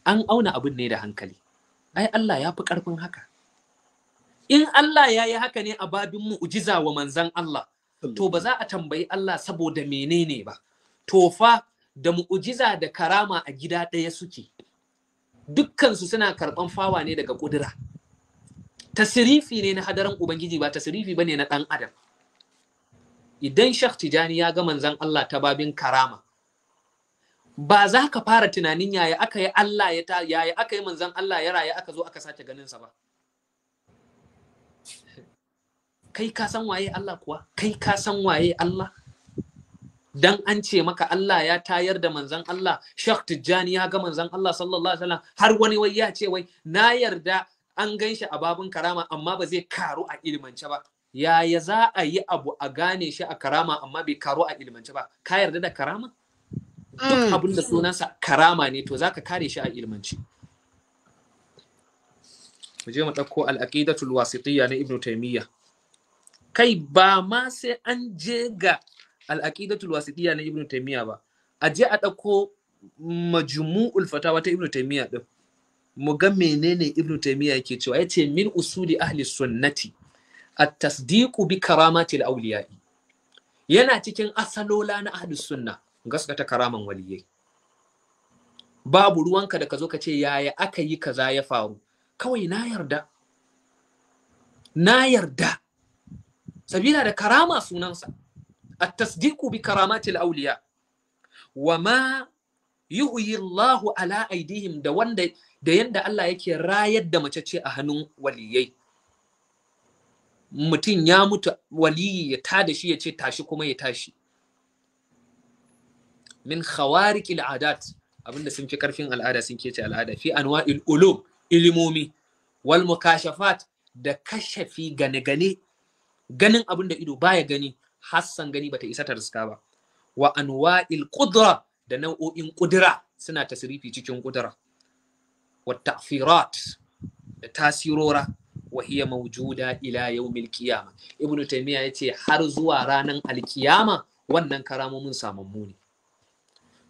an auna abin ne da hankali ai Allah ya fi ƙarfin haka in Allah ya yi haka ne a babin ujiza wa manzan Allah to ba za a tambayi Allah saboda menene ba tofa da mu'ujiza da karama a gida ɗaya suke dukkansu suna karɓan fawa ne daga ƙudura tasirifi ne na hadaran ubangiji ba tasirifi ba ne na ɗan adam idan shak tijani ya ga manzan Allah ta babin karama ba za ka fara tunanin yaya aka yi Allah ya ta yaya aka yi manzan Allah ya raya aka zo aka sace ganinsa ba kai ka san waye Allah kuwa kai ka san waye Allah dan an ce maka Allah ya tayar da manzon Allah Sheikh Tijjani ya ga manzon Allah sallallahu alaihi wasallam har wani wai ya ce wai na yarda an gan shi a babun karama amma ba zai karu a ilimance ba yaya za a yi abu a gane shi a karama amma bai karu a ilimance ba ka yarda da karama duk mm. abin da sunansa karama ne to zaka kare shi a ilimance mu je mu ɗauko al'aqidatul wasitiyya na Ibn Taymiyyah. kai ba ma sai an je ga al-aqidatul wasitiyya na ibnu taymiya ba a je a ɗauko majmu'ul fatawa ta ibnu taymiya din mu ga menene ibnu taymiya yake cewa yace min usuli ahli sunnati at-tasdiqu bi karamatil awliya'i yana cikin asalola na ahli sunna gaskata karaman waliyai babu ruwanka da ka zo ka ce yaya aka yi kaza ya faru kawai na yarda na yarda sabila da karama sunansa التصديق بكرامات الأولياء وما yuhyi Allahu ala aidihim da wanda da yanda Allah yake rayar da mace ce a hannun waliyai mutum ya mutu waliyi ya tada shi ya ce tashi kuma ya tashi min khawariqil adat abinda sun fi karfin al'ada sun kece al'ada fi anwa'il ulum ilimomi wal mukashafat da kashafi gane gane ganin abin da ido baya gani hassan gani bata isa ta riska ba wa anwa'il qudra da nau'o'in kudura suna tasrifi cikin kudura wa ta'firat da tasirora wa hiya mawjuda ila yawmil qiyamah ibnu taymiya yace har zuwa ranan alkiyama wannan karamomin samammu ne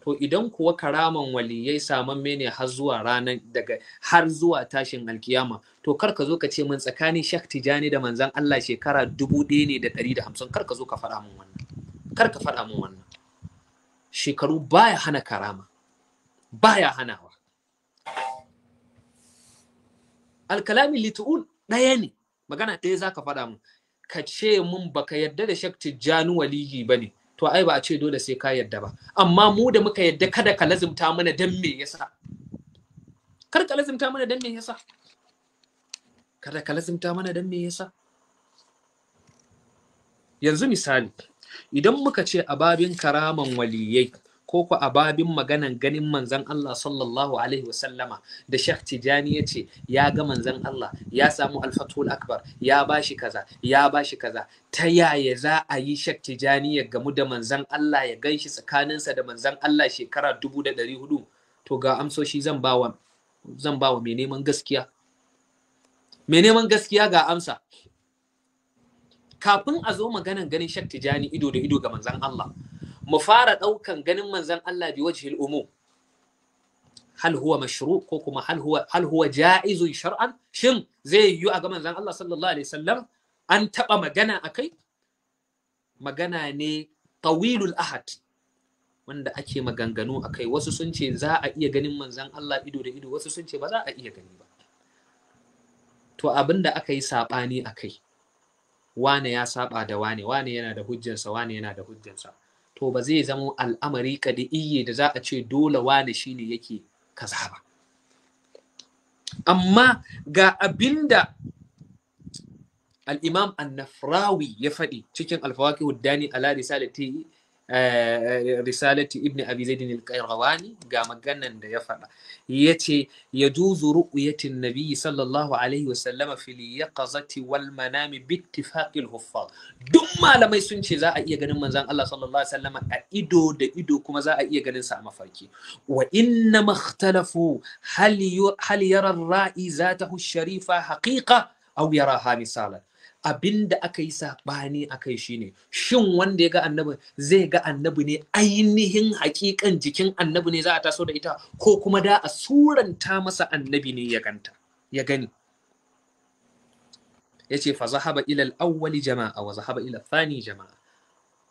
to idan kuwa karaman waliyai samamme ne har zuwa ranar daga har zuwa tashin alkiyama to kar ka zo ka ce min tsakanin shak tijani da manzan Allah shekara dubu ɗaya ne da ɗari da hamsin kar ka zo ka faɗa min wannan kar ka faɗa min wannan shekaru baya hana karama baya hanawa alkalami litu'un ɗaya ne magana ɗaya za ka faɗa min ka ce min baka yarda da shak tijani waliyi ba ne to ai ba a ce dole sai ka yadda ba amma mu da muka yadda kada ka lazimta mana dan me yasa kar ka lazimta mana dan me yasa kada ka lazimta mana dan me yasa yanzu misali idan muka ce a babin karaman waliyai ko ku a babin maganan ganin manzan Allah sallallahu alaihi wasallama da Sheikh Tijani ya ce ya ga manzan Allah ya samu alfatul akbar ya bashi kaza ya bashi kaza ta yaya za a yi Sheikh Tijani ya gamu da manzan Allah ya ganshi tsakaninsa da manzan Allah shekara dubu da ɗari hudu to ga amsoshi zan bawa zan bawa mai neman gaskiya mai neman gaskiya ga amsa kafin a zo maganan ganin Sheikh Tijani ido da ido ga manzan Allah mu fara ɗaukan ganin manzan Allah bi wajhil umum hal huwa mashru ko kuma hal huwa hal huwa ja'izun shar'an shin zai yiwu a ga manzan Allah sallallahu alaihi wasallam an taɓa magana akai magana ne tawilul ahad wanda ake maganganu akai wasu sun ce za a iya ganin manzan Allah ido da ido wasu sun ce ba za a iya gani ba to abin da aka yi saɓani akai wane ya saba da wane wane yana da hujjansa wane yana da hujjansa to ba zai zama al'amari kadi'iyye da za a ce dole wane shi ne yake kaza ba amma ga abinda al-imam annafrawi ya faɗi cikin alfawaki hudani a Ladi ala Eh, eh, risalati ibn abi zaidin al-qayrawani ga maganan da ya faɗa yace yajuzu ru'yatin nabiyyi sallallahu alaihi wa sallama fil yaqazati wal manami bi ittifaqil huffaz duk malamai sun ce za a iya ganin manzon Allah sallallahu alaihi wasallama a ido da ido kuma za a iya ganin sa a mafarki wa inna makhtalafu hal hal yara ar-ra'i zatahu sharifa haqiqa aw yaraha misalan abin da aka yi saɓani a kai shine shin wanda ya ga annabi zai ga annabi ne ainihin hakikan jikin annabi ne za a taso da ita ko kuma da a suranta masa annabi ne ya ganta ya gani ya ce fa zahaba ilal awwali jama'a wa zahaba ilal thani jama'a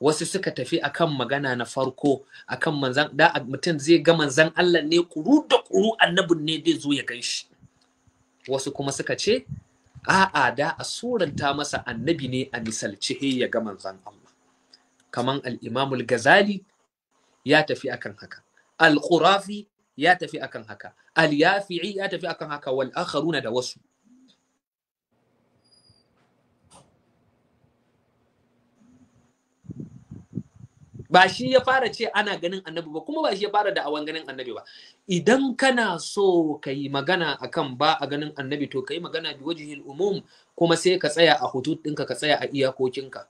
wasu suka tafi akan magana na farko akan manzan da mutum zai ga manzan Allah ne kuru da kuru annabin ne zai zo ya gan shi wasu kuma suka ce a'a da a suranta masa annabi ne a misalci he ya ga manzon Allah kaman al imamul ghazali ya tafi akan haka al-Qurafi ya tafi akan haka al-Yafi'i ya tafi akan haka wal akharuna da wasu ba shi ya fara ce ana ganin annabi ba kuma ba shi ya fara da awan ganin annabi ba idan kana so ka yi magana akan ba a ganin annabi to ka yi magana bi wajihil umum kuma sai ka tsaya a hutut ɗinka ka tsaya a iyakokinka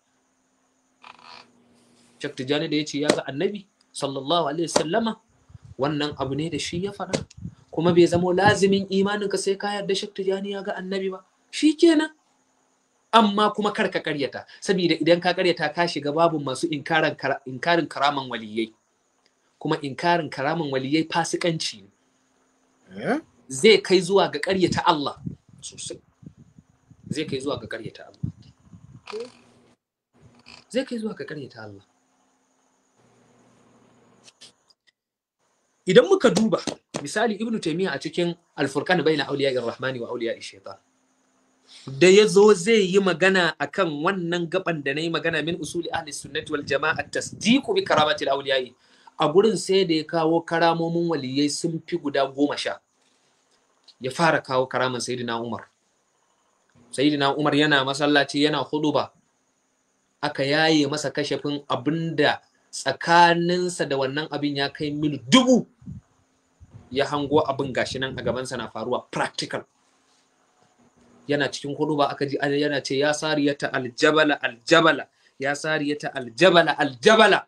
Cak Tijjani da ya ce ya ga annabi sallallahu alaihi sallama wannan abu ne da shi ya fara kuma bai zamo lazimin imanin ka sai ka yarda Cak Tijjani ya ga annabi ba Shi kenan. amma kuma kar ka karyata saboda idan ka karyata ka shiga babu masu inkarin inkarin karaman waliyai kuma inkarin karaman waliyai fasikanci ne eh? zai kai zuwa ga karyata Allah sosai zai kai zuwa ga karyata Allah zai kai zuwa ga karyata Allah idan muka duba misali ibnu taymiya a cikin al-furqan bayna awliya'ir rahmani wa awliya ash-shaytan da ya zo zai yi magana a kan wannan gaban da na yi magana min usuli ahli sunnati wal jama'a tasdiqu bi karamatil awliya'i a gurin sai da ya kawo karamomin waliyai sun fi guda goma sha ya fara kawo karaman sayyidina umar sayyidina umar yana masallaci yana huduba aka yaye masa kashafin abinda tsakaninsa da wannan abin ya kai mil dubu ya hango abin gashi nan a gabansa na faruwa practical yana cikin ba aka ji yana ce ya sariyata aljabala aljabala ya sariyata aljabala aljabala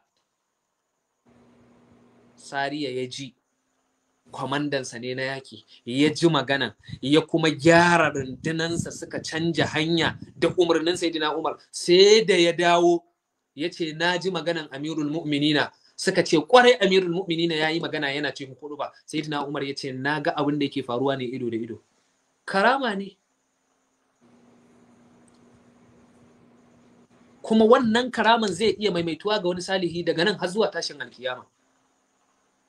sariya ya ji kwamandansa ne na yaki ya ji magana ya kuma gyara rundunansa suka canja hanya da umarnin sayidina umar sai da ya dawo ya ce na ji maganan amirul mu'minina suka ce kwarai amirul mu'minina ya yi magana yana cikin hukudu ba sayidina umar ya ce na ga abin da yake faruwa ne ido da ido karama ne kuma wannan karaman zai iya maimaituwa ga wani salihi daga nan har zuwa tashin alkiyama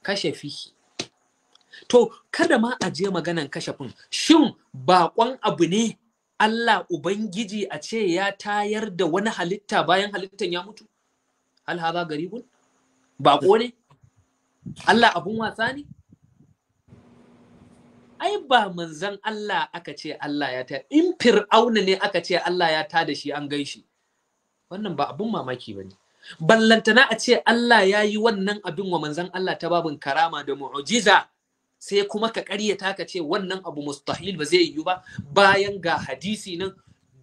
kashe fihi to kada ma a je maganan kashafin shin bakon abu ne Allah ubangiji a ce ya tayar da wani halitta bayan halittan ya mutu hal haza garibun bako ne Allah abun wasa ne ai ba manzan Allah aka ce Allah ya ta in fir'auna ne aka ce Allah ya ta da shi an gaishe wannan ba abun mamaki ba ne ballantana a ce Allah ya yi wannan abin wa manzan Allah ta babin karama da mu'ujiza sai kuma ka karyata ka ce wannan abu mustahil ba zai yiwu ba bayan ga hadisi nan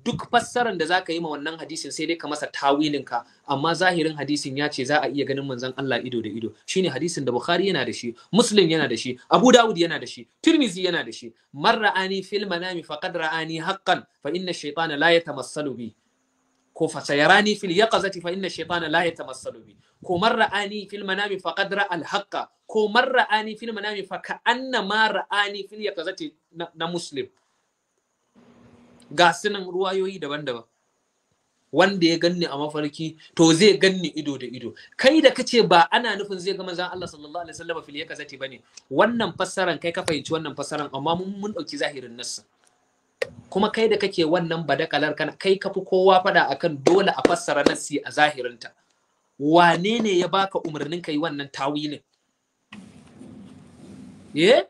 duk fassarar da zaka yi ma wannan hadisin sai dai ka masa tawilin ka amma zahirin hadisin ya ce za a iya ganin manzon Allah ido da ido shine hadisin da Bukhari yana da shi Muslim yana da shi Abu Dawud yana da shi Tirmizi yana da shi man ra'ani fil manami faqad ra'ani haqqan fa inna ash-shaytana la yatamassalu bi ko fa sayarani fil yaqazati fa inna shaytana la yatamassalu bi ko man ra'ani fil manami faqad ra'a al haqqa ko man ra'ani fil manami fa ka'anna ma ra'ani fil yaqazati na muslim ga sunan ruwayoyi daban-daban wanda ya ganni a mafarki to zai ganni ido da ido kai da kace ba ana nufin zai ga manzon Allah sallallahu alaihi wasallam fil yaqazati bane wannan fassaran kai ka fahimci wannan fassaran amma mun dauki zahirin nassa kuma kai da kake wannan badakalar kana kai ka fi kowa fada akan dole a fassara nassi a zahirinta wane ne ya baka umarnin kai wannan tawilin eh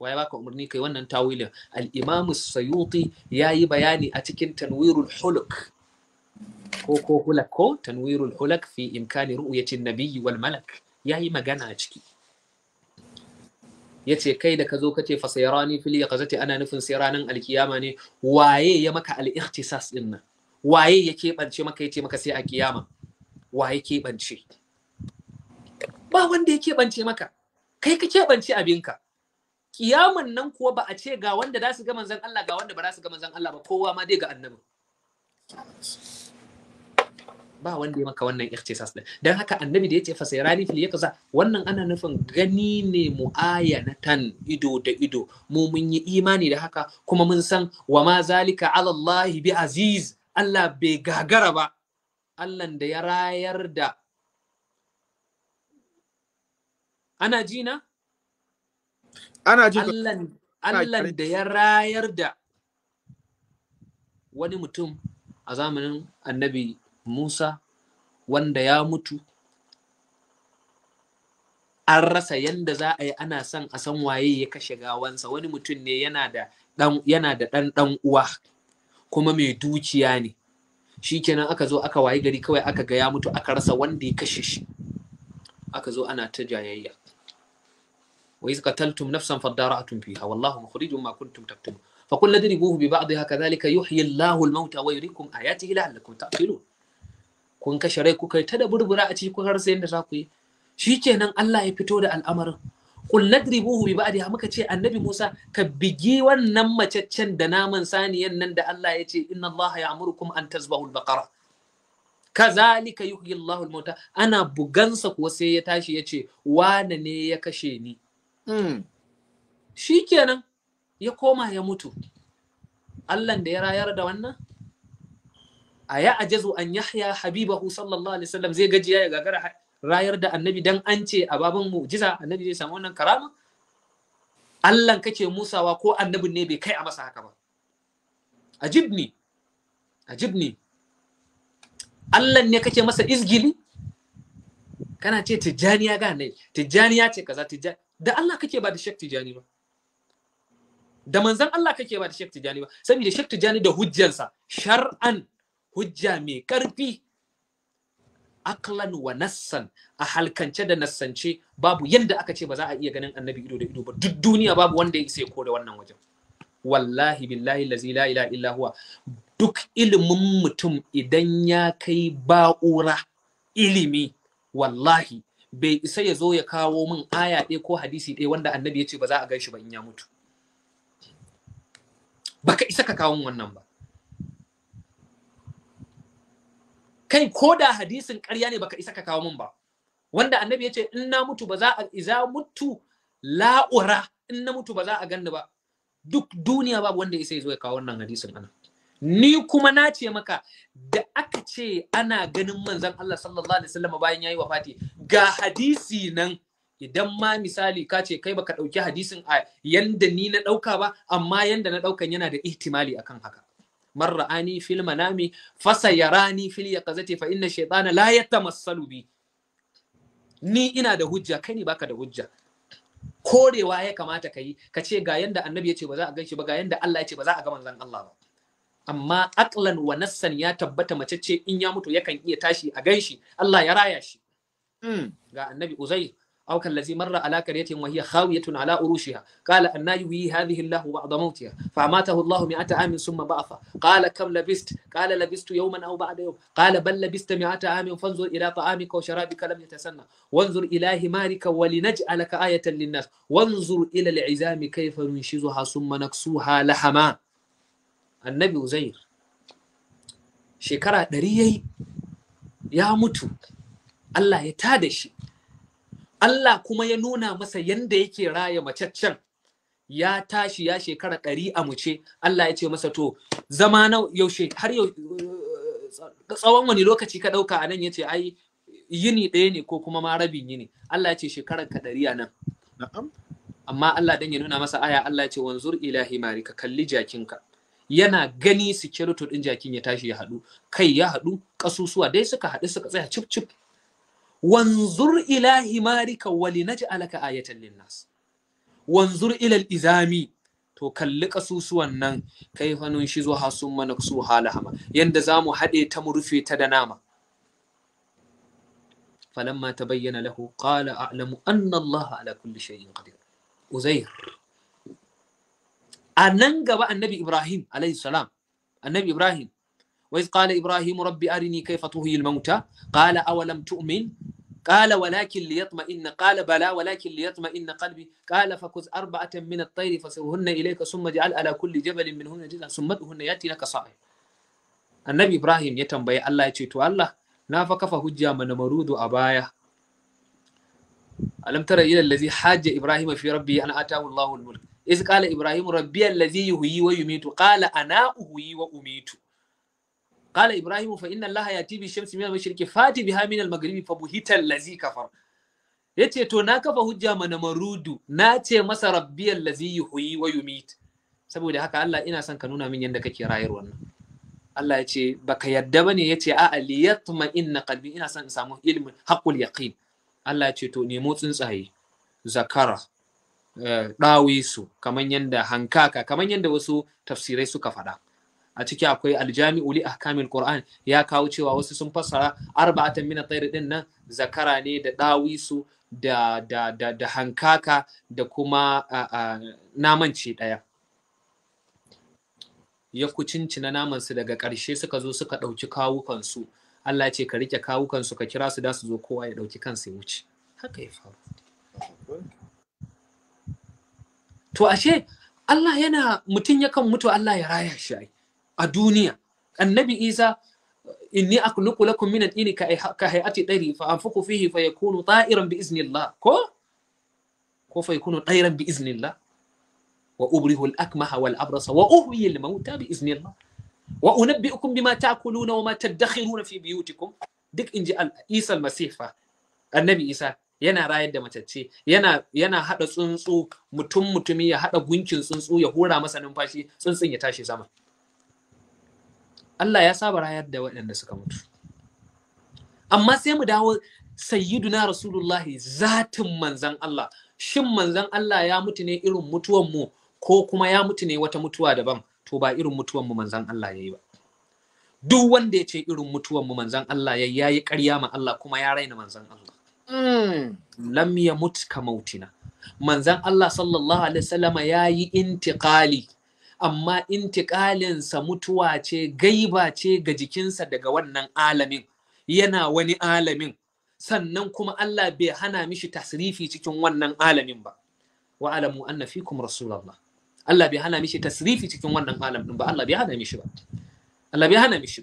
waye baka umarni kai wannan tawilin al-imam sayuti yayi bayani a cikin tanwirul huluk ko ko hulak ko tanwirul hulak fi imkani ru'yati an-nabiy wal malak yayi magana a ciki ya ce kai da ka zo ka ce fa sayarani ya yaqazati ana nufin sai alkiyama ne waye ya maka al'ikhtisas din nan waye ya keɓance maka ya ce maka sai a kiyama waye keɓance ba wanda ya keɓance maka kai ka keɓance abinka kiyaman nan kuwa ba a ce ga wanda za su ga manzan Allah ga wanda ba za su ga manzan Allah ba kowa ma dai ga annabi ba wanda ya maka wannan ikhtisas din dan haka annabi da yace fasairani fil yaqza wannan ana nufin gani ne muayanatan ido da ido mu mun yi imani da haka kuma mun san wa ma zalika ala Allah bi aziz Allah bai gagara ba Allah da ya rayar da ana ji ana ji Allah da ya rayar da wani mutum a zamanin annabi Musa wanda ya mutu an rasa yadda za a yi ana son a san waye ya kashe gawansa wani mutum ne yana da ɗan yana uwa kuma mai dukiya ne shikenan aka zo aka wayi gari kawai aka ga ya mutu aka rasa wanda ya kashe shi aka zo ana ta jayayya wa iz qataltum nafsan fadara'tum fiha wallahu mukhrijum ma kuntum taktumun فقل اضربوه ببعضها كذلك يحيي الله الموتى ويريكم آياته لعلكم تعقلون kun kashe rai kuka ta da burbura a cikin kuka rasa da za ku yi Shi kenan Allah ya fito da al'amarin kul nadribuhu bi ba'diha muka ce annabi Musa ka bigi wannan macaccen da naman saniyan nan da Allah ya ce inna Allah ya'murukum an tazbahu al-baqara kazalika yuhyi Allahu al-mauta ana bugansa ko sai ya tashi ya ce wane ne ya kashe ni hmm. shi kenan ya koma ya mutu Allah da ya rayar da wannan a ya ajazu an yahya habibahu sallallahu alaihi wasallam zai gajiya ya gagara rayar da annabi dan an ce a babin mu'jiza annabi zai samu wannan karama Allah kake musawa ko annabin ne bai kai a masa haka ba ajibni ajibni Allah ne kake masa izgili kana ce ya ga ne ya ce kaza tijjani da Allah kake ba da shek tijjani ba da manzan Allah kake ba da shek tijjani ba saboda shek tijjani da hujjansa shar'an hujja mai ƙarfi aklan wa nassan a halkance da nassance babu yadda aka ce ba za a iya ganin annabi ido da ido ba duk duniya babu wanda ya isa ya da wannan wajen wallahi billahi lazi la ilaha illa huwa duk ilimin mutum idan ya kai ba'ura ilimi wallahi bai isa ya zo ya kawo min aya ɗaya ko hadisi ɗaya wanda annabi ya ce ba za a ba in ya mutu baka isa ka kawo wannan ba kai ko da hadisin ƙarya ne baka isa ka kawo min ba wanda annabi ya ce in na mutu ba za a iza mutu la'ura in na mutu ba za a ganni ba duk duniya babu wanda ya ya zo ya kawo wannan hadisin ana ni kuma na ce maka da aka ce ana ganin manzon Allah sallallahu alaihi wasallam bayan yayi wafati ga hadisi nan idan ma misali ka ce kai baka ɗauki hadisin a yanda ni na ɗauka ba amma yanda na ɗaukan yana da ihtimali akan haka man ra'ani fil manami ya fil yaqazati fa inna shaytana la yatamassalu bi ni ina da hujja kai ne baka da hujja korewa ya kamata ka yi ka ce ga yanda annabi ya ce ba za ganshi ba ga yanda Allah ya ce ba za a ga manzon Allah ba amma aklan wa nassan ya tabbata mace ce in ya mutu yakan iya tashi a ganshi Allah ya raya shi hmm. ga annabi Uzair أو كالذي مر على كرية وهي خاوية على أروشها قال أن يحيي هذه الله بعد موتها فأماته الله مئة عام ثم بعثه قال كم لبست قال لبست يوما أو بعد يوم قال بل لبست مئة عام فانظر إلى طعامك وشرابك لم يتسنى وانظر إلى همارك ولنجعلك آية للناس وانظر إلى العزام كيف ننشزها ثم نكسوها لحما النبي زير شكرا دريي يا متو الله يتادشي Allah kuma ya nuna masa yanda yake raya macaccen ya tashi ya shekara ɗari a muce Allah ya ce masa to zama na yaushe har yau uh, tsawon wani lokaci ka ɗauka a nan ya ce ai yini ɗaya ne ko kuma ma rabin yini Allah ya ce shekarar ka ɗari anan. nan amma Allah dan ya nuna masa aya Allah ya ce wanzur ila himari ka kalli jakinka yana gani security ɗin jakin ya tashi ya haɗu kai ya haɗu ƙasusuwa dai suka haɗu suka tsaya cif cif wanzur ila himarika wali naj'alaka ayatan linnas wanzur ila izami to kalli kasusuwan nan kai hannun shi zuwa hasun mana su halahama yanda mu haɗe ta mu rufe ta da nama falamma bayyana lahu qala a'lamu anna Allah ala kulli shay'in qadir uzair a nan gaba annabi ibrahim alayhi salam annabi ibrahim وإذ قال إبراهيم رب أرني كيف تهي الموتى قال أولم تؤمن قال ولكن ليطمئن قال بلى ولكن ليطمئن قلبي قال فخذ أربعة من الطير فسرهن إليك ثم اجعل على كل جبل منهن جزءا ثم ادهن يأتي لك صائم annabi Ibrahim ya tambayi Allah ya ce to Allah na fa kafa hujja mana marudu a baya alam tara ila allazi hajja Ibrahim fi rabbi an atahu Allahu al-mulk iz qala Ibrahim rabbi allazi yuhyi wa yumitu qala ana uhyi wa umitu qala ibrahim fa inna allaha yati bi shamsi min al fati biha min al fa buhita allazi kafar yace to na kafa hujja mana marudu na ce masa rabbi allazi yuhyi wa yumit saboda haka Allah ina son ka nuna min yadda kake rayar wannan Allah ya ce baka yadda bane ya ce a'a li yatma inna qalbi ina son in samu ilmin haqqul yaqin Allah ya ce to nemo tsuntsaye zakara dawisu kaman yanda hankaka kaman yanda wasu tafsirai suka faɗa a ciki akwai aljami'u a ahkamil qur'an ya kawo cewa wasu sun fassara arba'atan min at-tayr nan zakara ne da dawisu da hankaka da kuma naman ce daya ya naman namansu daga ƙarshe suka zo suka ɗauki kawukansu Allah ce ka rike kawukansu ka kira su da su zo kowa ya ɗauki kansa ya wuce haka ya faru to ashe Allah yana mutum yakan mutu Allah ya raya shi a duniya annabi isa inni akhluqu lakum min al-ini ka hayati dari fa anfuku fihi fa yakunu ta'iran bi iznillah ko ko fa yakunu ta'iran bi iznillah wa ubrihu al-akmaha wal abrasa wa uhyi al-mauta bi iznillah wa unabbi'ukum bima ta'kuluna wa ma tadakhiruna fi biyutikum duk inji Isa al-Masih fa annabi Isa yana rayar da matacce yana yana hada tsuntsu mutum mutumi ya hada gunkin tsuntsu ya hura masa numfashi tsuntsun ya tashi sama Allah ya saba rayar da waɗanda suka mutu amma sai mu dawo sayyiduna rasulullahi zatin manzan Allah shin manzan Allah ya mutu ne irin mutuwan ko kuma ya mutu ne wata mutuwa daban to ba irin mutuwan manzan Allah yayi ba duk wanda ya ce irin mutuwan mu manzan Allah ya yayi ƙarya ma Allah kuma ya raina manzan Allah hmm. lam mutu ka mautina manzan Allah sallallahu alaihi wasallama yayi intiqali amma intikalinsa mutuwa ce gaiba ce ga jikinsa daga wannan alamin yana wani alamin sannan kuma Allah bai hana mishi tasrifi cikin wannan alamin ba wa alamu anna fikum rasulullah Allah bai hana mishi tasrifi cikin wannan alam ba Allah bai hana mishi ba Allah bai hana mishi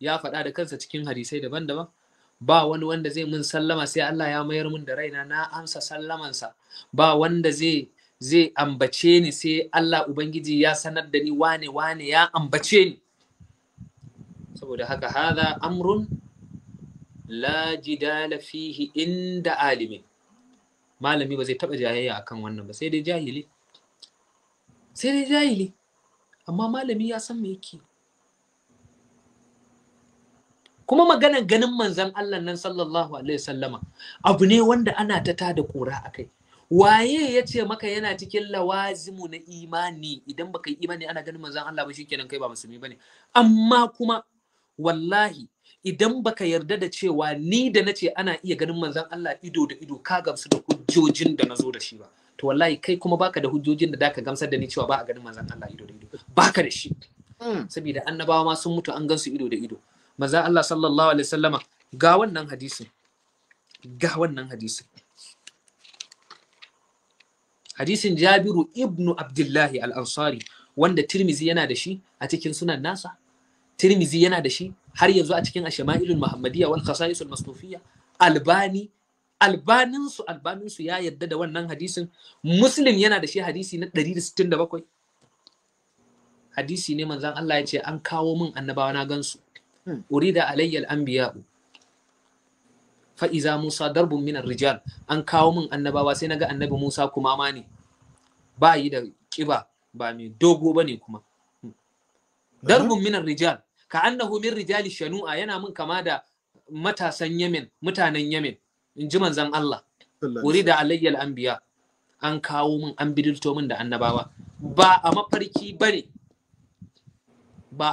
ya faɗa da kansa cikin hadisai daban-daban ba wani wanda zai mun sallama sai Allah ya mayar mun da raina na amsa sallamansa ba wanda zai zai ambace ni sai Allah Ubangiji ya sanar da ni wane wane ya ambace ni saboda haka hadha amrun la jidala fihi inda alimin malami ba zai taba jayayya akan wannan ba sai dai jahili sai dai jahili amma malami ya san me yake kuma maganan ganin manzon Allah nan sallallahu alaihi wasallama abu ne wanda ana ta tada kura akai waye ya ce maka yana cikin lawazimu na imani idan baka yi imani ana ganin manzon Allah ba shikenan kai ba musulmi bane amma kuma wallahi idan baka yarda da cewa ni da nace ana iya ganin manzon Allah ido da ido ka gamsu da hujjojin da nazo da shi ba to wallahi kai kuma baka da hujjojin da zaka gamsar da ni cewa ba a ganin manzon Allah ido da ido baka da shi hmm. saboda annabawa ma sun mutu an gansu ido da ido manzon Allah sallallahu alaihi wasallama ga wannan hadisin ga wannan hadisin hadisin jabiru ibnu abdullahi al-ansari wanda tirmizi yana da shi a cikin sunan nasa tirmizi yana da shi har yanzu a cikin ashama'ilul muhammadiyya wal khasa'isul masnufiyya albani albanin su ya yarda da wannan hadisin muslim yana da shi hadisi na 167 hadisi ne manzon Allah ya ce an kawo min annabawa na gansu hmm. urida alayyal anbiya'u Fa'iza Musa darbun Minar rijal an kawo min annabawa sai naga annabi Musa kuma ma ne ba yi da ƙiba ba mai dogo ba ne kuma hmm. darbun Minar rijal ka annahu min rijali shanu'a yana min kama da matasan Yemen mutanen Yemen in ji manzan Allah Wuri alayyal anbiya an kawo min an bidilto min da annabawa ba a mafarki ba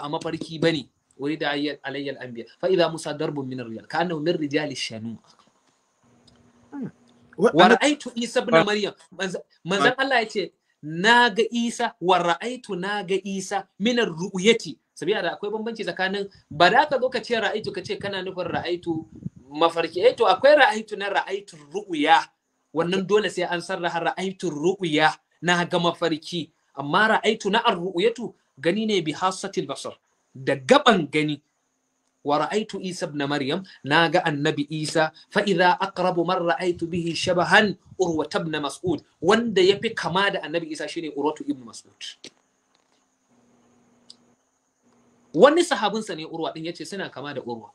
a mafarki bane ولد علي الأنبياء فإذا موسى درب من الرجال كأنه من رجال الشنوع hmm. ورأيت عيسى بن مريم من الله يتي naga Isa wa ra'aitu naga Isa minar ru'yati sabiya da akwai bambanci tsakanin ba da ka zo ka ce ra'aitu ka ce kana nufin ra'aitu mafarki eh to akwai ra'aitu na ra'aitu ru'ya wannan dole sai an sarraha ra'aitu ru'ya na ga mafarki amma ra'aitu na ar-ru'yatu gani ne bi hasatil basar da gaban gani wa ra'aitu Isa ibn Maryam na ga annabi Isa fa idza aqrabu man ra'aitu bihi shabahan Urwa ibn Mas'ud wanda yafi kama da annabi Isa shine urwa ibn Mas'ud wani sahabinsa ne Urwa din yace suna kama da Urwa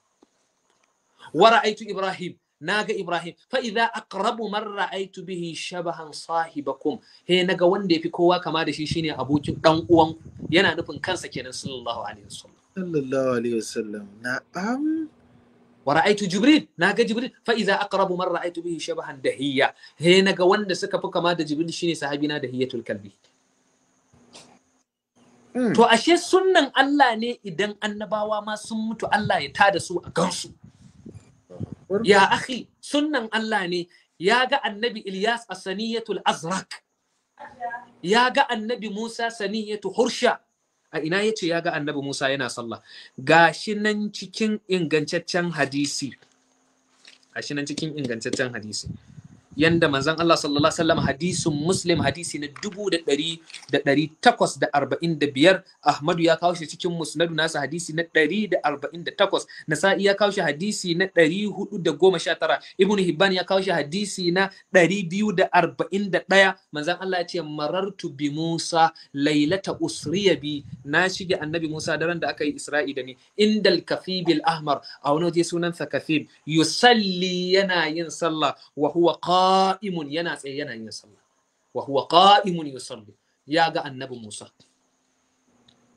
wa ra'aitu Ibrahim naga Ibrahim fa idza aqrabu man ra'aytu bihi shabahan sahibakum he naga wanda yafi kowa kama da shi shine abokin dan uwan yana nufin kansa kenan sallallahu alaihi wasallam sallallahu alaihi wasallam na'am wa ra'aytu jibril naga jibril fa idza aqrabu man ra'aytu bihi shabahan dahiya he naga wanda suka fi kama da jibril shine sahabina dahiyatul kalbi hmm. To ashe sunnan Allah ne idan annabawa ma sun mutu Allah ya tada su a gansu. ya akhi sunnan Allah ne ya ga annabi Ilyas a saniyatul Azraq. ya ga annabi Musa saniyatu hursha a ina ya ce ya ga annabi Musa yana sallah gashi nan cikin ingantaccen hadisi gashi nan cikin ingantaccen hadisi yanda manzon Allah sallallahu alaihi wasallam hadisin Muslim hadisi na biyar. Ahmadu ya kawo shi cikin musnadu nasa hadisi na takwas. Nasa'i ya kawo shi hadisi na tara. Ibn Hibban ya kawo shi hadisi na ɗaya. manzon Allah ya ce marartu bi Musa lailata usriya bi na shige annabi Musa daren da aka yi Isra'i da ni indal kafibil ahmar a wani waje sunansa kafib yusalli yana yin sallah wa huwa قائم ينا tsaye yana ya ga annabi Musa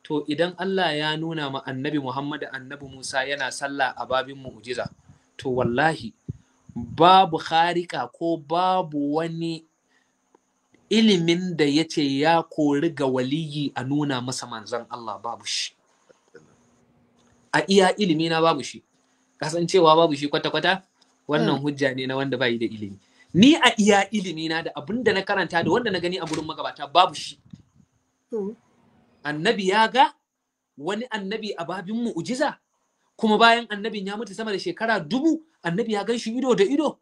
to idan Allah ya nuna ma annabi Muhammad annabi Musa yana sallah a babin mu'jiza to wallahi babu kharika ko babu wani ilimin da ya ce ya kori ga waliyi a nuna masa manzan Allah babu shi a iya ilimi na babu shi kasancewa babu shi kwata-kwata wannan hmm. hujja ne na wanda bayi da ilimi ni a iya ilimi na da abin da na karanta da wanda na gani a gurin magabata babu shi annabi ya ga wani annabi a babin mu'ujiza kuma bayan annabin ya mutu sama da shekara dubu annabi ya gan shi ido da ido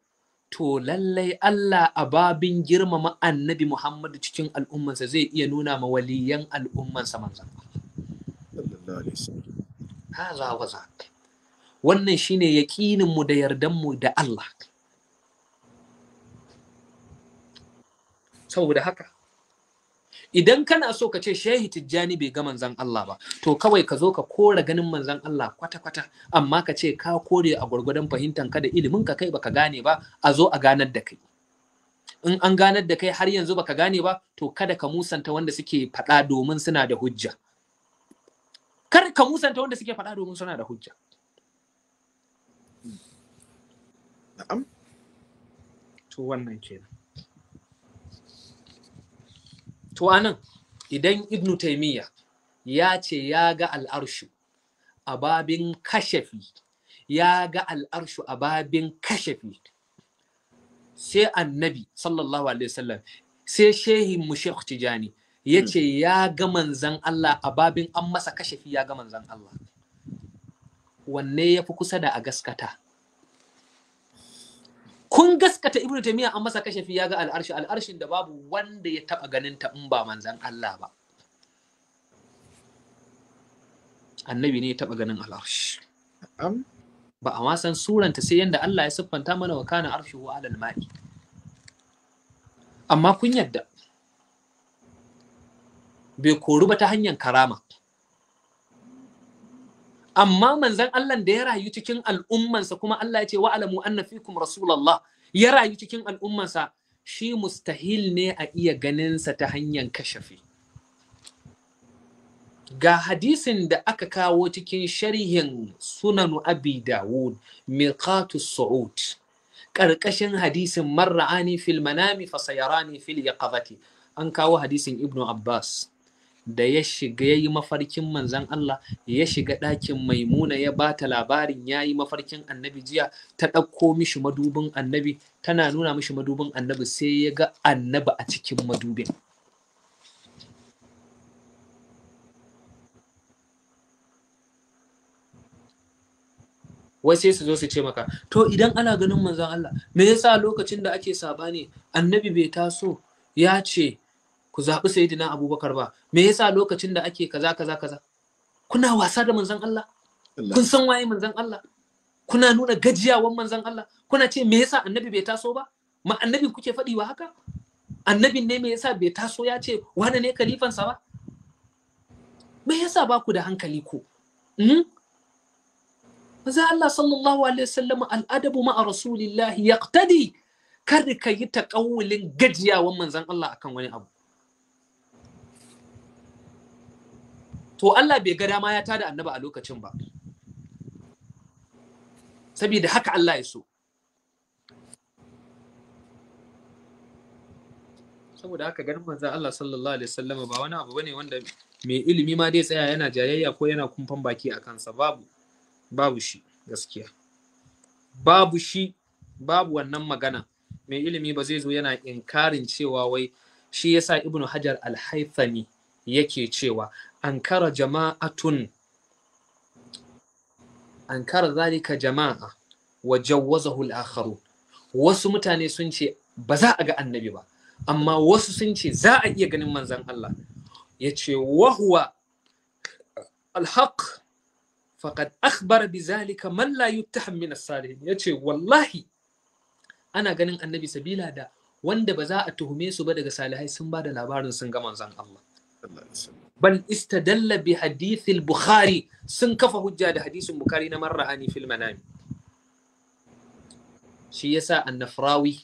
to lallai Allah a babin girmama annabi Muhammadu cikin al'ummansa zai iya nuna ma waliyan al'ummansa manzan. Haza wannan shine yaƙininmu da mu da Allah. saboda haka idan kana so ka ce shehi tijjani bai ga manzan Allah ba to kawai ka zo ka kora ganin manzan Allah kwata-kwata amma ka ce ka kore a gwargwadon fahimtan ka da ilimin ka kai baka gane ba a zo a ganar da kai in an ganar da kai har yanzu baka gane ba to kada ka musanta wanda suke faɗa domin suna da hujja kar ka musanta wanda suke faɗa domin suna da hujja na'am to wannan kenan to anan idan ibnu taimiyya ya ce ya ga al'arshu a babin kashafi ya ga al'arshu a babin kashafi sai annabi sallallahu alaihi wasallam sai shehin mu tijani ya ce hmm. ya ga manzan Allah a babin an masa kashafi ya ga manzan Allah wanne ya fi kusa da a gaskata kun gaskata ibnu taymiya an masa kashafi ya ga al'arshi al'arshin da babu wanda ya taba ganin ta in ba manzan Allah ba annabi ne ya taba ganin al'arshi ba a wasan suranta sai yanda Allah ya siffanta mana wa kana arshi wa alal ma'i amma kun yadda bai koru ba ta hanyar karama amma manzon Allah da ya rayu cikin al'ummansa kuma Allah ya ce wa'alamu anna fikum rasulullah ya rayu cikin al'ummansa shi mustahil ne a iya ganinsa ta hanyar kashafi ga hadisin da aka kawo cikin sharhin sunan abi dawud miqatu su'ud ƙarƙashin hadisin marra'ani fil manami fa sayarani fil an kawo hadisin ibnu abbas da ya shiga ya yi mafarkin manzan Allah ya shiga ɗakin maimuna ya ba ta labarin ya yi mafarkin annabi jiya ta ɗauko mishi madubin annabi tana nuna mishi madubin annabi sai ya ga annabi a cikin madubin wai sai su zo su ce maka to idan ana ganin manzon Allah me yasa lokacin da ake ne annabi bai taso ya ce ku zaɓi sayyidina abubakar ba me yasa lokacin da ake kaza kaza kaza kuna wasa da manzon Allah kun san waye manzon Allah kuna nuna gajiyawan manzon Allah kuna ce me yasa annabi bai taso ba ma annabi kuke faɗi wa haka annabin ne me yasa bai taso ya ce wane ne kalifansa ba me yasa ba ku da hankali ko hmm? maza Allah sallallahu alaihi wasallam al'adabu ma'a rasulillahi yaqtadi kar ka yi takawulin gajiyawan manzon Allah akan wani abu to Allah bai ga dama ya tada annaba a lokacin ba saboda haka Allah ya so saboda haka ganin manzon Allah sallallahu alaihi wasallam ba wani abu bane wanda mai ilimi ma dai tsaya yana jayayya ko yana kumfan baki a kansa babu babu shi gaskiya babu shi babu wannan magana mai ilimi ba zai zo yana inkarin cewa wai shi yasa ibnu hajar al-haythami yake cewa ankara jama'atun ankara zalika jama'a wa jawwazahu al wasu mutane sun ce ba za a ga annabi ba amma wasu sun ce za a iya ganin manzan Allah ya ce wahuwa alhaq faqad akhbar bi zalika man la yuttaham min as-salihin ya ce wallahi ana ganin annabi sabila da wanda ba za a tuhume su ba daga salihai sun ba da labarin sun ga manzan Allah bal istadalla dallabi hadithil bukhari sun kafa hujja da hadisin bukhari na marra'ani fil manami shi yasa annafrawi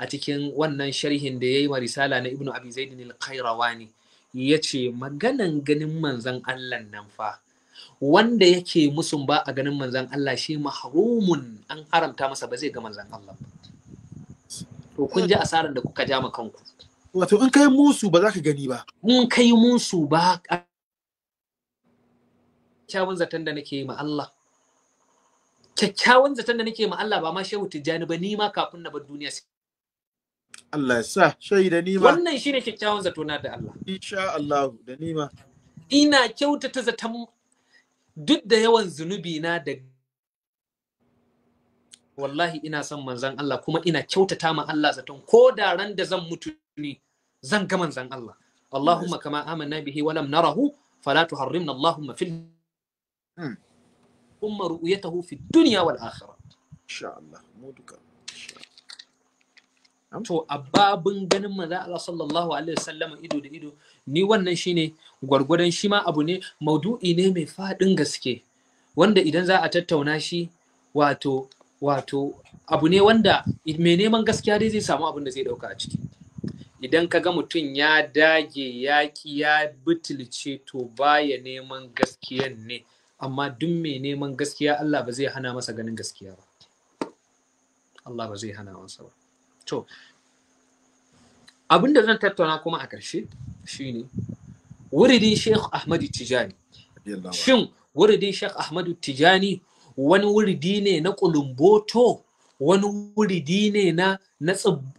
a cikin wannan sharhin da yayi wa risala na ibnu abi zaid al-qayrawani yace maganan ganin manzon Allah nan fa wanda yake musun ba a ganin manzon Allah shi mahrumun an haramta masa ba zai ga manzon Allah to kun ji asarar da kuka ja kanku wato in kai musu ba za ka gani ba in kai musu ba Kyakkyawan zaton da nake yi ma Allah kyakkyawan zaton da nake ma Allah ba ma shehu tijjani ba ni ma kafin na bar duniya Allah ya sa shaida ni ma wannan shine kyakkyawan zato na da Allah insha Allah da ni ma ina kyautata zaton duk da yawan zunubi na da wallahi ina son manzon Allah kuma ina kyautata ma Allah zaton ko da ran da zan mutu ne zan ga manzan Allah Allahumma kama amanna bihi wa lam narahu fala tuharrimna Allahumma fil hmm. umma ru'yatahu fi dunya wal akhirah insha Allah mu duka to a babin ganin manzo Allah sallallahu alaihi wasallam ido da ido ni wannan shine gwargwadon shi ma abu ne maudu'i ne mai fadin gaske wanda idan za a tattauna shi wato wato abu ne wanda mai neman gaskiya dai zai samu abin da zai dauka a ciki idan ka ga mutum ya dage yaƙi ya butulce to baya neman gaskiyan ne amma duk mai neman gaskiya Allah ba zai hana masa ganin gaskiya ba Allah ba zai hana masa ba to abinda zan tattauna kuma a ƙarshe shine wuridin Sheikh Ahmadu Tijani shin wuridin Sheikh Ahmadu Tijani wani wuridi ne na kulumboto wani wuridi ne na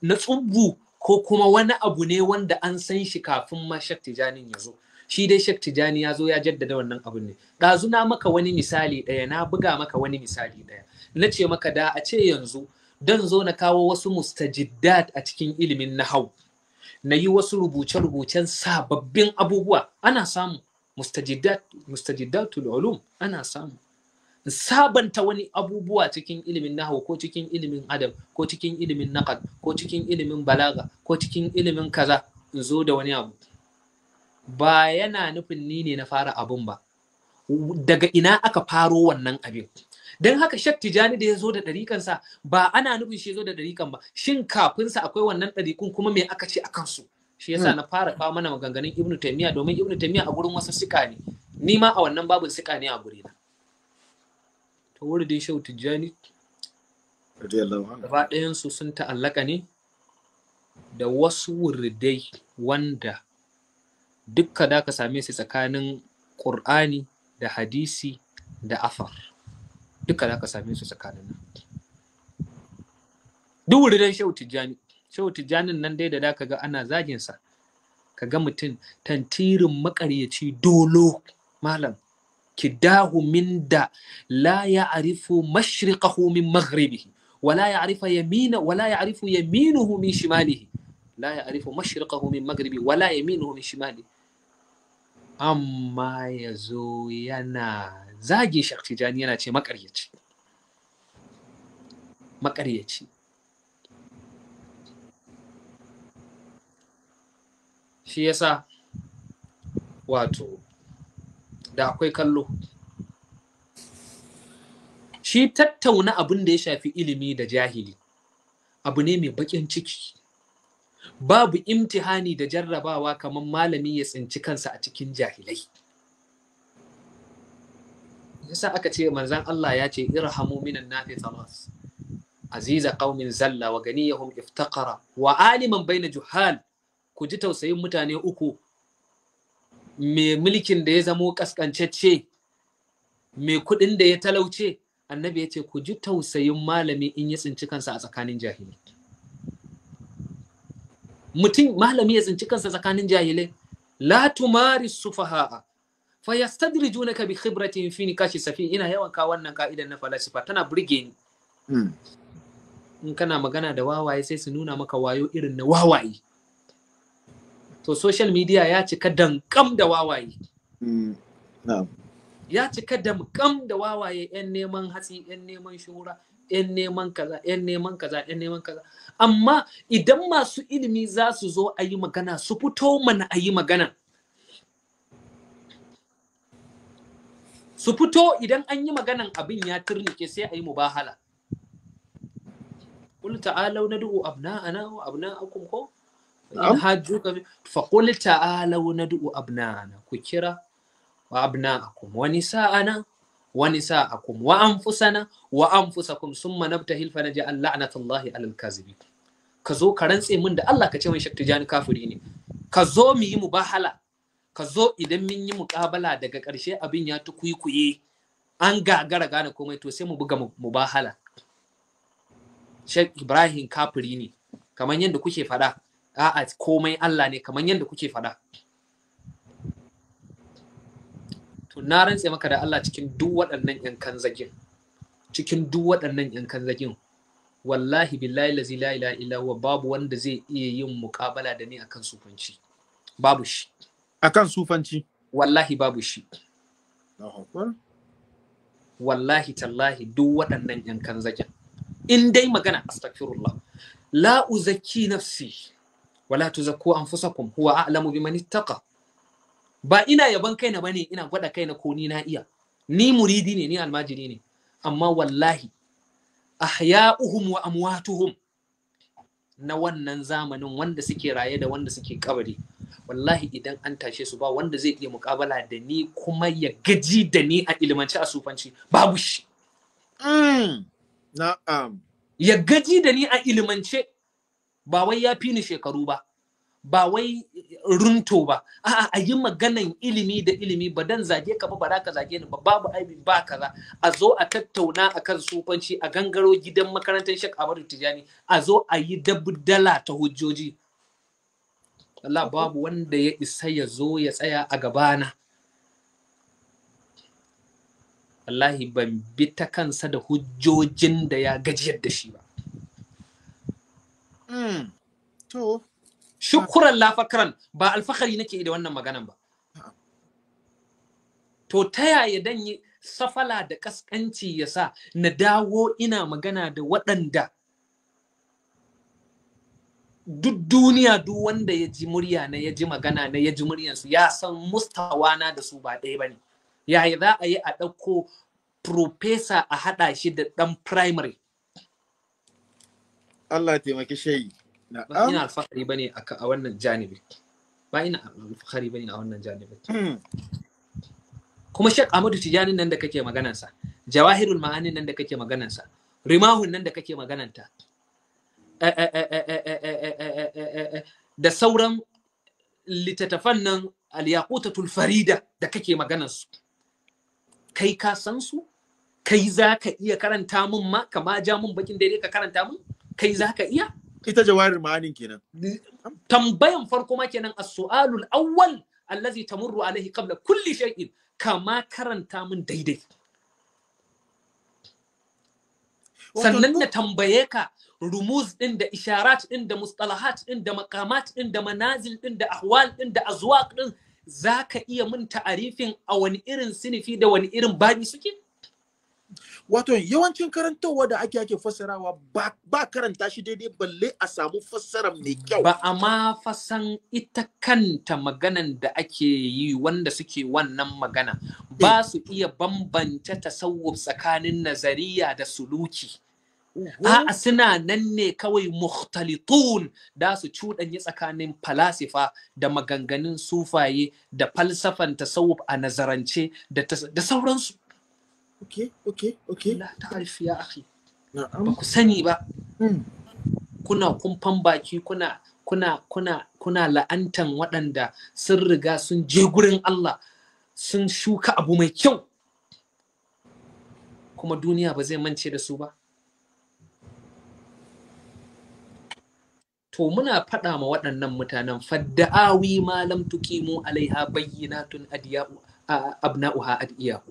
na tsubbu ko kuma wani abu ne wanda an san shi kafin ma Shek Tijanin ya zo. Shi dai Shek Tijani ya zo ya jaddada wannan abu ne. Ɗazu na maka wani misali ɗaya, na buga maka wani misali ɗaya. Na ce maka da a ce yanzu Don zo na kawo wasu mustajiddat a cikin ilimin nahau. Na yi wasu rubuce-rubucen sababbin abubuwa ana samu mustajiddat mustajiddatul ulum ana samu sabanta wani abubuwa cikin ilimin nahawu ko cikin ilimin adam ko cikin ilimin naqad ko cikin ilimin balaga ko cikin ilimin kaza in zo da wani abu ba yana nufin ni ne na fara abun ba daga ina aka faro wannan abin don haka shak tijani da ya zo da ɗarikansa, ba ana nufin shi zo da ɗarikan ba shin kafinsa akwai wannan ɗarikun kuma me aka ce a kansu shi yasa hmm. na fara kawo mana maganganun ibnu Taymiya domin ibnu Taymiya a gurin wasu sika ne ni ma a wannan babin sika ne a gurina tasawur dai shau tijjani gaba ɗayansu sun ta'allaka ne da wasu wurdai wanda dukka da ka same su tsakanin ƙur'ani da hadisi da afar dukka da ka same su tsakanin nan duk wurdan shau tijjani shau tijjanin nan dai da da ka ga ana zaginsa ka ga mutum tantirin makaryaci dolo malam kidahu min da la ya'rifu mashriqahu min maghribihi wa la ya'rifa yamina wa la ya'rifu yaminuhu min shimalihi la ya'rifu mashriqahu min maghribi wa la yaminuhu min amma yazo yana zage Sheikh Tijani yana ce makaryaci makaryaci shi yasa wato da akwai kallo shi tattauna abin da ya shafi ilimi da jahili abu ne mai baƙin ciki babu imtihani da jarrabawa kamar malami ya tsinci kansa a cikin jahilai yasa aka ce manzan Allah ya ce irhamu minan nafi talas, aziza qaumin zalla wa ganiyahum iftaqara wa aliman baina juhal ku ji tausayin mutane uku mai mulkin da ya zamo kaskancacce mai kuɗin da ya talauce annabi ya ce ku ji tausayin malami in ya tsinci kansa a tsakanin jahilai mutum malami ya tsinci kansa tsakanin jahilai la tumari sufaha'a fa yastadrijunaka bi khibratin fi nikashi safi ina yawan ka wannan ka'idan na falasifa tana burge ni hmm. in kana magana da wawaye sai su nuna maka wayo irin na wawaye to social media ya cika dankam da wawaye hmm. ya cika damkam da wawaye 'yan neman hatsi 'yan neman shura 'yan neman kaza 'yan neman kaza 'yan neman kaza amma idan masu ilimi za su zo a yi magana su fito mana a yi magana su fito idan an yi maganan abin ya turnike sai a yi mubahala قل تعالوا ندعو أبناءنا وأبناءكم ko hajjuka faqul ta'alu nad'u abnana ku kira wa abna'akum wa nisa'ana wa nisa'akum wa anfusana wa anfusakum summa nabtahil fa naj'al la'natullahi 'alal kadhibin ka zo ka rantse min da Allah ka ce min Sheikh Tijani kafiri ne ka zo mu yi mubahala ka zo idan mun yi muƙabala daga ƙarshe abin ya tukuikuye an gagara gane komai to sai mu buga mubahala Sheikh Ibrahim kafiri ne kamar yadda kuke faɗa a'a komai Allah ne kamar yadda kuke faɗa to na rantse maka da Allah cikin duk waɗannan yan zagin, cikin duk waɗannan yan zagin, wallahi billahi lazi la ilaha illa huwa babu wanda zai iya yin mukabala da ni akan sufanci babu shi akan sufanci wallahi babu shi wallahi tallahi duk waɗannan yan zagin. in dai magana astaghfirullah la uzaki nafsi wala tuzakku anfusakum huwa a'lamu biman ittaqa ba ina yaban kaina bane ina gwada kaina ko ni na iya ni muridi ne ni almajiri ne amma wallahi ahya'uhum wa amwatuhum na wannan zamanin wanda suke raye da wanda suke kabari wallahi idan an tashe su ba wanda zai iya mukabala da ni kuma ya gaji da ni a ilimanci a sufanci babu shi mm. na'am ya gaji da ni a ilimance ba wai ya fi ni shekaru ba ba wai runto ba a'a a yi maganan ilimi da ilimi ba dan zage ka ba ba ka zage ni ba babu aibi ba kaza a zo a tattauna akan sufanci a gangaro gidan makarantar Sheikh Ahmadu Tijani a zo a yi dala ta hujjoji Allah babu wanda ya isa ya zo ya tsaya a gabana wallahi ban bi ta kansa da hujjojin da ya gajiyar da shi ba Hmm. To. Shukuran lafakran ba alfahari nake da wannan maganan ba. To ta yaya dan yi safala da kaskanci ya sa na dawo ina magana da waɗanda duk duniya duk wanda ya ji murya na ya ji magana na ya ji muryansu ya san mustawana da su ba ɗaya ba ne. Yaya za a yi a ɗauko profesa a haɗa shi da ɗan primary Allah taimaki shayi. Ba ina alfahari bane a wannan janibi. Ba ina alfahari bane a wannan janibi. Kuma Sheikh Ahmadu Tijanin nan da kake maganansa, Jawahirul Ma'anin nan da kake maganansa, Rimahun nan da kake magananta. Da sauran littattafan nan al-yaqutatul farida da kake maganansu. Kai ka san su? Kai za ka iya karanta mun ma, kama ja mun bakin daidai ka karanta mun? kai za ka iya ita jawarin ma'anin kenan tambayan farko ma kenan as-su'alul awwal allazi tamurru alaihi qabla kulli shay'in kama karanta min daidai sannan na tambaye ka rumuz din da isharat din da mustalahat din da maqamat din da manazil din da ahwal din da azwaq din zaka iya mun ta'arifin a wani irin sinifi da wani irin babi suke Wato yawancin karantowa da ake ake fassarawa ba, karanta shi daidai balle a samu fassara mai kyau. Ba a ma fasan ita kanta maganan da ake yi wanda suke wannan magana ba eh. su iya bambance tasawuf tsakanin nazariya da suluki. A'a suna nan ne kawai muhtalitun da su cuɗanye tsakanin falasifa da maganganun sufaye da falsafan tasawuf a nazarance da sauransu. ba ku sani ba hmm. kuna kumfan baki kuna kuna kuna kuna la'antan waɗanda sun riga sun je gurin Allah sun shuka abu mai kyau kuma duniya ba zai mance da su ba to muna faɗa ma waɗannan mutanen fadda'awi malam tuqimu alaiha bayyinatun adiya'u abna'uha adiyahu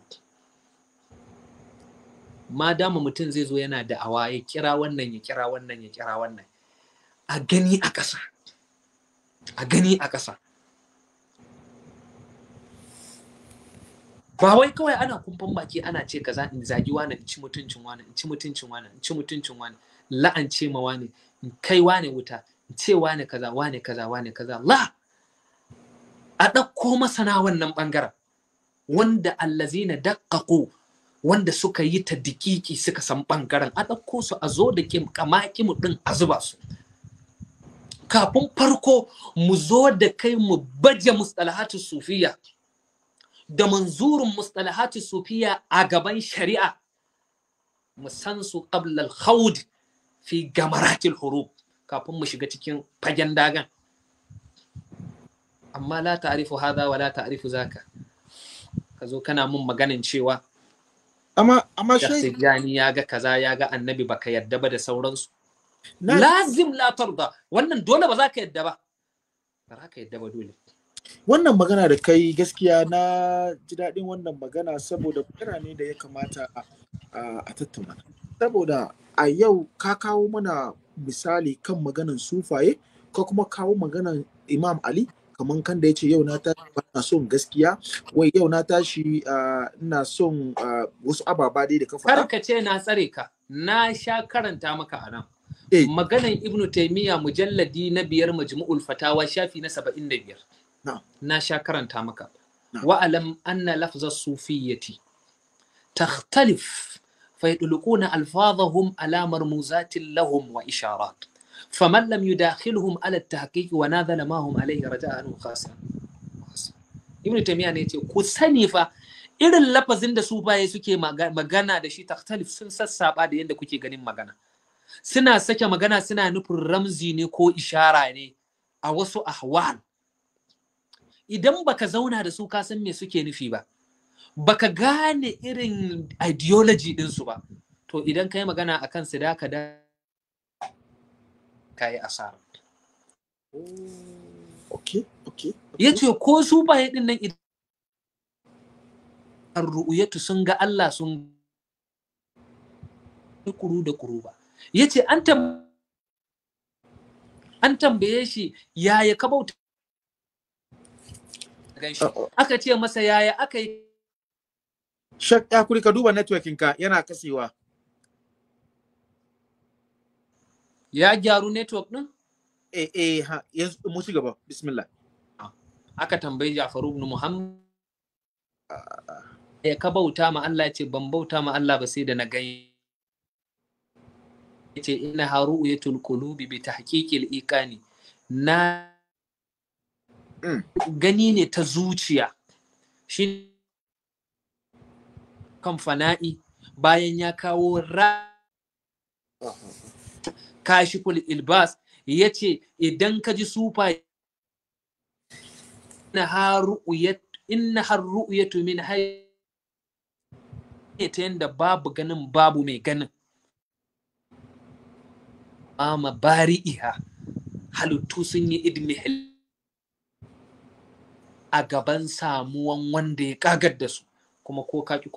ma dama mutum zai zo yana da awa ya kira wannan ya kira wannan ya kira wannan a gani a ƙasa a gani a ƙasa ba wai kawai ana kumfan baki ana ce kaza in zagi wani in ci mutuncin wani in ci mutuncin wani in ci mutuncin wani la'ance ma wani in kai wani wuta in ce wani kaza wani kaza wani kaza la a ɗauko masana wannan ɓangaren wanda allazina daƙaƙo wanda suka yi ta dikiki suka san bangaren a ɗauko su a zo da kim kama ɗin a zuba su kafin farko mu zo da kai mu baje mustalahatu sufiya da manzurin mustalahatu sufiya a gaban shari'a mu san su qabla al fi gamaratil hurub kafin mu shiga cikin fagen dagan amma la ta'rifu hadha wa la ta'rifu zaka ka zo kana mun maganin cewa amma amma shi ya ga kaza ya ga annabi baka yadda ba da sauransu lazim la tarda wannan dole ba za ka yadda ba ba za ka yadda ba dole wannan magana da kai gaskiya na ji daɗin wannan magana saboda kuma ne da ya kamata a tattauna saboda a yau ka kawo mana misali kan maganan sufaye ko kuma kawo maganan imam ali kaman kan da ce yau na tashi bana son gaskiya wai yau na tashi ina son wasu ababa dai da ka faɗa ka ce na tsare ka na sha karanta maka a nan eh. maganan ibnu taymiya mujalladi na biyar majmu'ul fatawa shafi na 75 na sha karanta maka wa'alam anna lafza sufiyyati takhtalif alfazahum ألفاظهم على lahum wa isharat Mallam Yu yudakhilhum ala tahqiq wa nadhala ma hum alayhi raja'an khasa ibn ne yace ku sani fa irin lafazin da su baye suke magana da shi takhtalif sun sassaba da yadda kuke ganin magana suna sake magana suna nufin ramzi ne ko ishara ne a wasu ahwal idan baka zauna da su ka san me suke nufi ba baka gane irin ideology ɗinsu ba to idan kai magana a kan su da ka da kayi asara okay okay ya ce ko su baye din nan idan ru'uyatu sun ga Allah sun kuru da kuru ba ya ce an tambaye shi yaya ka bauta aka ce masa yaya aka yi shak ya kuri ka duba networking ka yana kasewa ya gyaru network din eh eh ha yanzu mu ci gaba bismillah ah, aka tambayi Jafaru, ibn Muhammad ya ah, ah. eh, ka bauta ma Allah ce ban bauta ma Allah ba sai da na gani yace ina haru ya tulkulubi bi tahqiqil iqani na mm. gani ne ta zuciya shi kan fana'i bayan ya kawo ra kashiful ilbas ya ce idan ka ji sufa inna har ru'yatu min hay ta yanda babu ganin babu mai ganin ama bari'iha halittu sun yi idmihil a gaban samuwan wanda ya kagar da su kuma ko kaki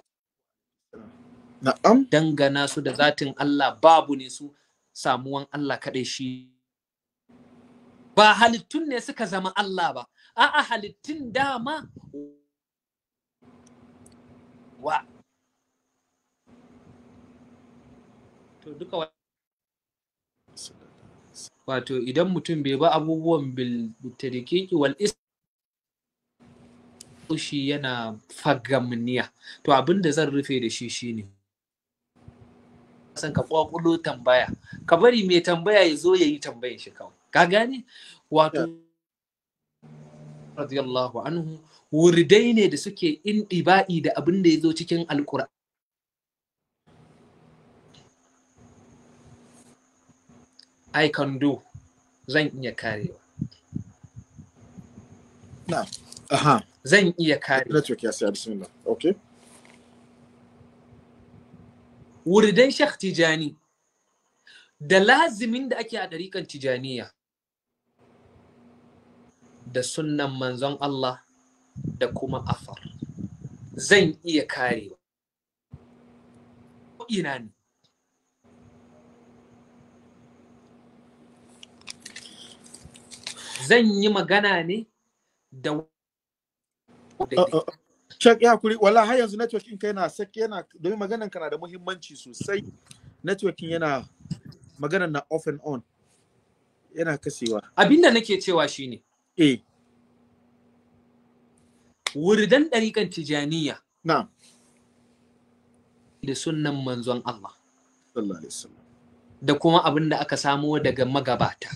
Na'am. Dangana su da zatin Allah babu ne su samuwan Allah kaɗai shi ba halittun ne suka zama Allah ba a'a halittun dama wa to duka wato idan mutum bai ba abubuwan biltarikiki wal shi yana fagamniya to abin da zan rufe da shi shine son ka kwakulo tambaya ka bari mai tambaya ya zo ya yi tambayan shi kawai ka gane wato radiyallahu anhu wuridai ne da suke indiba'i da abin da ya zo cikin alkura I can do zan iya karewa. Zan iya karewa. bismillah. Okay. wuridan Sheikh tijani da lazimin da ake a ɗariƙan tijaniya da sunan manzon Allah da kuma afar zan iya karewa ina ne zan yi magana ne da Shek ya kuri wala har yanzu network kai yana saki yana domin maganan kana da muhimmanci sosai networking yana maganan na off and on yana kasewa. Abinda nake cewa shine. Eh. wurdan dariƙan Tijaniya. Na'am. Da sunnan manzon Allah. Sallallahu alaihi wasallam. Da kuma abin da aka samo daga magabata.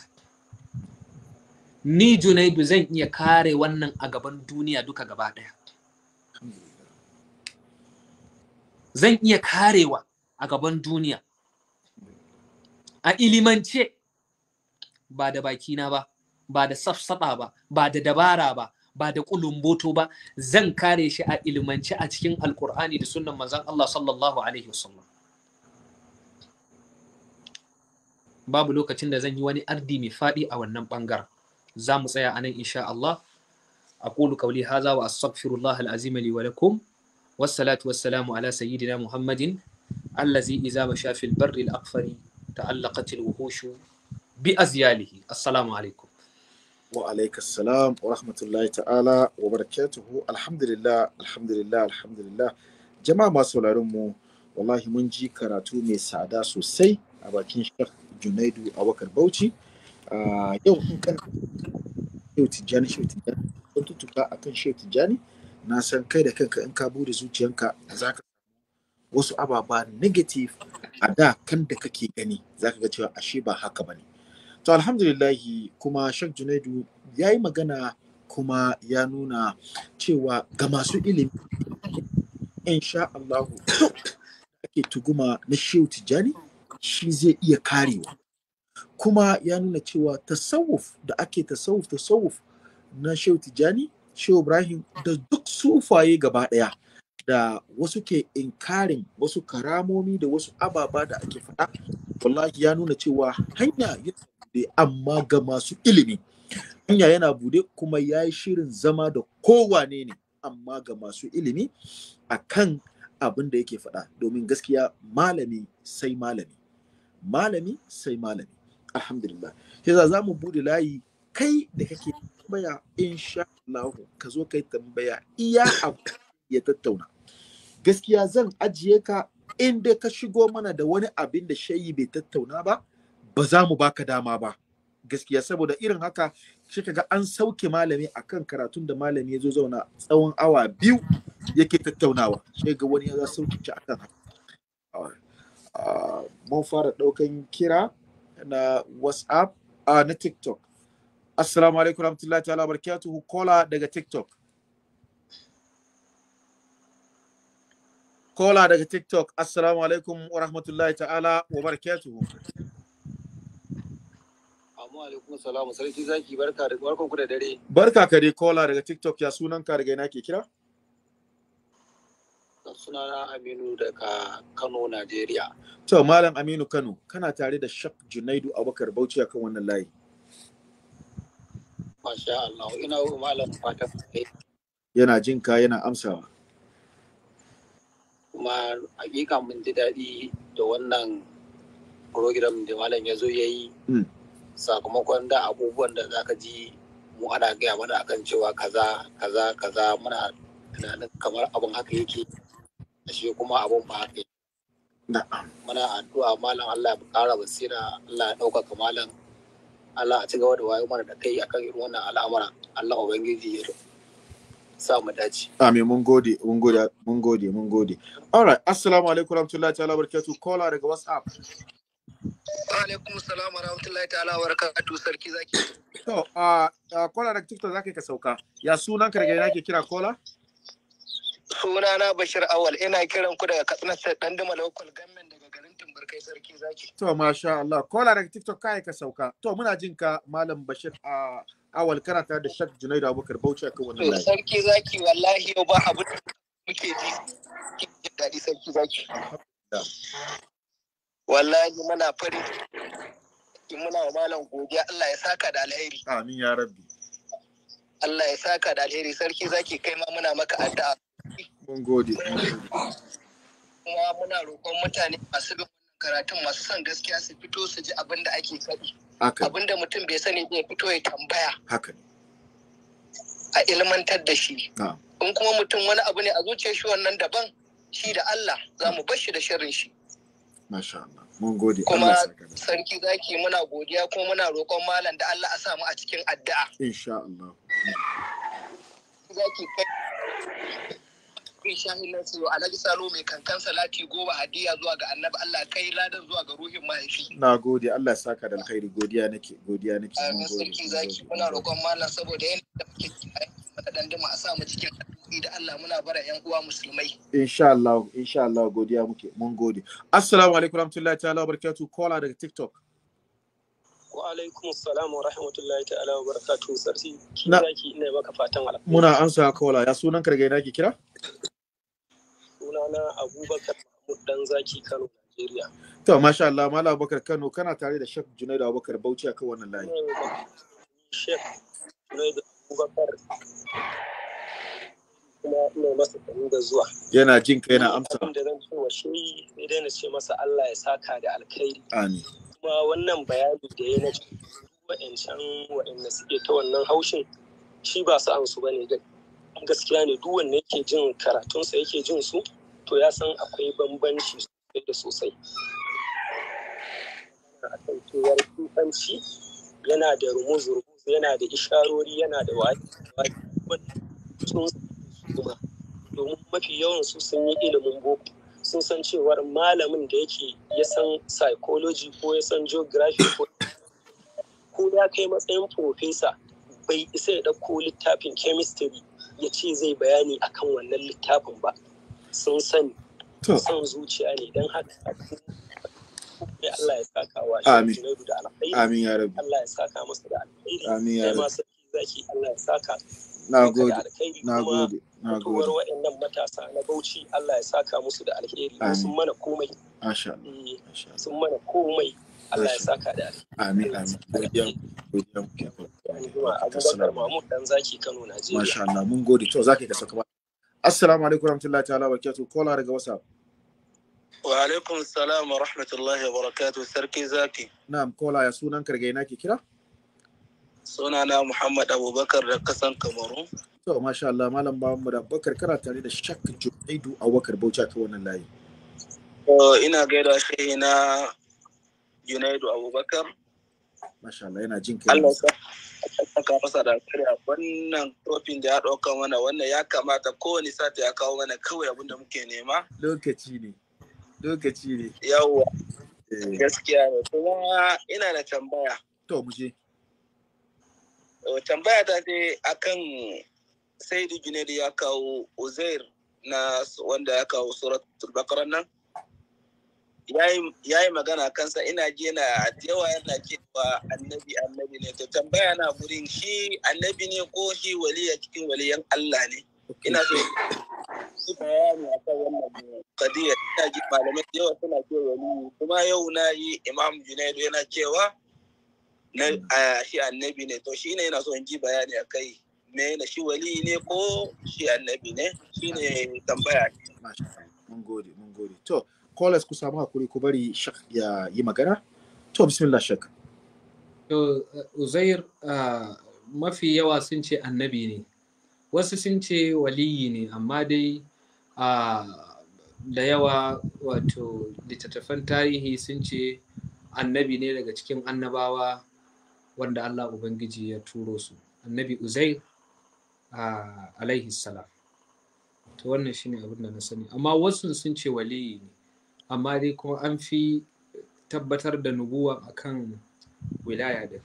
Ni Junaidu zan iya kare wannan a gaban duniya duka gaba ɗaya. zan iya karewa a gaban duniya a ilimance ba da bakina ba ba da safsaba ba ba da dabara ba ba da kulumboto ba zan kare shi a ilimance a cikin alkur'ani da sunan manzon Allah sallallahu alaihi wasallam babu lokacin da zan yi wani ardi mai faɗi a wannan ɓangar. za mu tsaya a nan insha Allah أقول قولي هذا وأستغفر الله العظيم لي ولكم wassalatu wassalamu ala sayyidina muhammadin allazi iza masha fil barri al-aqfari ta'allaqat al-wuhushu bi azyalihi assalamu alaikum wa alaikassalam wa rahmatullahi ta'ala wa barakatuhu alhamdulillah alhamdulillah jama'a masu sauraron mu wallahi mun ji karatu mai tsada sosai a bakin shek junaidu abubakar bauchi yau in kan yau tijjani shau tijjani tutuka akan shau na san kai da kanka in ka bude zuciyanka za ka wasu ababa negative a da kan da kake gani za ka ga cewa ashe ba haka ba ne to alhamdulillahi kuma shak junaidu ya yi magana kuma ya nuna cewa ga masu ilimi insha Allahu ake tuguma na shehu tijjani shi zai iya karewa kuma ya nuna cewa tasawuf da ake tasawuf tasawuf na shehu tijjani Shehu Ibrahim da duk sufaye gaba ɗaya da wasu ke inkarin wasu karamomi da wasu ababa da ake faɗa wallahi ya nuna cewa hanya yana bude amma ga masu ilimi hanya yana bude kuma ya yi shirin zama da kowane ne amma ga masu ilimi a kan abin da yake faɗa domin gaskiya malami sai malami malami sai malami alhamdulillah yasa za mu bude layi kai da kake tambaya insha Allah ka zo kai tambaya iya abu ya tattauna gaskiya zan ajiye ka in ka shigo mana da wani abin da shayi bai tattauna ba ba za mu baka dama ba gaskiya saboda irin haka shi kaga an sauke malami akan karatun da malami ya zo zauna tsawon awa biyu yake tattaunawa sai ga wani ya za sauke ci akan haka ah, mun fara daukan kira na whatsapp ah, na tiktok Assalamu alaikum rahmatullahi ta'ala barakatuhu kola daga TikTok. Kola daga TikTok. Assalamu alaikum wa rahmatullahi ta'ala wa barakatuhu. Amma alaikum salamu sarki zaki barka da barkan ku da dare. Barka ka dai kola daga TikTok ya sunan ka daga ina ke kira? Sunana Aminu daga Kano, Najeriya. To Malam Aminu Kano, kana tare da Shak Junaidu Abubakar Bauchi akan wannan layi. Masha Allah, ina yi malam fatan Yana jin ka yana amsawa. Kuma hakika mun ji daɗi da wannan program da malam ya zo ya yi. Hmm. Sakamakon da abubuwan da za ka ji mu ana gaya mana akan cewa kaza kaza kaza muna tunanin kamar abin haka yake ashe kuma abin ba haka yake. Muna addu'a malam Allah ya ƙara basira Allah ya ɗaukaka malam Allah a ci gaba da wayo mana da kai a kan irin wannan al'amura Allah ubangiji ya sa mu dace amin mun gode mun gode mun gode mun gode all right assalamu alaikum warahmatullahi ta'ala barakatuh kola daga whatsapp alaikum salam wa rahmatullahi ta'ala wa barakatuh sarki zaki to a kola daga tiktok zaka ka sauka ya sunan ka daga ke kira kola sunana bashir awal ina kiran ku daga katsina dan dama local government kai sarki zaki. To masha Allah kola daga TikTok kai ka sauka. To muna jin ka Malam Bashir a awal kana tare da Shak Junaidu Abubakar Bauchi akan wannan. To sarki zaki wallahi yau ba abu muke ji. Daɗi sarki zaki. Wallahi muna fari. Muna wa malam godiya Allah ya saka da alheri. Amin ya rabbi. Allah ya saka da alheri sarki zaki kai ma muna maka addu'a. Mun gode. kuma muna roƙon mutane masu bin karatun masu son gaskiya su fito su ji abin da ake faɗi. Abin da mutum bai sani ya fito ya tambaya. Haka. A ilmantar da shi. In kuma mutum wani abu ne a zuciyar shi wannan daban shi da Allah za mu bar shi da shirin shi. Masha Allah. Mun gode. Kuma sarki zaki muna godiya kuma muna roƙon malam da Allah a sa mu a cikin addu'a. Insha Allah. Zaki kai. kai shahin nan su alhaji salo mai kankan salati goma hadiya zuwa ga annabi Allah kai ladan zuwa ga ruhin mahaifi na gode Allah ya saka da alkhairi godiya nake godiya nake a gode sarki zaki muna roƙon mallam saboda yana da kike dan dima a sa mu cikin da Allah muna bara yan uwa musulmai insha Allah insha Allah godiya muke mun gode assalamu alaikum warahmatullahi ta'ala wabarakatuh kola daga tiktok wa alaikum salam wa rahmatullahi ta'ala wa barakatuhu sarki zaki ina maka fatan ala muna ansa kola ya sunan karge na ki kira sunana Abubakar Mahmud dan zaki Kano Najeriya. To masha Allah Malam Abubakar Kano kana tare da Sheikh Junaidu Abubakar Bauchi akan wannan layi. Sheikh Junaidu Abubakar kuma ina masa kanin da zuwa. Yana jin ka yana amsa. Abin da zan ce wa shi sai dai na ce masa Allah ya saka da alkhairi. Amin. Kuma wannan bayani da ya na wa'ancan wa'anda suke ta wannan haushin shi ba su an su bane gaskiya ne duk wanda yake jin karatunsa yake jin su to ya san akwai bambanci sosai da sosai akan yana da rumuz-rumuz yana da isharori yana da wani sun kuma domin mafi yawan su sun yi ilimin boko sun san cewar malamin da yake ya san psychology ko ya san geography ko ko ya kai matsayin profesa bai isa ya ɗauko littafin chemistry ya ce zai bayani akan wannan littafin ba sun sani son zuciya ne don haka ya Allah ya saka wa amin da alkhairi amin ya rabbi Allah ya saka masa da alkhairi amin ya rabbi zaki Allah ya saka na gode nagode waɗannan matasa na Bauchi Allah ya saka musu da alheri sun mana komai eh, masha Allah sun mana komai Allah ya saka da alheri amin amin godiya godiya Abubakar Mahmud dan zaki Kano Najeriya masha Allah mun gode to zaki ka saka Assalamu alaikum warahmatullahi ta'ala barakatuh. Kola daga WhatsApp. Wa alaikum salam wa rahmatullahi wa barakatuh. Sarki zaki. Na'am, kola ya sunan karge na ke kira? Suna na Muhammad Abubakar da kasan Kamaru. To, masha Allah, malam ba mu da Abubakar kana tare da Shak Jumaidu wakar Bauchi ta wannan layi. ina gaida shi na Junaidu Abubakar. Masha Allah yana jin kai. Allah saka masa da kariya wannan tropin da ya dauka mana wannan ya kamata kowane sati ya kawo mana kawai abin da muke nema. Lokaci ne. Lokaci ne. Yawwa. Eh. Gaskiya ne. Kuma ina da tambaya. To mu je. Eh, tambaya ta ce akan Saidu Junaidu ya kawo Uzair na wanda ya kawo suratul Baqara nan. ya yi magana kansa ina ji yana yawa yana cewa annabi annabi ne to tambaya na gurin shi annabi ne ko shi waliya cikin waliyan Allah ne ina so su bayani akan wannan kadiya ina ji malamai yawa suna ce wali kuma yau na yi imam junaidu yana cewa na shi annabi ne to shi ne yana so in ji bayani a kai me na shi wali ne ko shi annabi ne shi ne tambaya mun gode mun gode to callers ku samu hakuri ku bari shak ya yi magana to bismillah shak to uh, uzair uh, mafi yawa sun ce annabi ne wasu sun ce waliyi ne amma dai uh, da yawa wato littattafan tarihi sun ce annabi ne daga cikin annabawa wanda Allah Ubangiji ya turo su annabi Uzair alaihi salam to wannan shine abin da na sani amma wasu sun ce waliyi ne amma dai kuma an fi tabbatar da nubuwa a kan wilaya da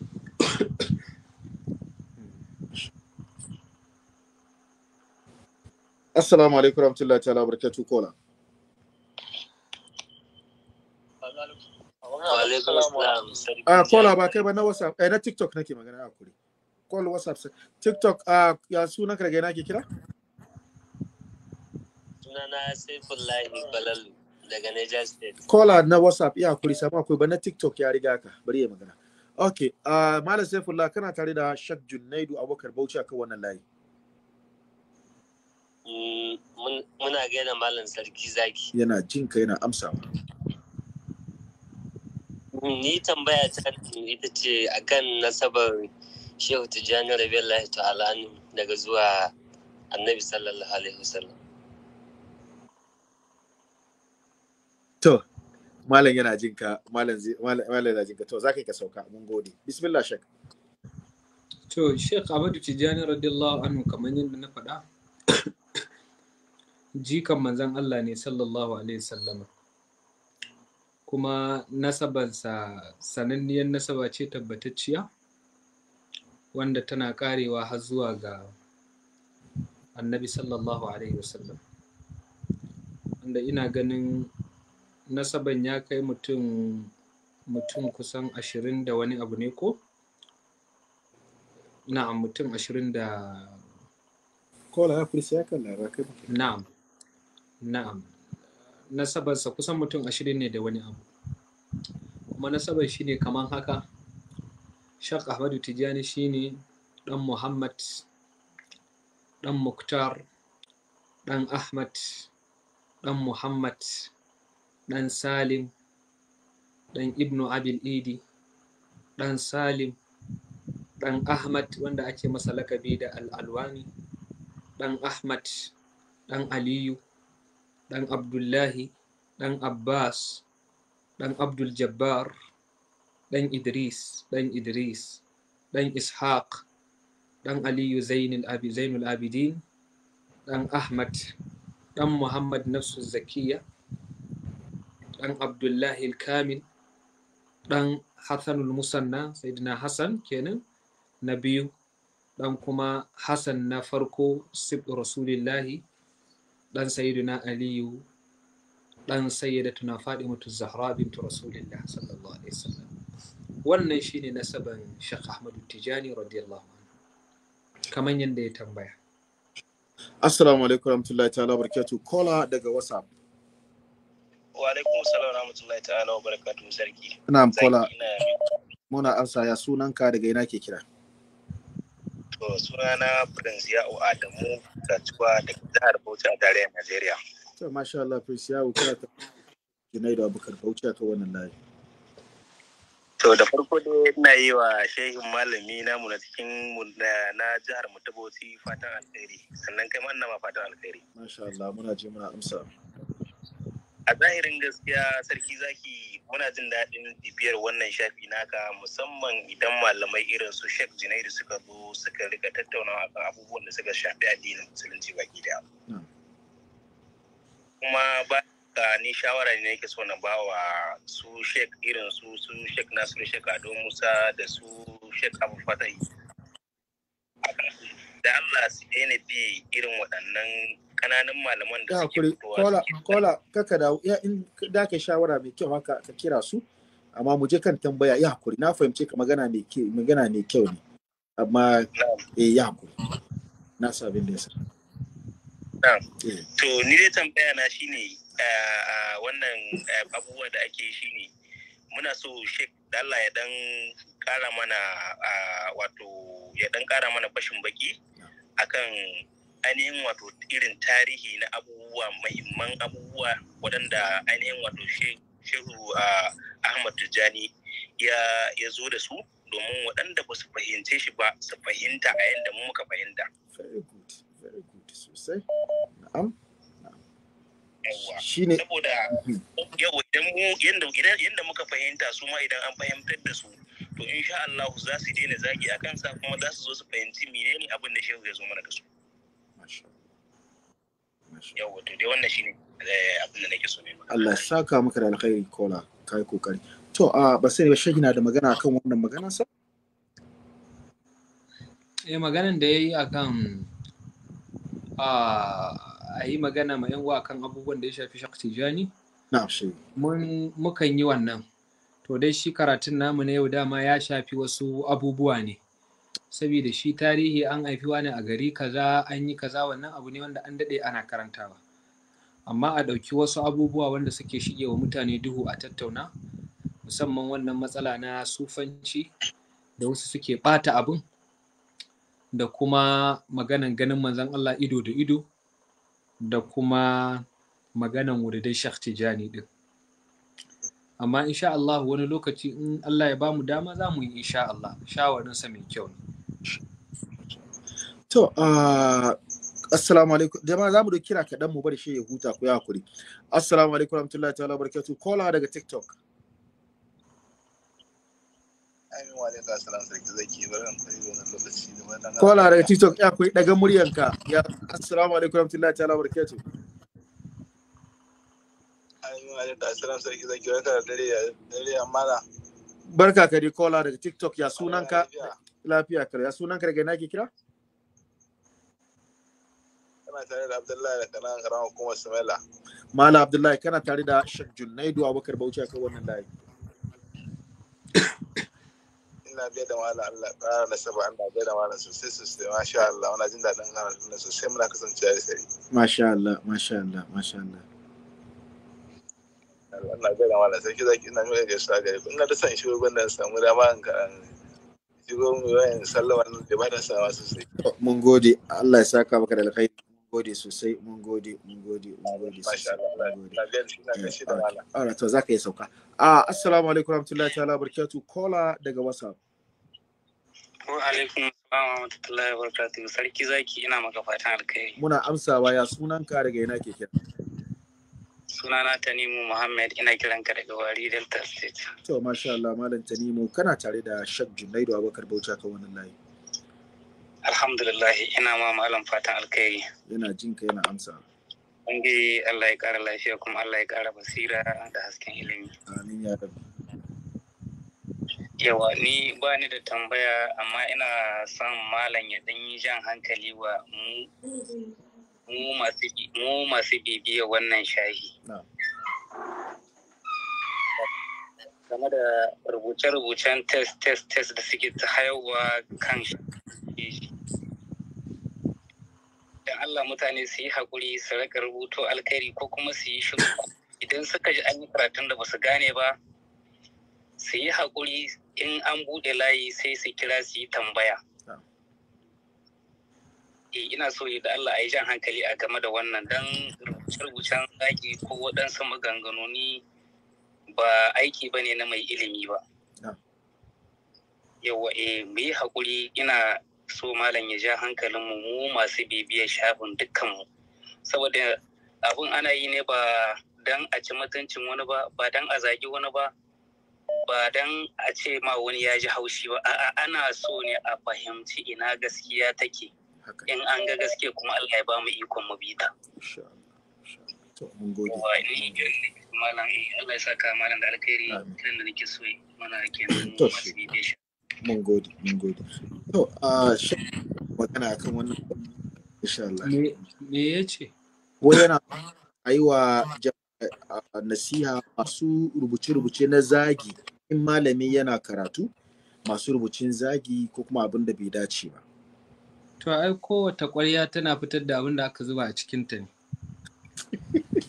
Assalamu alaikum warahmatullahi ta'ala barakatu kola. A ah, kola ba kai ba na WhatsApp, eh na TikTok nake magana a kuri. Kola WhatsApp sai. TikTok a ah, ya sunan ka daga ina ke kira? Sunana Saifullahi Balalu. daga Niger State. Kola na WhatsApp ya kuri samu akwai ba na TikTok ya riga ka bari ya magana. Ok, uh, Malam Saifullah kana tare da Shak Junaidu Abubakar Bauchi akan wannan layi. Mm, muna gaida Malam Sarki Zaki. Yana jin ka yana amsawa. Ni tambaya ta ita ce akan nasabar Shehu Tijjani Rabi Allah ta'ala daga zuwa Annabi sallallahu alaihi wasallam. to malam yana jin ka malam yana jin ka to zaka ka sauka mun gode bismillah shek to shek Ahmadu Tijani radiyallahu anhu kamar yadda na faɗa jikan manzon Allah ne sallallahu alaihi wasallam kuma nasabansa sananniyar nasaba ce tabbatacciya wanda tana karewa har zuwa ga annabi sallallahu alaihi wasallam wanda ina ganin nasaban ya kai mutum mutum kusan ashirin da wani abu ne ko? Na'am mutum ashirin da... Kola ya kursi ya kai Na'am, na'am. Nasabarsa kusan mutum ashirin ne da wani abu. Kuma nasabar shi ne kamar haka, shak Ahmadu Tijjani shi ne ɗan Muhammad, ɗan Muktar, ɗan Ahmad, ɗan Muhammad, ɗan salim ɗan ibnu abil idi ɗan salim ɗan ahmad wanda ake masa lakabi da al'alwani ɗan ahmad ɗan aliyu ɗan abdullahi ɗan abbas ɗan abdul jabbar ɗan idris ɗan idris ɗan ishaq ɗan aliyu zainul abidin ɗan ahmad ɗan muhammad nafsu zakiya ɗan abdullahi kamil ɗan hassanul musanna dina hassan kenan na biyu ɗan kuma hassan na farko sib rasulillahi ɗan sayyidina aliyu ɗan faɗi mutu, zahra bintu rasulillah sallallahu alaihi wasallam wannan shine nasaban shakka Ahmadu Tijani radiyallahu anhu kamar yadda ya tambaya Assalamu alaikum warahmatullahi ta'ala barakatuh kola daga WhatsApp Wa alaikum salam wa rahmatullahi ta'ala wa barakatuhu sarki. Ina kola. Muna amsa ya sunanka daga ina ke kira. To sunana Prince Ya'u Adamu Kacuwa daga jihar Bauchi a tarayyar Najeriya. To masha Allah Prince Ya'u kana ta Junaidu Abubakar Bauchi ta wannan layi. To da farko dai ina yi wa shehin malami na mu na cikin na jihar mu ta fatan alkhairi sannan kai ma ina ma fatan alkhairi. Masha Allah muna je muna amsa. a zahirin gaskiya sarki zaki muna jin daɗin bibiyar wannan shafi naka musamman idan malamai irin su shek Junaidu suka zo suka rika tattaunawa akan abubuwan da suka shafi addinin musulunci baki da Kuma ba ka ni shawara ne yake so na bawa su shek irin su su shek Nasiru shek Ado Musa da su shek Abu Fatai. Da Allah su daina bi irin waɗannan kananun malaman da suke kola kola kaka da ya in da ka shawara mai kyau haka ka kira su amma mu je kan tambaya ya hakuri na fahimce ka magana mai ke magana mai kyau ne amma eh ya hakuri na sabin da eh. to ni dai tambaya na shine wannan abubuwa da ake ne muna so shek Allah ya dan kara mana wato ya dan kara mana bashin baki akan ainihin wato irin tarihi na abubuwa mahimman abubuwa waɗanda ainihin wato shehu ahmad tijjani ya zo da su domin waɗanda ba su fahimce shi ba su fahimta a yadda mu muka fahimta. Saboda mm-hmm. yau idan mu yadda muka fahimta su ma idan an fahimtar da su to insha Allah za su daina zagi a kansa kuma za su zo su fahimci menene abin da shehu ya zo mana da su. yau to dai wannan shine eh, abin da nake so ne Allah saka maka da alkhairi kola kai kokari to a ba sai ba shagina da magana akan wannan magana sa eh maganan da yayi akan a yi magana mai yawa akan abubuwan da ya shafi shak tijani na'am shi mun mukan yi wannan to dai shi karatun namu na yau dama ya shafi wasu abubuwa ne saboda shi tarihi an haifi wani a gari kaza an yi kaza wannan abu ne wanda an daɗe ana karantawa amma a ɗauki wasu abubuwa wanda suke shige wa mutane duhu a tattauna musamman wannan matsala na sufanci da wasu suke ɓata abin da kuma maganan ganin manzan Allah ido da ido da kuma maganan wuridai Sheikh Tijani din amma insha Allah wani lokaci in Allah ya bamu dama za mu yi insha Allah shawarinsa mai kyau ne To, assalamu alaikum. Jama'a za mu da kira kaɗan mu bari shi ya huta ku ya hakuri. Assalamu alaikum warahmatullahi ta'ala barkatu. Kola daga TikTok. Kola daga TikTok ya kuwa daga muryanka. Ya assalamu alaikum warahmatullahi ta'ala barkatu. Barka ka dai kola daga TikTok ya sunanka lafiya kare ya sunanka daga ina ke kira? kuna tare da Abdullahi da kanan karamar hukumar Sumaila. Mala Abdullahi kana tare da Sheikh Junaidu Abubakar Bauchi akan wannan layi. Ina biya da mala Allah ƙara na saba Allah biya da mala sosai sosai masha Allah jin daɗin sosai muna kasance Masha Allah masha Allah masha Allah. Allah biya da mala zaki ina ina da san shi samu dama in karan Mun gode Allah ya saka maka da alkhairi. gode sosai mun gode mun gode mun gode sosai mun gode alright eh, to zaka yi sauka ah assalamu alaikum warahmatullahi ta'ala barakatuh kola daga whatsapp wa alaikum assalam warahmatullahi wabarakatuh sarki zaki ina maka fatan alkhairi muna amsawa ya sunanka daga ina ke kira sunana Tanimu Muhammad ina kiranka daga Wari Delta State. To masha Allah Malam Tanimu kana tare da shak Junaidu Abubakar Bauchi ka wannan layi. Alhamdulillah ina ma malam fatan alkhairi. Yana jin ka yana amsa. Allah ya ƙara lafiya kuma Allah ya ƙara basira da hasken ilimi. Amin ya rabu. Yawa ni ba ni da tambaya amma ina son malam ya ɗan yi jan hankali wa mu masu bibiya wannan shahi. Game da rubuce-rubucen test test test da suke ta haihuwa kan shi. roƙe shi Da Allah mutane su yi haƙuri su raka rubuto alkhairi ko kuma su yi shiru idan suka ji an yi karatun da ba su gane ba su yi haƙuri in an buɗe layi sai su kira su yi tambaya eh, ina so da Allah a yi jan hankali a game da wannan don rubuce-rubucen zaki ko waɗansu maganganoni ba aiki ba ne na mai ilimi ba. Yawa e, eh, mu yi haƙuri ina so malam ya ja hankalinmu mu masu bibiyar shafin dukkanmu saboda abun ana yi ne ba dan a ci mutuncin wani ba ba dan a zagi wani ba ba dan a ce ma wani ya ji haushi ba a'a ana so ne a fahimci ina gaskiya take in an ga gaske kuma Allah ya ba mu ikon mu bita mun gode malam eh, Allah ya malam da alkhairi da so mana mun gode To, shi magana kan wannan insha Allah. Me ya ce? Ko yana ayi yi wa nasiha masu rubuce-rubuce na zagi in malami yana karatu masu rubucin zagi ko kuma abin da bai dace ba. To, ai kowace ƙwarya tana fitar da abin da aka zuba a cikinta ne.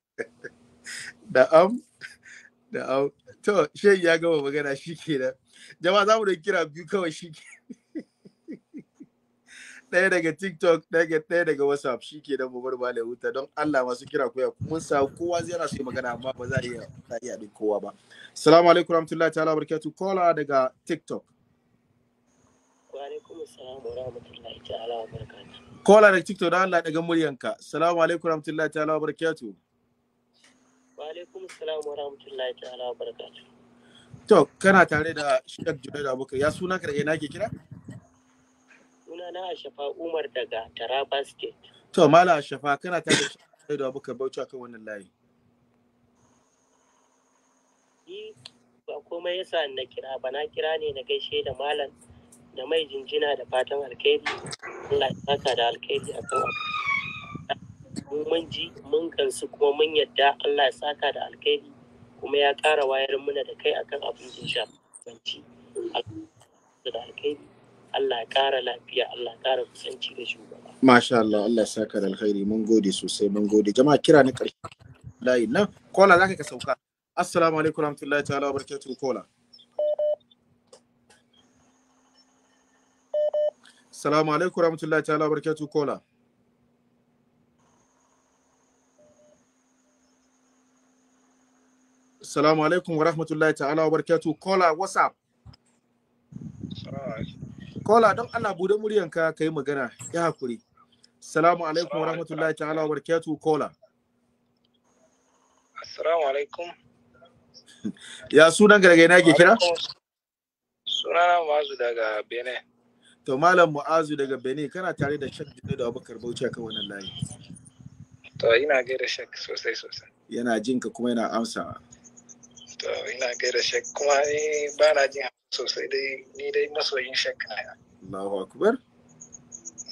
Na'am. Na'am. Na'am. To, shehi ya gama magana shi ke nan. Jama'a za mu da kira biyu kawai shi ke. Ɗaya daga TikTok, ɗaya daga WhatsApp shi ke nan bar ba huta don Allah masu kira kuya kuma sa kowa zai rasu magana amma ba za a iya ta iya kowa ba. Salamu alaikum warahmatullahi ta'ala barakatuh. Kola daga TikTok. Kola daga TikTok da Allah daga muryanka. Assalamu alaikum warahmatullahi ta'ala barakatuh. alaikum salam wa rahmatullahi ta'ala wa barakatuh. To, kana tare da Sheikh da Abubakar. Ya suna ka daga ke kira? Suna na Ashafa Umar daga Taraba State. To, Mala Ashafa, kana tare da Sheikh Junaid Abubakar Bauchi akan wannan layi. Ni ba komai yasa na kira ba na kira ne na gaishe da malam da mai jinjina da fatan alkhairi. Allah ya saka da alkhairi akan abu. mu mun ji mun kansu kuma mun yadda Allah ya saka da alkhairi kuma ya ƙara wayar muna da kai akan abin da ya shafi da alkhairi Allah ya ƙara lafiya Allah ya ƙara kusanci da shugaba masha Allah Allah ya saka da alkhairi mun gode sosai mun gode jama'a kira ni ƙarshe layi nan kola zaka ka sauka assalamu alaikum warahmatullahi ta'ala wabarakatuh kola assalamu alaikum warahmatullahi ta'ala wa kola Assalamu alaikum wa rahmatullahi ta'ala wa barakatuh. Kola WhatsApp. Kola don Allah bude muryanka ka yi magana ya hakuri. Assalamu alaikum wa rahmatullahi ta'ala wa barakatuh. Kola. Assalamu alaikum. ya sunan daga ina ke kira? Sunana Mu'azu daga Benin. To Malam Mu'azu daga Benin kana tare da Shek Jino da Abubakar Bauchi kan wannan layi. To ina gaida Sheikh sosai sosai. Yana jinka kuma yana amsawa. to ina gaida shek kuma ni ba na jin sosai dai ni dai masoyin shek ne Allahu akbar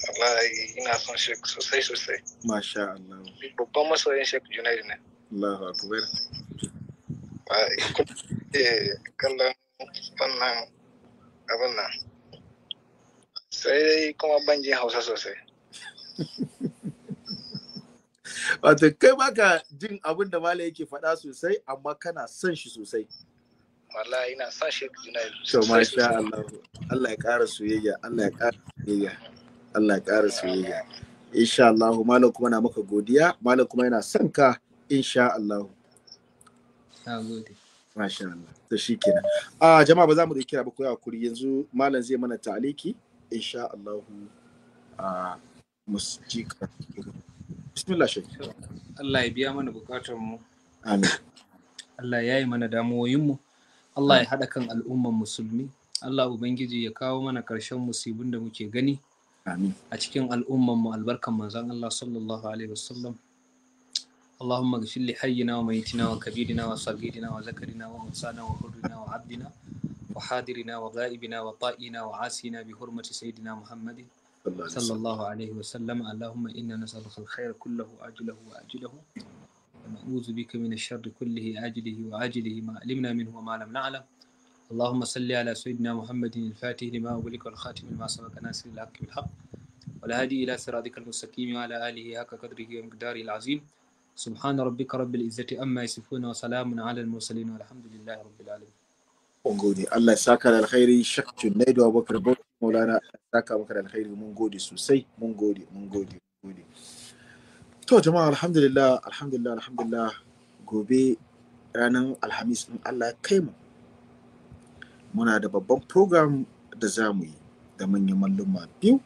wallahi ina son shek sosai sosai masha Allah babban masoyin shek Junaid ne Allahu akbar kallon wannan abin nan sai dai kuma ban jin hausa sosai wato kai baka jin abin da mala yake faɗa sosai amma kana son shi sosai wallahi ina son shi to masha Allah Allah ya ƙara soyayya Allah ya ƙara soyayya Allah ya ƙara soyayya insha Allah malam kuma na maka godiya malam kuma yana son ka insha Allah na gode masha Allah to shikenan a jama'a ba za mu da kira ba ya kuri yanzu malam zai mana ta'aliki insha Allah a musjika bismillah Allah ya biya mana bukatar mu amin Allah ya yi mana damuwoyin mu Allah ya haɗa kan al'umman musulmi Allah ubangiji ya kawo mana ƙarshen musibin da muke gani a cikin al'umman mu albarkan manzon Allah sallallahu alaihi wasallam اللهم اغفر لحينا وميتنا وكبيرنا وصغيرنا وذكرنا وانثانا وحرنا وعبدنا وحاضرنا وغائبنا وطائنا وعاسينا hurmati سيدنا محمد صلى الله عليه وسلم اللهم إنا نسألك الخير كله آجله وآجله ونعوذ بك من الشر كله آجله وآجله ما علمنا منه وما لم نعلم اللهم صل على سيدنا محمد الفاتح لما أغلق والخاتم لما سبق ناصر الحق بالحق والهادي إلى صراطك المستقيم وعلى آله حق قدره ومقداره العظيم سبحان ربك رب العزة أما يصفون وسلام على المرسلين والحمد لله رب العالمين. الله ya saka da alkhairi Shak Junaidu maulana saka maka da alkhairi mun gode sosai mun gode mun gode mun gode to jama'a alhamdulillah alhamdulillah alhamdulillah gobe ranar alhamis in Allah kai mu muna da babban program da za mu yi da manyan malluma biyu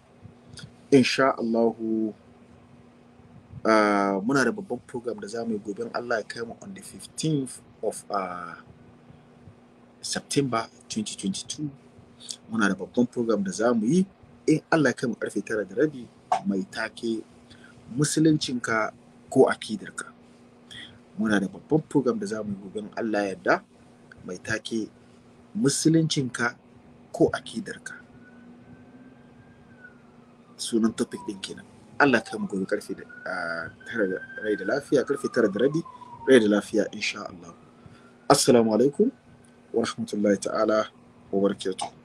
insha Allahu uh, muna da babban program da za mu yi gobe Allah ya kai mu on the 15th of uh, September 2022 muna da babban program da za mu yi in Allah kai mu karfe tara da rabi mai take musuluncinka ko akidarka muna da babban program da za mu yi gobe Allah yadda mai take musuluncinka ko akidarka sunan topic din kenan Allah kai mu gobe karfe tara da rai da lafiya karfe tara da rabi rai da lafiya insha Allah assalamu alaikum wa rahmatullahi ta'ala wa barakatuh